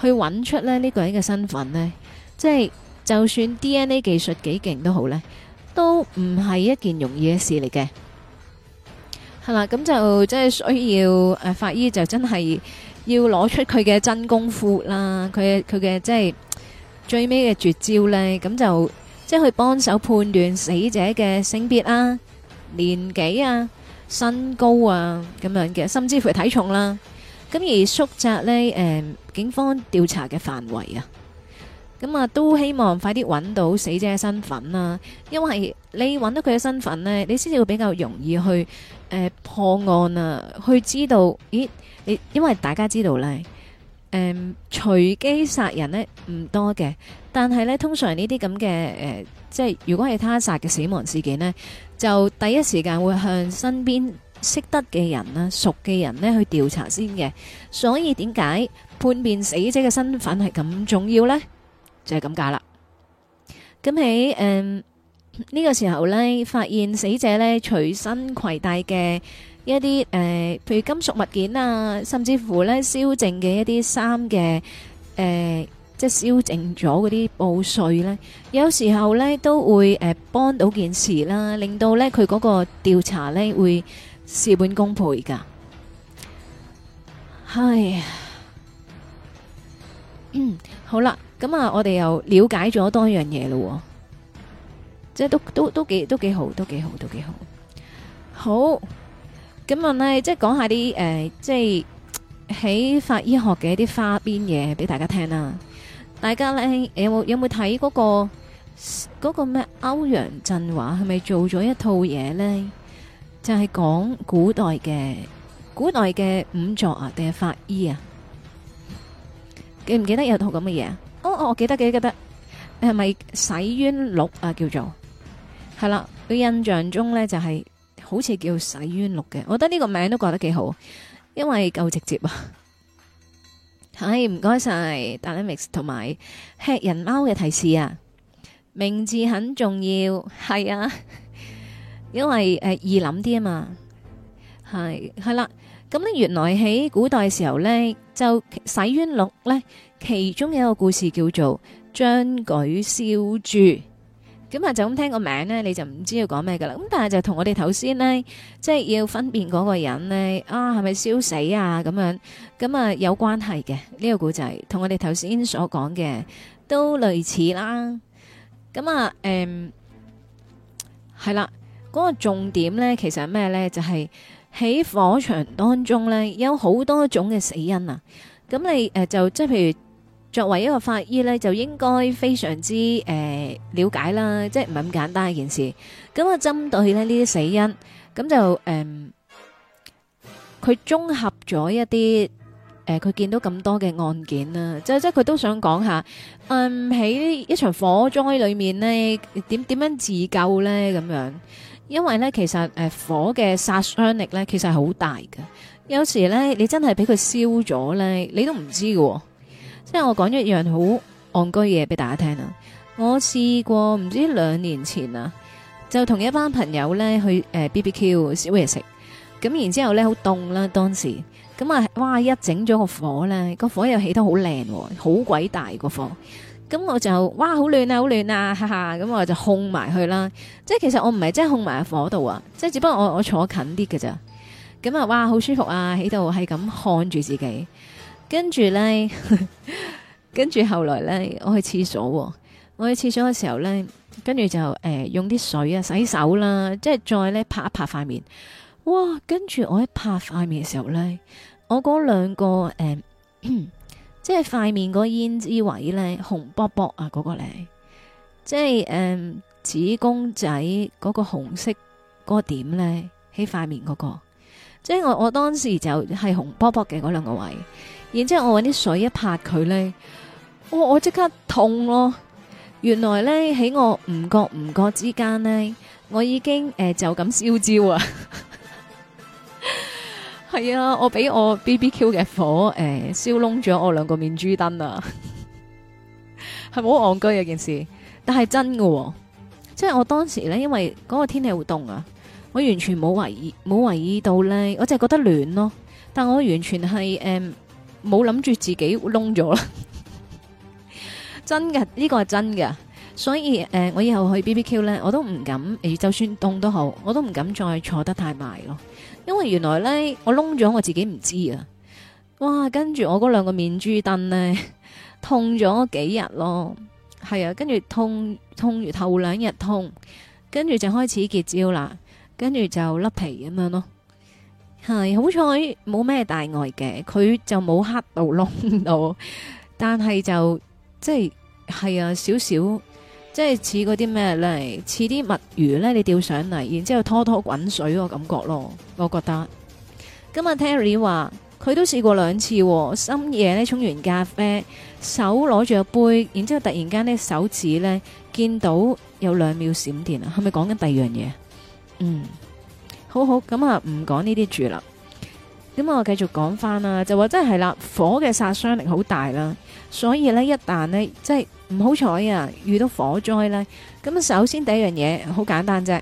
去揾出呢、呢個人嘅身份呢，即係。就算 DNA 技術幾勁都好咧，都唔係一件容易嘅事嚟嘅。係啦，咁就即係需要誒，法醫就真係要攞出佢嘅真功夫啦，佢佢嘅即係最尾嘅絕招咧。咁就即係去幫手判斷死者嘅性別啊、年紀啊、身高啊咁樣嘅，甚至乎體重啦。咁而縮窄咧，誒，警方調查嘅範圍啊。咁、嗯、啊，都希望快啲揾到死者嘅身份啦，啊，因為你揾到佢嘅身份咧，你先至會比較容易去誒、呃、破案啊，去知道咦？你因為大家知道咧，誒隨機殺人咧唔多嘅，但係咧通常呢啲咁嘅誒，即係如果係他殺嘅死亡事件咧，就第一時間會向身邊識得嘅人啦、熟嘅人咧去調查先嘅。所以點解判別死者嘅身份係咁重要咧？就係咁架啦。咁喺誒呢個時候咧，發現死者咧隨身攜帶嘅一啲誒，譬如金屬物件啊，甚至乎咧燒剩嘅一啲衫嘅誒，即係燒剩咗嗰啲布碎咧，有時候咧都會誒幫到件事啦，令到咧佢嗰個調查咧會事半功倍噶。係，嗯，好啦。咁啊，我哋又了解咗多樣嘢咯，即係都都都幾都幾好，都幾好，都幾好。好，咁問咧，即係講下啲誒，即係喺法醫學嘅一啲花邊嘢俾大家聽啦。大家咧有冇有冇睇嗰個嗰個咩歐陽震華係咪做咗一套嘢咧？就係講古代嘅古代嘅仵作啊，定係法醫啊？記唔記得有套咁嘅嘢啊？哦，我記得記得得，係咪洗冤錄啊？叫做？係啦，佢印象中咧就係、是、好似叫洗冤錄嘅。我覺得呢個名都覺得幾好，因為夠直接啊。係唔該晒，Dynamics 同埋吃人貓嘅提示啊，名字很重要。係啊，因為誒、呃、易諗啲啊嘛。係係啦，咁咧原來喺古代嘅時候咧，就洗冤錄咧。其中有一個故事叫做《張舉燒豬》，咁啊就咁聽個名咧，你就唔知要講咩噶啦。咁但係就同我哋頭先呢，即係要分辨嗰個人呢，啊，係咪燒死啊咁樣，咁啊有關係嘅呢個故仔，同我哋頭先所講嘅都類似啦。咁啊，誒，係啦，嗰個重點咧，其實係咩咧？就係喺火場當中咧，有好多種嘅死因啊。咁你誒就即係譬如。作為一個法醫咧，就應該非常之誒了解啦，即係唔係咁簡單一件事。咁啊，針對咧呢啲死因，咁就誒，佢綜合咗一啲誒，佢見到咁多嘅案件啦，即係即係佢都想講下，嗯，喺一場火災裏面咧，點點樣自救咧咁樣。因為咧，其實誒火嘅殺傷力咧，其實係好大嘅。有時咧，你真係俾佢燒咗咧，你都唔知嘅。即係我講一樣好戇居嘢，俾大家聽啊。我試過唔知兩年前啊，就同一班朋友咧去誒、呃、B B Q 燒嘢食，咁然之後咧好凍啦，當時咁啊，哇一整咗個火咧，個火又起得好靚，好鬼大個火，咁我就哇好暖啊好暖啊，哈哈。咁我就控埋去啦，即係其實我唔係真係控埋喺火度啊，即係只不過我我坐近啲嘅咋，咁啊哇好舒服啊，喺度係咁看住自己。跟住咧， 跟住後來咧，我去廁所、哦。我去廁所嘅時候咧，跟住就誒、呃、用啲水啊，洗手啦、啊，即係再咧拍一拍塊面。哇！跟住我喺拍塊面嘅時候咧，我嗰兩個誒、嗯，即係塊面嗰胭脂位咧紅卜卜啊，嗰、那個咧，即係誒、嗯、子公仔嗰個紅色嗰個點咧喺塊面嗰個，即係我我當時就係紅卜卜嘅嗰兩個位。然之後我搵啲水一拍佢咧，我我即刻痛咯。原來咧喺我唔覺唔覺之間咧，我已經誒、呃、就咁燒焦啊。係 啊，我俾我 B B Q 嘅火誒、呃、燒燶咗我兩個面珠燈 是不是很啊，係好戇居啊件事。但係真嘅、哦，即係我當時咧，因為嗰個天氣活動啊，我完全冇懷疑冇懷疑到咧，我就係覺得暖咯。但我完全係誒。呃冇諗住自己燶咗啦， 真嘅呢、呢個係真㗎！所以誒、呃，我以後去 BBQ 呢，我都唔敢，誒，就算凍都好，我都唔敢再坐得太埋咯，因為原來呢，我燶咗我自己唔知啊，哇，跟住我嗰兩個面珠凳呢， 痛咗幾日咯，係啊，跟住痛痛完頭兩日痛，跟住就開始結焦啦，跟住就甩皮咁樣咯。係好彩冇咩大礙嘅，佢就冇黑到窿到，但係就即係係啊少少，即係似嗰啲咩咧，似啲墨魚咧，你釣上嚟，然之後拖拖滾水個感覺咯，我覺得。今日 Terry 話佢都試過兩次、哦，深夜咧沖完咖啡，手攞住個杯，然之後突然間咧手指咧見到有兩秒閃電啊，係咪講緊第二樣嘢？嗯。好好咁啊，唔講呢啲住啦。咁我繼續講翻啦，就話真係啦，火嘅殺傷力好大啦。所以呢，一旦呢，即係唔好彩啊，遇到火災呢。咁首先第一樣嘢好簡單啫，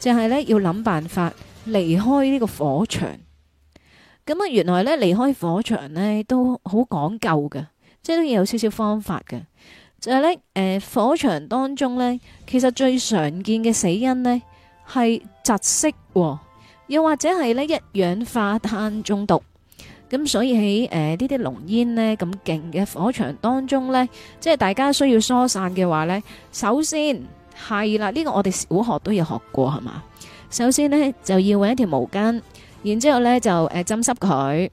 就係呢，要諗辦法離開呢個火場。咁啊，原來呢，離開火場呢都好講究㗎，即係都要有少少方法㗎。就係呢，誒，火場當中呢，其實最常見嘅死因呢，係窒息。又或者係咧，一氧化碳中毒，咁所以喺誒、呃、呢啲濃煙呢，咁勁嘅火場當中呢，即係大家需要疏散嘅話呢，首先係啦，呢、呢個我哋小學都有學過係嘛。首先呢，就要搵一條毛巾，然之後咧就誒浸濕佢，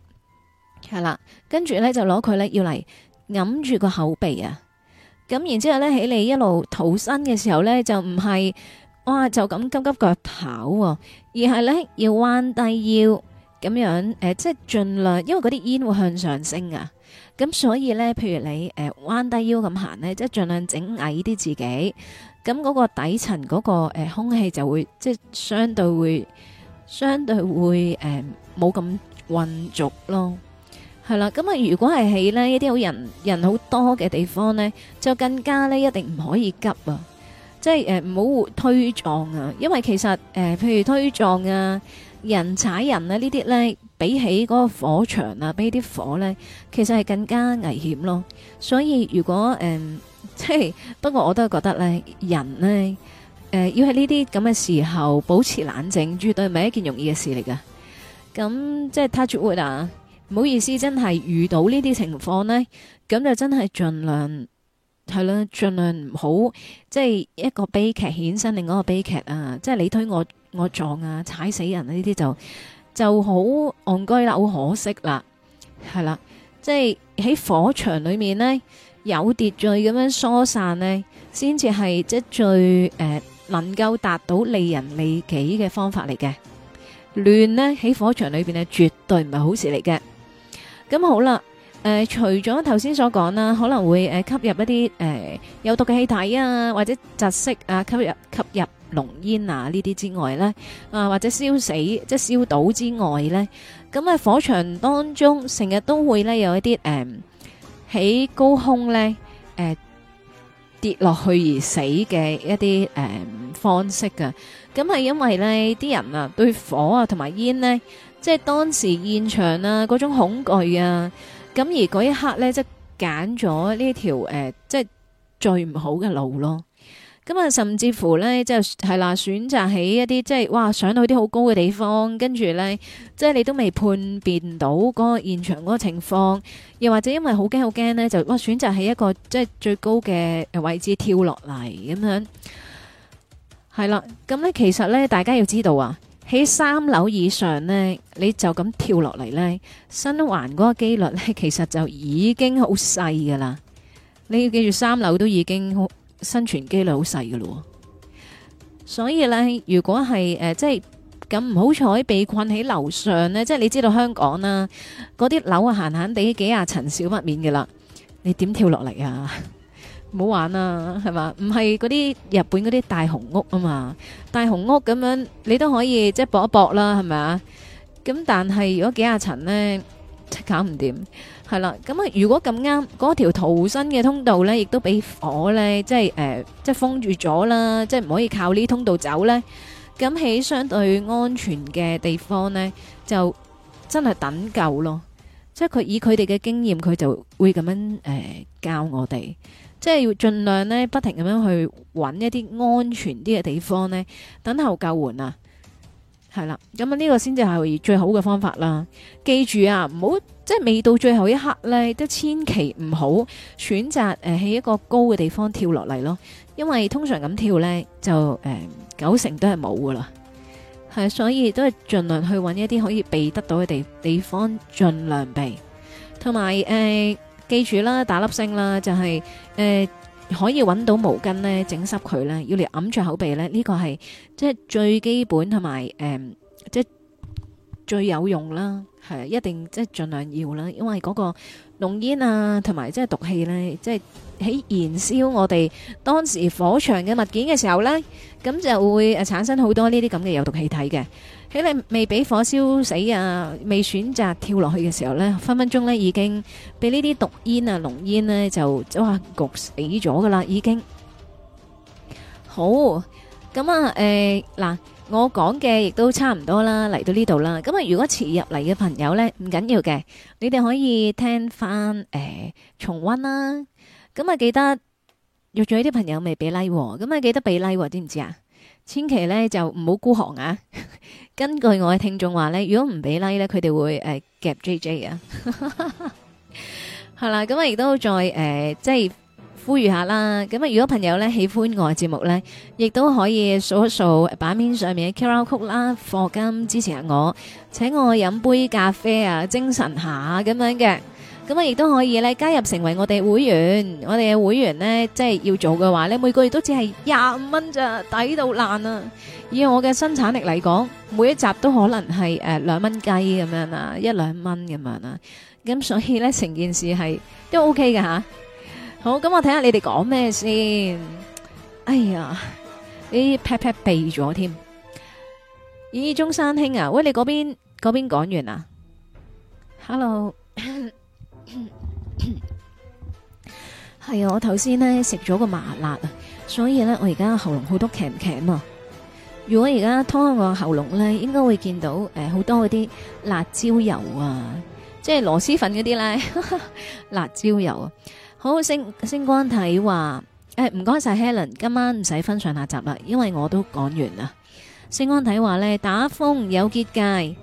係啦，跟住呢，就攞佢、呃、呢、呢，要嚟揞住個口鼻啊。咁然之後咧，喺你一路逃生嘅時候呢，就唔係。哇！就咁急急腳跑，而係咧要彎低腰咁樣誒，即係盡量，因為嗰啲煙會向上升啊。咁所以咧，譬如你誒彎低腰咁行咧，即係盡量整矮啲自己。咁嗰個底層嗰個誒空氣就會即係相對會相對會誒冇咁混濁咯。係啦，咁啊，如果係喺咧一啲好人人好多嘅地方咧，就更加咧一定唔可以急啊。即係誒，唔、呃、好推撞啊！因為其實誒、呃，譬如推撞啊，人踩人啊呢啲咧比起嗰個火場啊，比啲火咧，其實係更加危險咯。所以如果誒、呃，即係不過我都係覺得咧，人咧誒、呃，要喺呢啲咁嘅時候保持冷靜，絕對唔係一件容易嘅事嚟噶。咁即係 touchwood 啊，唔好意思，真係遇到呢啲情況呢，咁就真係盡量。係啦，盡量唔好即係一個悲劇衍生另一個悲劇啊！即係你推我我撞啊，踩死人啊呢啲，就就好戇居啦，好可惜啦，係啦，即係喺火場裏面呢，有秩序咁樣疏散呢，先至係即最誒、呃、能夠達到利人利己嘅方法嚟嘅。亂呢，喺火場裏邊呢，絕對唔係好事嚟嘅。咁好啦。誒，除咗頭先所講啦，可能會誒吸入一啲誒有毒嘅氣體啊，或者窒息啊，吸入吸入濃煙啊呢啲之外咧，啊或者燒死即係燒倒之外咧，咁喺火場當中成日都會咧有一啲誒喺高空咧誒跌落去而死嘅一啲誒方式噶，咁係因為咧啲人啊對火啊同埋煙咧，即係當時現場啊嗰種恐懼啊。咁而嗰一刻咧，即係揀咗呢條誒，即、呃、係、就是、最唔好嘅路咯。咁、嗯、啊，甚至乎咧，即係係啦，選擇喺一啲即係哇，上到去啲好高嘅地方，跟住咧，即、就、係、是、你都未判別到嗰個現場嗰個情況，又或者因為好驚好驚咧，就哇選擇喺一個即係、就是、最高嘅位置跳落嚟咁樣，係啦。咁、嗯、咧、嗯嗯，其實咧，大家要知道啊。喺三樓以上呢，你就咁跳落嚟呢，生還嗰個幾率呢，其實就已經好細噶啦。你要記住，三樓都已經好生存幾率好細噶咯。所以呢，如果係誒、呃，即係咁唔好彩被困喺樓上呢。即係你知道香港啦，嗰啲樓啊，閒閒地幾廿層，少不免噶啦，你點跳落嚟啊？唔好玩啦，係嘛？唔係嗰啲日本嗰啲大紅屋啊嘛，大紅屋咁樣你都可以即係搏一搏啦，係咪啊？咁但係如果幾廿層咧，即搞唔掂係啦。咁啊，如果咁啱嗰條逃生嘅通道咧，亦都俾火咧，即係誒，即係封住咗啦，即係唔可以靠呢通道走咧。咁喺相對安全嘅地方咧，就真係等救咯。即係佢以佢哋嘅經驗，佢就會咁樣誒教我哋。即係要盡量咧，不停咁樣去揾一啲安全啲嘅地方咧，等候救援啊，係啦。咁啊，呢個先至係最好嘅方法啦。記住啊，唔好，即係未到最後一刻呢，都千祈唔好選擇誒喺一個高嘅地方跳落嚟咯，因為通常咁跳呢，就誒、呃、九成都係冇噶啦。係，所以都係盡量去揾一啲可以避得到嘅地地方，盡量避，同埋誒。呃記住啦，打粒聲啦，就係、是、誒、呃、可以揾到毛巾咧，整濕佢咧，要嚟揞住口鼻咧，呢、這個係即係最基本，同埋誒即係最有用啦，係一定即係盡量要啦，因為嗰、那個。濃煙啊，同埋即係毒氣咧，即係喺燃燒我哋當時火場嘅物件嘅時候咧，咁就會誒產生好多呢啲咁嘅有毒氣體嘅。喺你未俾火燒死啊，未選擇跳落去嘅時候咧，分分鐘咧已經俾呢啲毒煙啊濃煙咧就哇焗死咗噶啦，已經。好，咁啊誒嗱。我講嘅亦都差唔多啦，嚟到呢度啦。咁啊，如果遲入嚟嘅朋友咧，唔緊要嘅，你哋可以聽翻誒、呃、重溫啦。咁啊，記得約咗啲朋友未俾 like，咁、哦、啊記得俾 like、哦、知唔知啊？千祈咧就唔好孤寒啊。 根據我嘅聽眾話咧，如果唔俾 like 咧，佢哋會誒夾 J J 啊。係啦，咁啊亦都再誒、呃，即係。呼籲下啦，咁啊，如果朋友咧喜歡我嘅節目咧，亦都可以數一數版面上面嘅 QR Code 啦課金支持下我，請我飲杯咖啡啊，精神下咁樣嘅，咁啊亦都可以咧加入成為我哋會員，我哋嘅會員咧即係要做嘅話咧，每個月都只係廿五蚊咋，抵到爛啊！以我嘅生產力嚟講，每一集都可能係誒兩蚊雞咁樣啊，一兩蚊咁樣啊，咁所以咧成件事係都 OK 㗎。吓。好，咁我睇下你哋講咩先。哎呀，呢 pat pat 閉咗添。咦，中山兄啊，喂，你嗰邊嗰邊講完啊。Hello，係 我頭先呢食咗個麻辣啊，所以咧我而家喉嚨好多鉗鉗啊。如果而家拖開我喉嚨咧，應該會見到誒好、呃、多嗰啲辣椒油啊，即係螺螄粉嗰啲咧辣椒油啊。好星星光體話，誒唔該晒 Helen，今晚唔使分上下集啦，因為我都講完啦。星光體話咧打風有結界，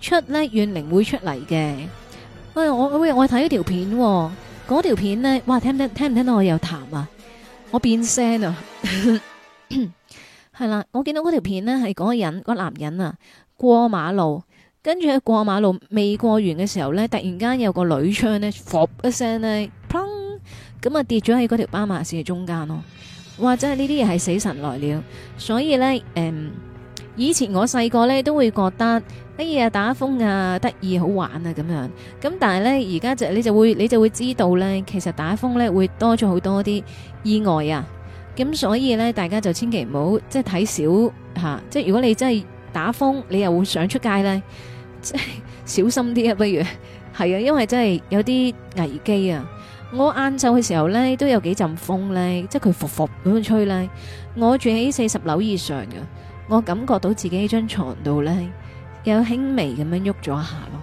出呢怨靈會出嚟嘅、哎。喂我我睇一條片、哦，嗰條片呢，哇聽唔聽聽唔聽到我有痰啊？我變聲啊，係 啦，我見到嗰條片呢，係嗰個人個男人啊過馬路，跟住喺過馬路未過完嘅時候呢，突然間有個女槍咧，伏一聲呢。咁啊跌咗喺嗰條斑馬線嘅中間咯，或者係呢啲嘢係死神來了，所以呢，誒、嗯，以前我細個呢都會覺得，哎呀打風啊得意好玩啊咁樣，咁但係呢，而家就你就會你就會知道呢，其實打風呢會多咗好多啲意外啊，咁所以呢，大家就千祈唔好即係睇小吓，即、啊、係、就是、如果你真係打風，你又會想出街呢，即、就、係、是、小心啲啊，不如係啊，因為真係有啲危機啊。我晏晝嘅時候咧，都有幾陣風咧，即係佢伏伏咁樣吹咧。我住喺四十樓以上嘅，我感覺到自己喺張床度咧，有輕微咁樣喐咗一下咯。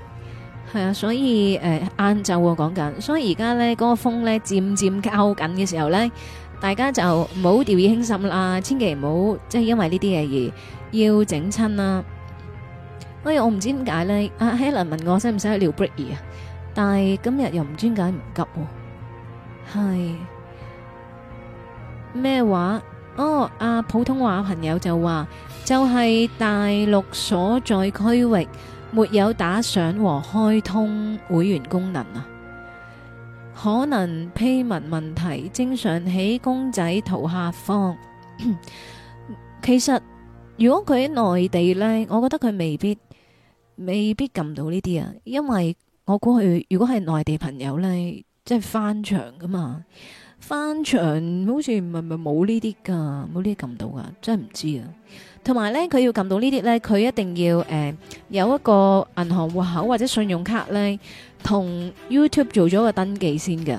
係啊，所以誒，晏晝我講緊，所以而家咧嗰個風咧漸漸靠緊嘅時候咧，大家就唔好掉以輕心啦，千祈唔好即係因為呢啲嘢而要整親啦。所以，我唔知點解咧，阿 Helen 問我使唔使去尿 break 係咩話？哦，啊，普通話朋友就話就係大陸所在區域沒有打賞和開通會員功能啊，可能批文問題正常喺公仔圖下方。其實如果佢喺內地呢，我覺得佢未必未必撳到呢啲啊，因為我估佢如果係內地朋友呢。即係翻牆噶嘛？翻牆好似唔係唔係冇呢啲噶，冇呢啲撳到噶，真係唔知啊！同埋咧，佢要撳到呢啲咧，佢一定要誒、呃、有一個銀行戶口或者信用卡咧，同 YouTube 做咗個登記先㗎。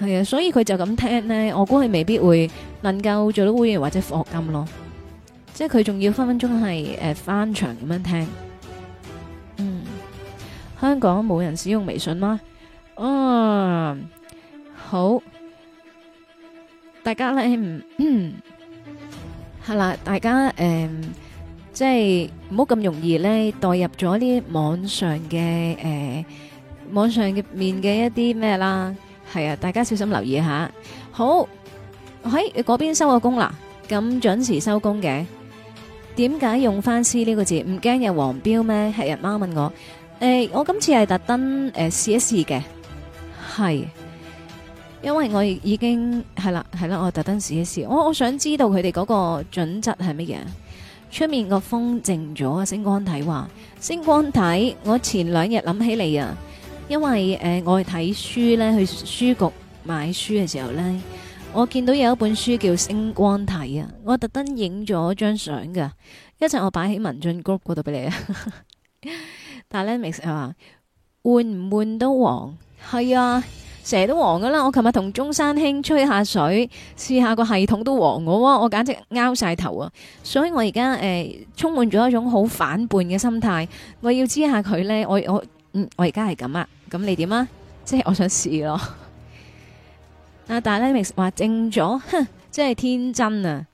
係啊，所以佢就咁聽咧，我估佢未必會能夠做到會員或者課金咯。即係佢仲要分分鐘係誒翻牆咁樣聽。嗯，香港冇人使用微信啦。嗯，好，大家咧，嗯，係啦，大家誒，即係唔好咁容易咧，代入咗啲網上嘅誒，網上嘅面嘅一啲咩啦，係啊，大家小心留意下。好，喺嗰邊收個工啦，咁準時收工嘅。點解用返屍呢個字？唔驚入黃標咩？係日媽問我，誒，我今次係特登誒試一試嘅。係，因為我已經係啦，係啦，我特登試一試。我我想知道佢哋嗰個準則係乜嘢？出面個風靜咗啊！星光體話，星光體，我前兩日諗起你啊，因為誒、呃，我去睇書咧，去書局買書嘅時候咧，我見到有一本書叫《星光體》啊。我特登影咗張相噶，一陣我擺喺文進 group 嗰度俾你啊。但係咧，mix 係嘛，換唔換都黃。係啊，成日都黃噶啦！我琴日同中山兄吹下水，試下個系統都黃我，我簡直拗晒頭啊！所以我而家誒充滿咗一種好反叛嘅心態，我要知下佢呢，我我嗯，我而家係咁啊！咁你點啊？即係我想試咯。阿大 Alex 話靜咗，哼，真係天真啊！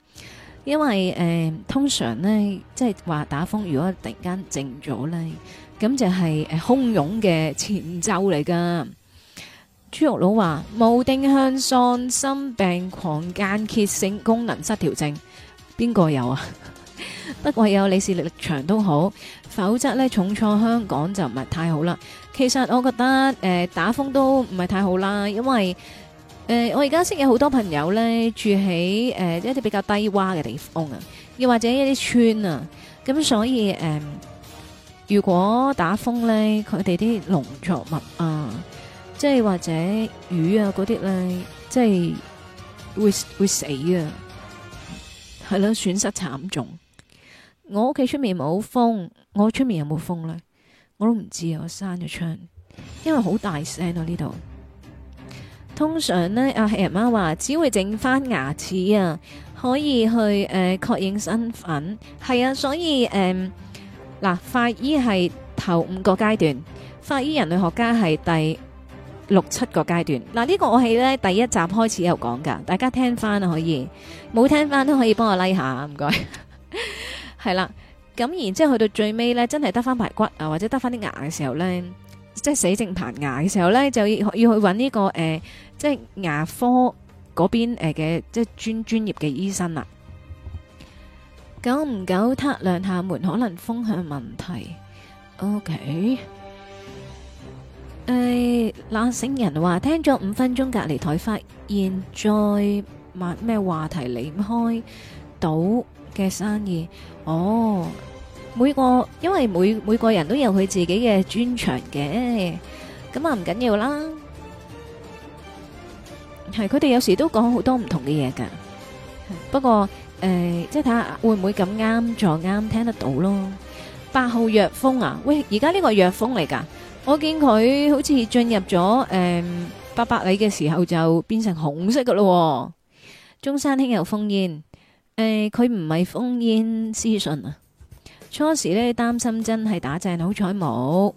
因為誒、呃，通常呢，即係話打風，如果突然間靜咗呢。咁就係洶湧嘅前奏嚟噶。朱玉佬話：冇定向喪心病狂間歇性功能失調症，邊個有啊？不過有李氏力場都好，否則咧重創香港就唔係太好啦。其實我覺得誒、呃、打風都唔係太好啦，因為誒、呃、我而家識有好多朋友咧住喺誒、呃、一啲比較低洼嘅地方啊，又或者一啲村啊，咁所以誒。呃如果打風咧，佢哋啲農作物啊，即係或者魚啊嗰啲咧，即係會會死啊，係咯，損失慘重。我屋企出面冇風，我出面有冇風咧？我都唔知啊，我閂咗窗，因為好大聲啊呢度。通常咧，阿阿媽話只會整翻牙齒啊，可以去誒確認身份。係啊，所以誒。呃嗱，法醫係頭五個階段，法醫人類學家係第六七個階段。嗱，呢、這個我係咧第一集開始有講噶，大家聽翻可以，冇聽翻都可以幫我拉下，唔該。係 啦，咁然之後去到最尾咧，真係得翻排骨啊，或者得翻啲牙嘅時候咧，即係死淨棚牙嘅時候咧，就要要去揾呢、這個誒、呃，即係牙科嗰邊誒嘅、呃、即係專專業嘅醫生啦。久唔久，測量下門可能風向問題。O K，誒，那醒人話聽咗五分鐘，隔離台發現再問咩話題離唔開到嘅生意。哦，每個因為每每個人都有佢自己嘅專長嘅，咁啊唔緊要啦。係佢哋有時都講好多唔同嘅嘢噶，不過。誒，即係睇下會唔會咁啱，仲啱聽得到咯。八號弱風啊，喂，而家呢個係弱風嚟噶。我見佢好似進入咗誒八百里嘅時候就變成紅色噶咯。中山兄有烽煙，誒，佢唔係烽煙資訊啊。初時咧擔心真係打正，好彩冇。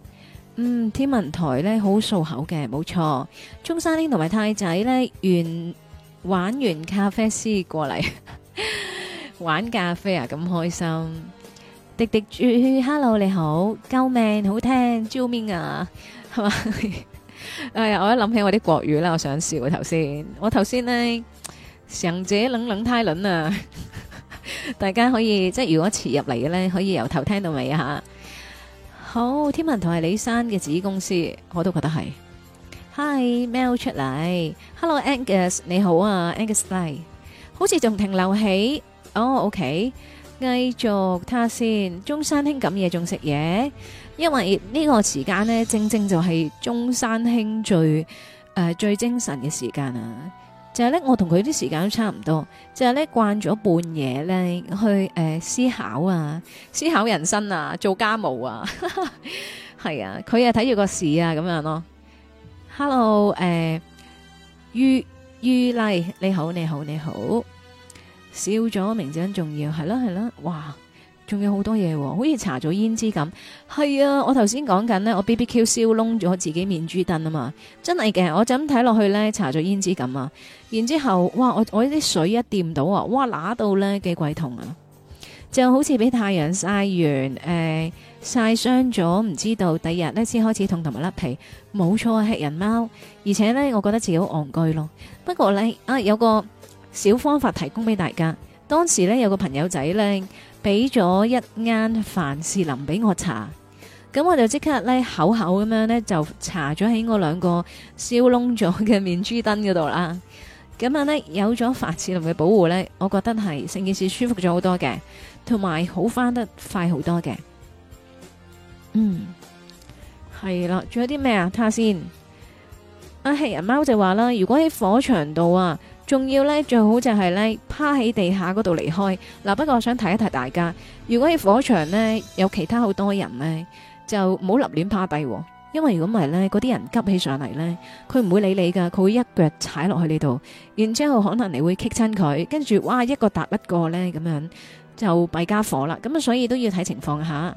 嗯，天文台咧好數口嘅，冇錯。中山兄同埋太仔咧完玩完咖啡師過嚟。玩咖啡啊，咁開心！滴滴住，Hello 你好，救命好聽，Zooming 啊，係嘛？哎呀，我一諗起我啲國語啦，我想笑頭先。我頭先咧，成者冷冷胎輪啊！大家可以即係如果遲入嚟嘅咧，可以由頭聽到尾啊？好，天文台係李生嘅子公司，我都覺得係。Hi，Mel 出嚟，Hello Angus，你好啊，Angus。好似仲停留喺哦、oh，OK，繼續睇下先。中山兄咁夜仲食嘢，因為呢個時間呢，正正就係中山兄最誒、呃、最精神嘅時間啊！就係、是、咧，我同佢啲時間都差唔多。就係、是、咧，慣咗半夜咧去誒、呃、思考啊，思考人生啊，做家務啊，係 啊，佢啊睇住個事啊咁樣咯。Hello，誒、呃，于。玉麗你好你好你好，笑咗明仔，名重要係啦係啦哇，仲有好多嘢，好似搽咗胭脂咁。係啊，我頭先講緊呢，我 B B Q 燒窿咗自己面珠墩啊嘛，真係嘅。我就咁睇落去呢，搽咗胭脂咁啊。然之後，哇，我我啲水一掂到啊，哇，乸到呢，幾鬼痛啊，就好似俾太陽曬完，誒、呃、曬傷咗，唔知道。第二日呢先開始痛同埋甩皮，冇錯啊，吃人貓。而且呢，我覺得自己好戇居咯。不過呢，啊有個小方法提供俾大家。當時呢，有個朋友仔呢，俾咗一罌凡士林俾我搽，咁我就即刻呢，口口咁樣呢，就搽咗喺我兩個燒窿咗嘅面珠燈嗰度啦。咁樣呢，有咗凡士林嘅保護呢，我覺得係成件事舒服咗好多嘅，同埋好翻得快好多嘅。嗯，係啦，仲有啲咩啊？睇下先。阿人貓就話啦，如果喺火場度啊，仲要呢，最好就係呢，趴喺地下嗰度離開。嗱、啊，不過我想提一提大家，如果喺火場呢，有其他好多人呢，就唔好立亂趴低喎！因為如果唔係呢，嗰啲人急起上嚟呢，佢唔會理你噶，佢會一腳踩落去你度，然之後可能你會棘親佢，跟住哇一個搭一個呢，咁樣就弊家伙啦。咁啊，所以都要睇情況下。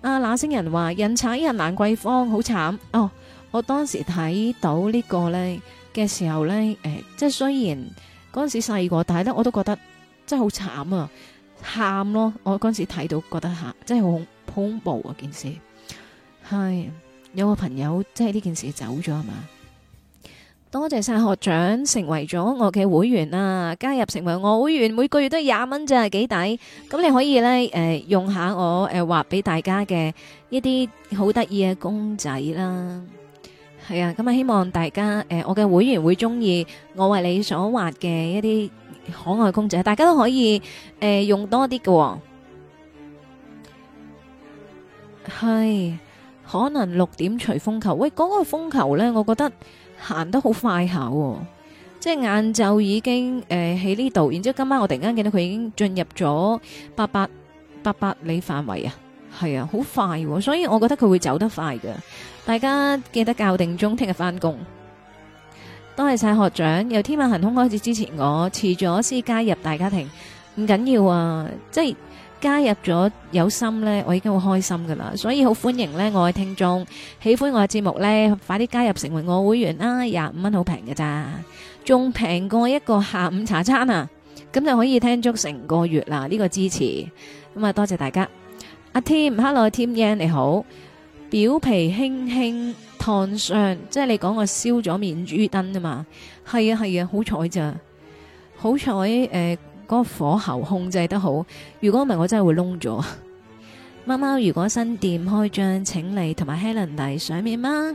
阿、啊、那星人話人踩人蘭桂坊好慘哦。我當時睇到呢個呢嘅時候呢，誒，即係雖然嗰陣時細個，但係咧我都覺得真係好慘啊，喊咯！我嗰陣時睇到覺得吓，真係好恐怖啊！件事係有個朋友，即係呢件事走咗啊嘛。多謝晒學長成為咗我嘅會員啊。加入成為我會員，每個月都廿蚊咋，幾抵咁？你可以呢，誒，用下我誒畫俾大家嘅一啲好得意嘅公仔啦。係啊，咁啊，希望大家誒、呃，我嘅會員會中意我為你所畫嘅一啲可愛公仔，大家都可以誒、呃、用多啲噶、哦。係，可能六點隨風球，喂，嗰、嗰個風球咧，我覺得行得好快下、啊，即係晏晝已經誒喺呢度，然之後今晚我突然間見到佢已經進入咗八百八百里範圍啊，係啊，好快、啊，所以我覺得佢會走得快嘅。大家記得校定鐘，聽日翻工。多謝晒學長，由天馬行空開始支持我，遲咗先加入大家庭，唔緊要啊！即係加入咗有心咧，我已經好開心噶啦，所以好歡迎咧我嘅聽眾，喜歡我嘅節目咧，快啲加入成為我會員啦！廿五蚊好平㗎咋，仲平過一個下午茶餐啊！咁就可以聽足成個月啦，呢個支持咁啊！多謝大家，阿 Tim，Hello Tim Yan，你好。表皮輕輕燙上，即係你講我燒咗面珠燈啊嘛，係啊係啊，好彩咋，好彩誒，嗰、呃那個火喉控制得好，如果唔係我真係會燶咗。貓貓，如果新店開張，請你同埋 Helen 嚟上面嗎？誒、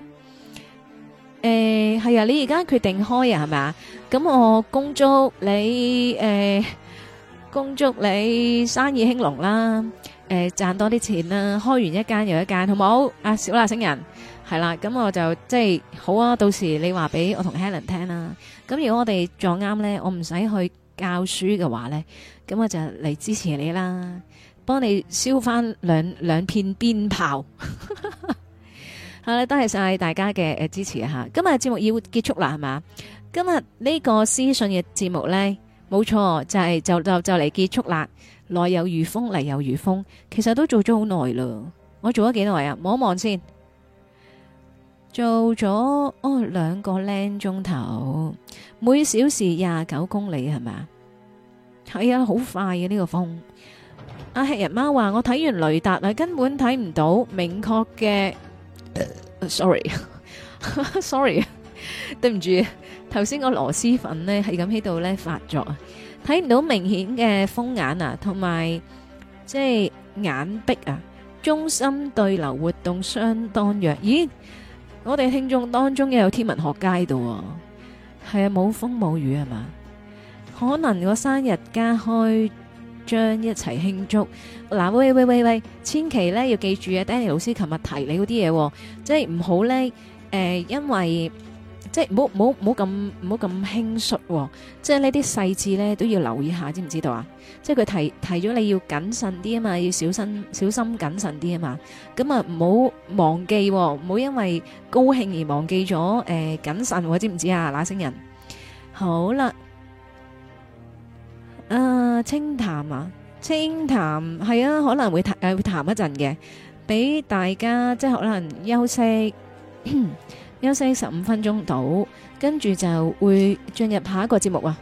呃，係啊，你而家決定開啊，係咪啊？咁我恭祝你誒、呃，恭祝你生意興隆啦！誒、呃，賺多啲錢啦，啊，開完一間又一間，好冇？啊小啦星人，係啦，咁我就即係好啊！到時你話俾我同 Helen 聽啦。咁如果我哋撞啱咧，我唔使去教書嘅話咧，咁我就嚟支持你啦，幫你燒翻兩兩片鞭炮。好 啦，多謝晒大家嘅誒支持吓、啊。今日節目要結束啦，係嘛？今日呢個屍訊嘅節目咧。冇錯，就係就就就嚟結束啦。來有如風，嚟又如風，其實都做咗好耐啦。我做咗幾耐啊？望一望先，做咗哦兩個零鐘頭，每小時廿九公里係咪？係啊，好快嘅呢個風。阿吃人貓話：我睇完雷達啦，根本睇唔到明確嘅。sorry，sorry。對唔住，頭先個螺絲粉咧，係咁喺度咧發作，睇唔到明顯嘅風眼啊，同埋即係眼壁啊，中心對流活動相當弱。咦，我哋聽眾當中又有天文學街度，係啊，冇風冇雨係嘛？可能我生日加開張一齊慶祝。嗱喂喂喂喂，千祈咧要記住啊，Danny 老師琴日提你嗰啲嘢，即係唔好咧誒，因為。即係唔好唔好唔好咁唔好咁輕率，即係呢啲細節咧都要留意下，知唔知道啊？即係佢提提咗你要謹慎啲啊嘛，要小心小心謹慎啲啊嘛。咁啊唔好忘記，唔好因為高興而忘記咗誒謹慎喎，知唔知啊？那星人？好啦，啊清談啊，清談係啊，可能會誒會談一陣嘅，俾大家即係可能休息。休息十五分鐘到，跟住就會進入下一個節目啊！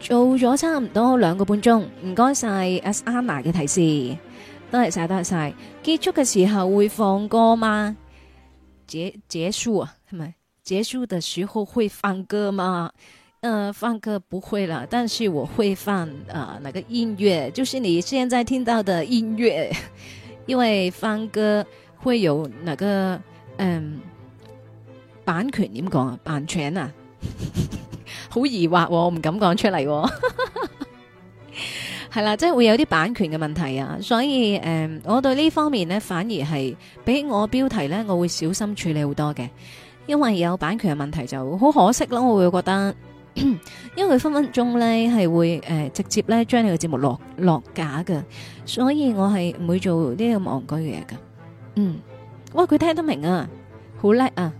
做咗差唔多兩個半鐘，唔該晒，Asana 嘅提示，都係晒，多謝！結束嘅時候會放歌嗎？結結束啊，係咪？結束嘅時候會放歌嗎？嗯、呃，放歌不會啦，但是我會放啊、呃，哪個音樂？就是你現在聽到的音樂，因為放歌會有哪個？誒、um，版權點講啊？版權啊， 好疑惑，啊，我唔敢講出嚟。係啦，即係會有啲版權嘅問題啊，所以誒，um, 我對呢方面呢，反而係俾我的標題呢，我會小心處理好多嘅，因為有版權嘅問題，就好可惜咯。我會覺得，因為佢分分鐘呢係會誒、呃、直接呢將你個節目落落架嘅，所以我係唔會做呢啲咁戇居嘅嘢嘅，嗯。哇，佢聽得明啊，好叻啊，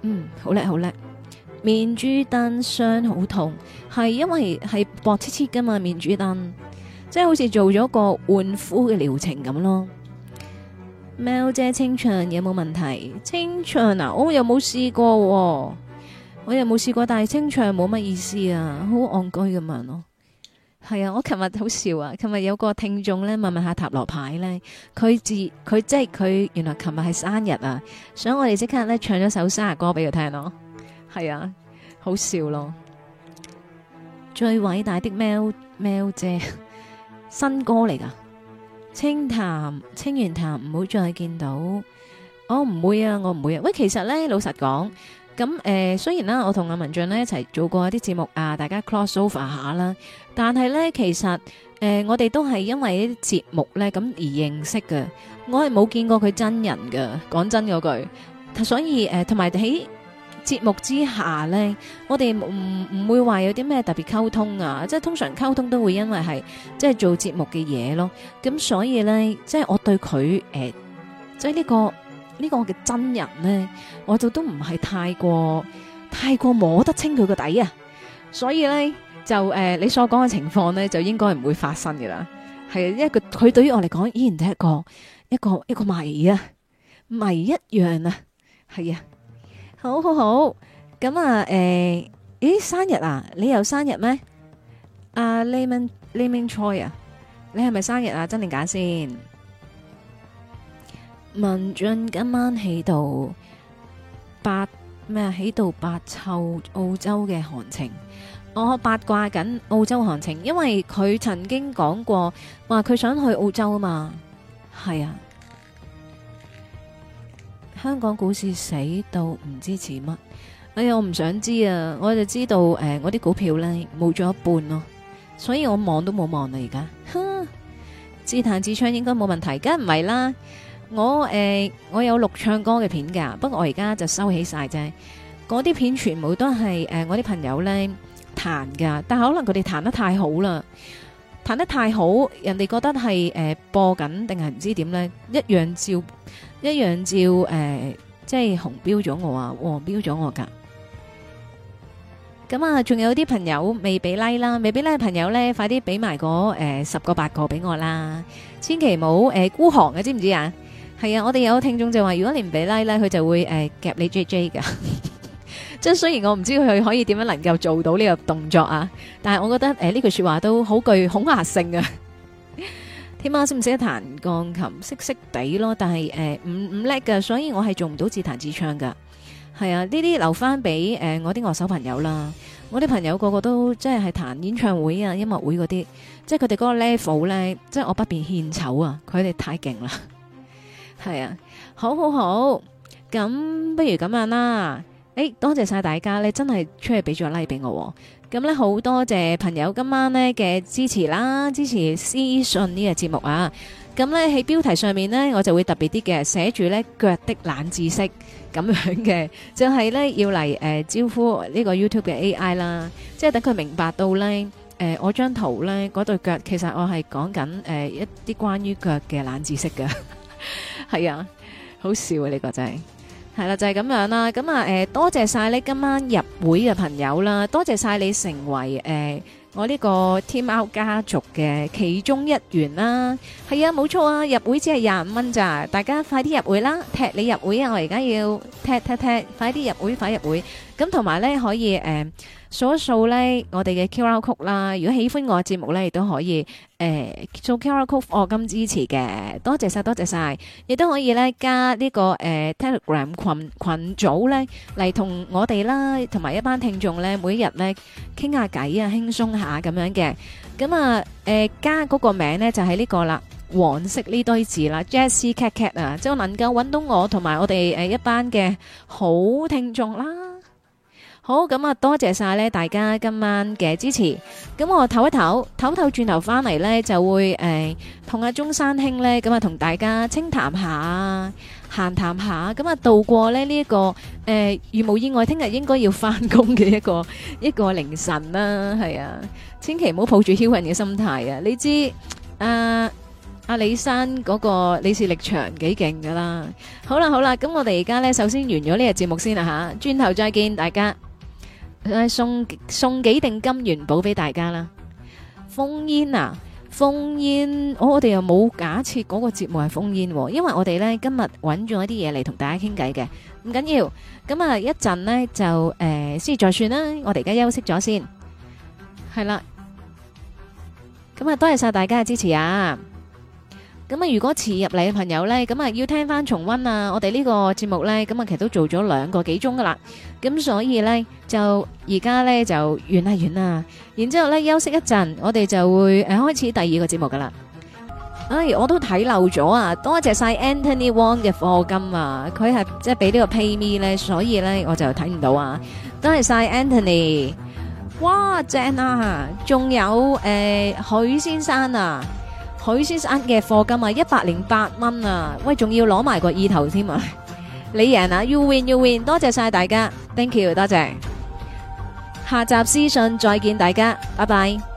嗯，好叻好叻。面珠丹傷好痛，係因為係薄切切噶嘛，面珠丹，即係好似做咗個換膚嘅療程咁咯。喵姐清唱嘢冇問題？清唱、啊？Oh, 冇試過啊，我又冇試過，我又冇試過，但係清唱冇乜意思啊，好戇居咁樣咯。係啊，我琴日好笑啊，琴日有個聽眾咧問問下塔羅牌咧，佢自佢即係佢原來琴日係生日啊，所以我哋即刻咧唱咗首生日歌俾佢聽咯，啊，係啊，好笑咯，最偉大的喵喵姐，新歌嚟噶，清談清完談唔好再見到，我，哦，唔會啊，我唔會啊，喂，其實咧老實講。咁誒，雖然咧，我同阿文進咧一齊做過一啲節目啊，大家 cross over 下啦。但係咧，其實誒，我哋都係因為啲節目咧咁而認識嘅。我係冇見過佢真人嘅，講真嗰句。所以誒，同埋喺節目之下咧，我哋唔唔會話有啲咩特別溝通啊。即係通常溝通都會因為係即係做節目嘅嘢咯。咁所以咧，即係我對佢誒，即係呢個。呢、這個嘅真人咧，我就都唔係太過太過摸得清佢個底啊，所以咧就誒、呃，你所講嘅情況咧就應該唔會發生嘅啦，係一個佢對於我嚟講依然都係一個一個一個謎啊，謎一樣啊，係啊，好好好，咁啊、呃、誒，咦生日啊，你又生日咩？阿、uh, Lemon Lemon Choi 啊，你係咪生日啊？真定假先？文進今晚喺度八咩？喺度八臭澳洲嘅行情。我、哦、八卦緊澳洲行情，因為佢曾經講過話佢想去澳洲啊嘛。係啊，香港股市死到唔知似乜。哎呀，我唔想知啊，我就知道誒、呃，我啲股票咧冇咗一半咯，所以我望都冇望啦。而家，哼，自彈自唱應該冇問題，梗唔係啦。我誒，我有錄唱歌嘅片噶，不過我而家就收起晒啫。嗰啲片全部都係誒，我啲朋友咧彈噶，但係可能佢哋彈得太好啦，彈得太好，人哋覺得係誒播緊定係唔知點咧，一樣照一樣照誒，即係紅標咗我啊，黃標咗我噶。咁啊，仲有啲朋友未俾 like 啦，未俾 like 嘅朋友咧，快啲俾埋個誒十個八個俾我啦，千祈唔好誒孤寒嘅，知唔知啊？係啊，我哋有聽眾就話，如果你唔俾拉 i 咧，佢就會誒夾、呃、你 J J 噶。即 係雖然我唔知佢可以點樣能夠做到呢個動作啊，但係我覺得誒呢句說話都好具恐嚇性 天啊。天媽識唔識得彈鋼琴？識識地咯，但係誒唔唔叻嘅，所以我係做唔到自彈自唱噶。係啊，呢啲留翻俾誒我啲樂手朋友啦。我啲朋友個個都即係係彈演唱會啊、音樂會嗰啲，即係佢哋嗰個 level 咧，即係我不便獻醜啊，佢哋太勁啦。係啊，好好好，咁不如咁樣啦。誒，多謝晒大家咧，你真係出嚟俾咗 like 俾我，哦。咁咧好多謝朋友今晚呢嘅支持啦，支持屍訊呢個節目啊。咁咧喺標題上面呢，我就會特別啲嘅寫住咧腳的冷知識咁樣嘅，就係、是、咧要嚟誒、呃、招呼呢個 YouTube 嘅 AI 啦，即係等佢明白到咧，誒、呃、我張圖咧嗰對腳，其實我係講緊誒一啲關於腳嘅冷知識㗎。 係 啊，好笑啊！呢、這個真係係啦，就係、是、咁樣啦。咁啊，誒、呃，多謝晒你今晚入會嘅朋友啦，多謝晒你成為誒、呃、我呢個天喵家族嘅其中一員啦。係啊，冇錯啊，入會只係廿五蚊咋，大家快啲入會啦！踢你入會啊，我而家要踢踢踢，快啲入會，快入會！咁同埋呢，可以誒。呃數一數咧，我哋嘅 QR Code 啦，如果喜歡我嘅節目咧，亦、呃、都可以誒做 QR Code，我咁支持嘅。多謝晒，多謝晒，亦都可以咧加呢個誒 Telegram 群群組咧，嚟同我哋啦，同埋一班聽眾咧，每一日咧傾下偈啊，輕鬆下咁樣嘅。咁啊誒、呃、加嗰個名咧就係、是、呢個啦，黃色呢堆字啦，Jazzy Cat Cat 啊，即我能夠揾到我同埋我哋誒、呃、一班嘅好聽眾啦。好，咁啊，多謝晒咧，大家今晚嘅支持。咁我唞一唞，唞唞，轉頭翻嚟咧，就會誒同阿中山兄咧，咁啊同大家傾談下，閒談下。咁、呃、啊度過呢、這、一個誒、呃，如無意外，聽日應該要翻工嘅一個一個凌晨啦。係啊，千祈唔好抱住僥倖嘅心態啊！你知阿阿、呃、李生嗰個李氏力場幾勁噶啦。好啦好啦，咁我哋而家咧首先完咗呢個節目先啦吓，轉頭再見大家。送送幾錠金元寶俾大家啦！封煙啊，封煙，我我哋又冇假設嗰個節目係封煙，因為我哋咧今日揾咗一啲嘢嚟同大家傾偈嘅，唔緊要。咁啊，一陣呢就誒先再算啦。我哋而家休息咗先，係啦。咁啊，多謝晒大家嘅支持啊！咁啊，如果遲入嚟嘅朋友咧，咁啊要聽翻重溫啊！我哋呢個節目咧，咁啊其實都做咗兩個幾鐘噶啦，咁所以咧就而家咧就完啦，完啦，然之後咧休息一陣，我哋就會誒、呃、開始第二個節目噶啦。哎，我都睇漏咗啊！多謝晒 Anthony Wong 嘅課金啊，佢係即係俾呢個 Pay Me 咧，所以咧我就睇唔到啊。多謝晒 Anthony，哇正啊！仲有誒許、呃、先生啊！許先生嘅貨金啊，一百零八蚊啊，喂，仲要攞埋個意頭添啊！ 你贏啊，要 win 要 win，多謝晒大家，thank you，多謝，下集私信再見大家，拜拜。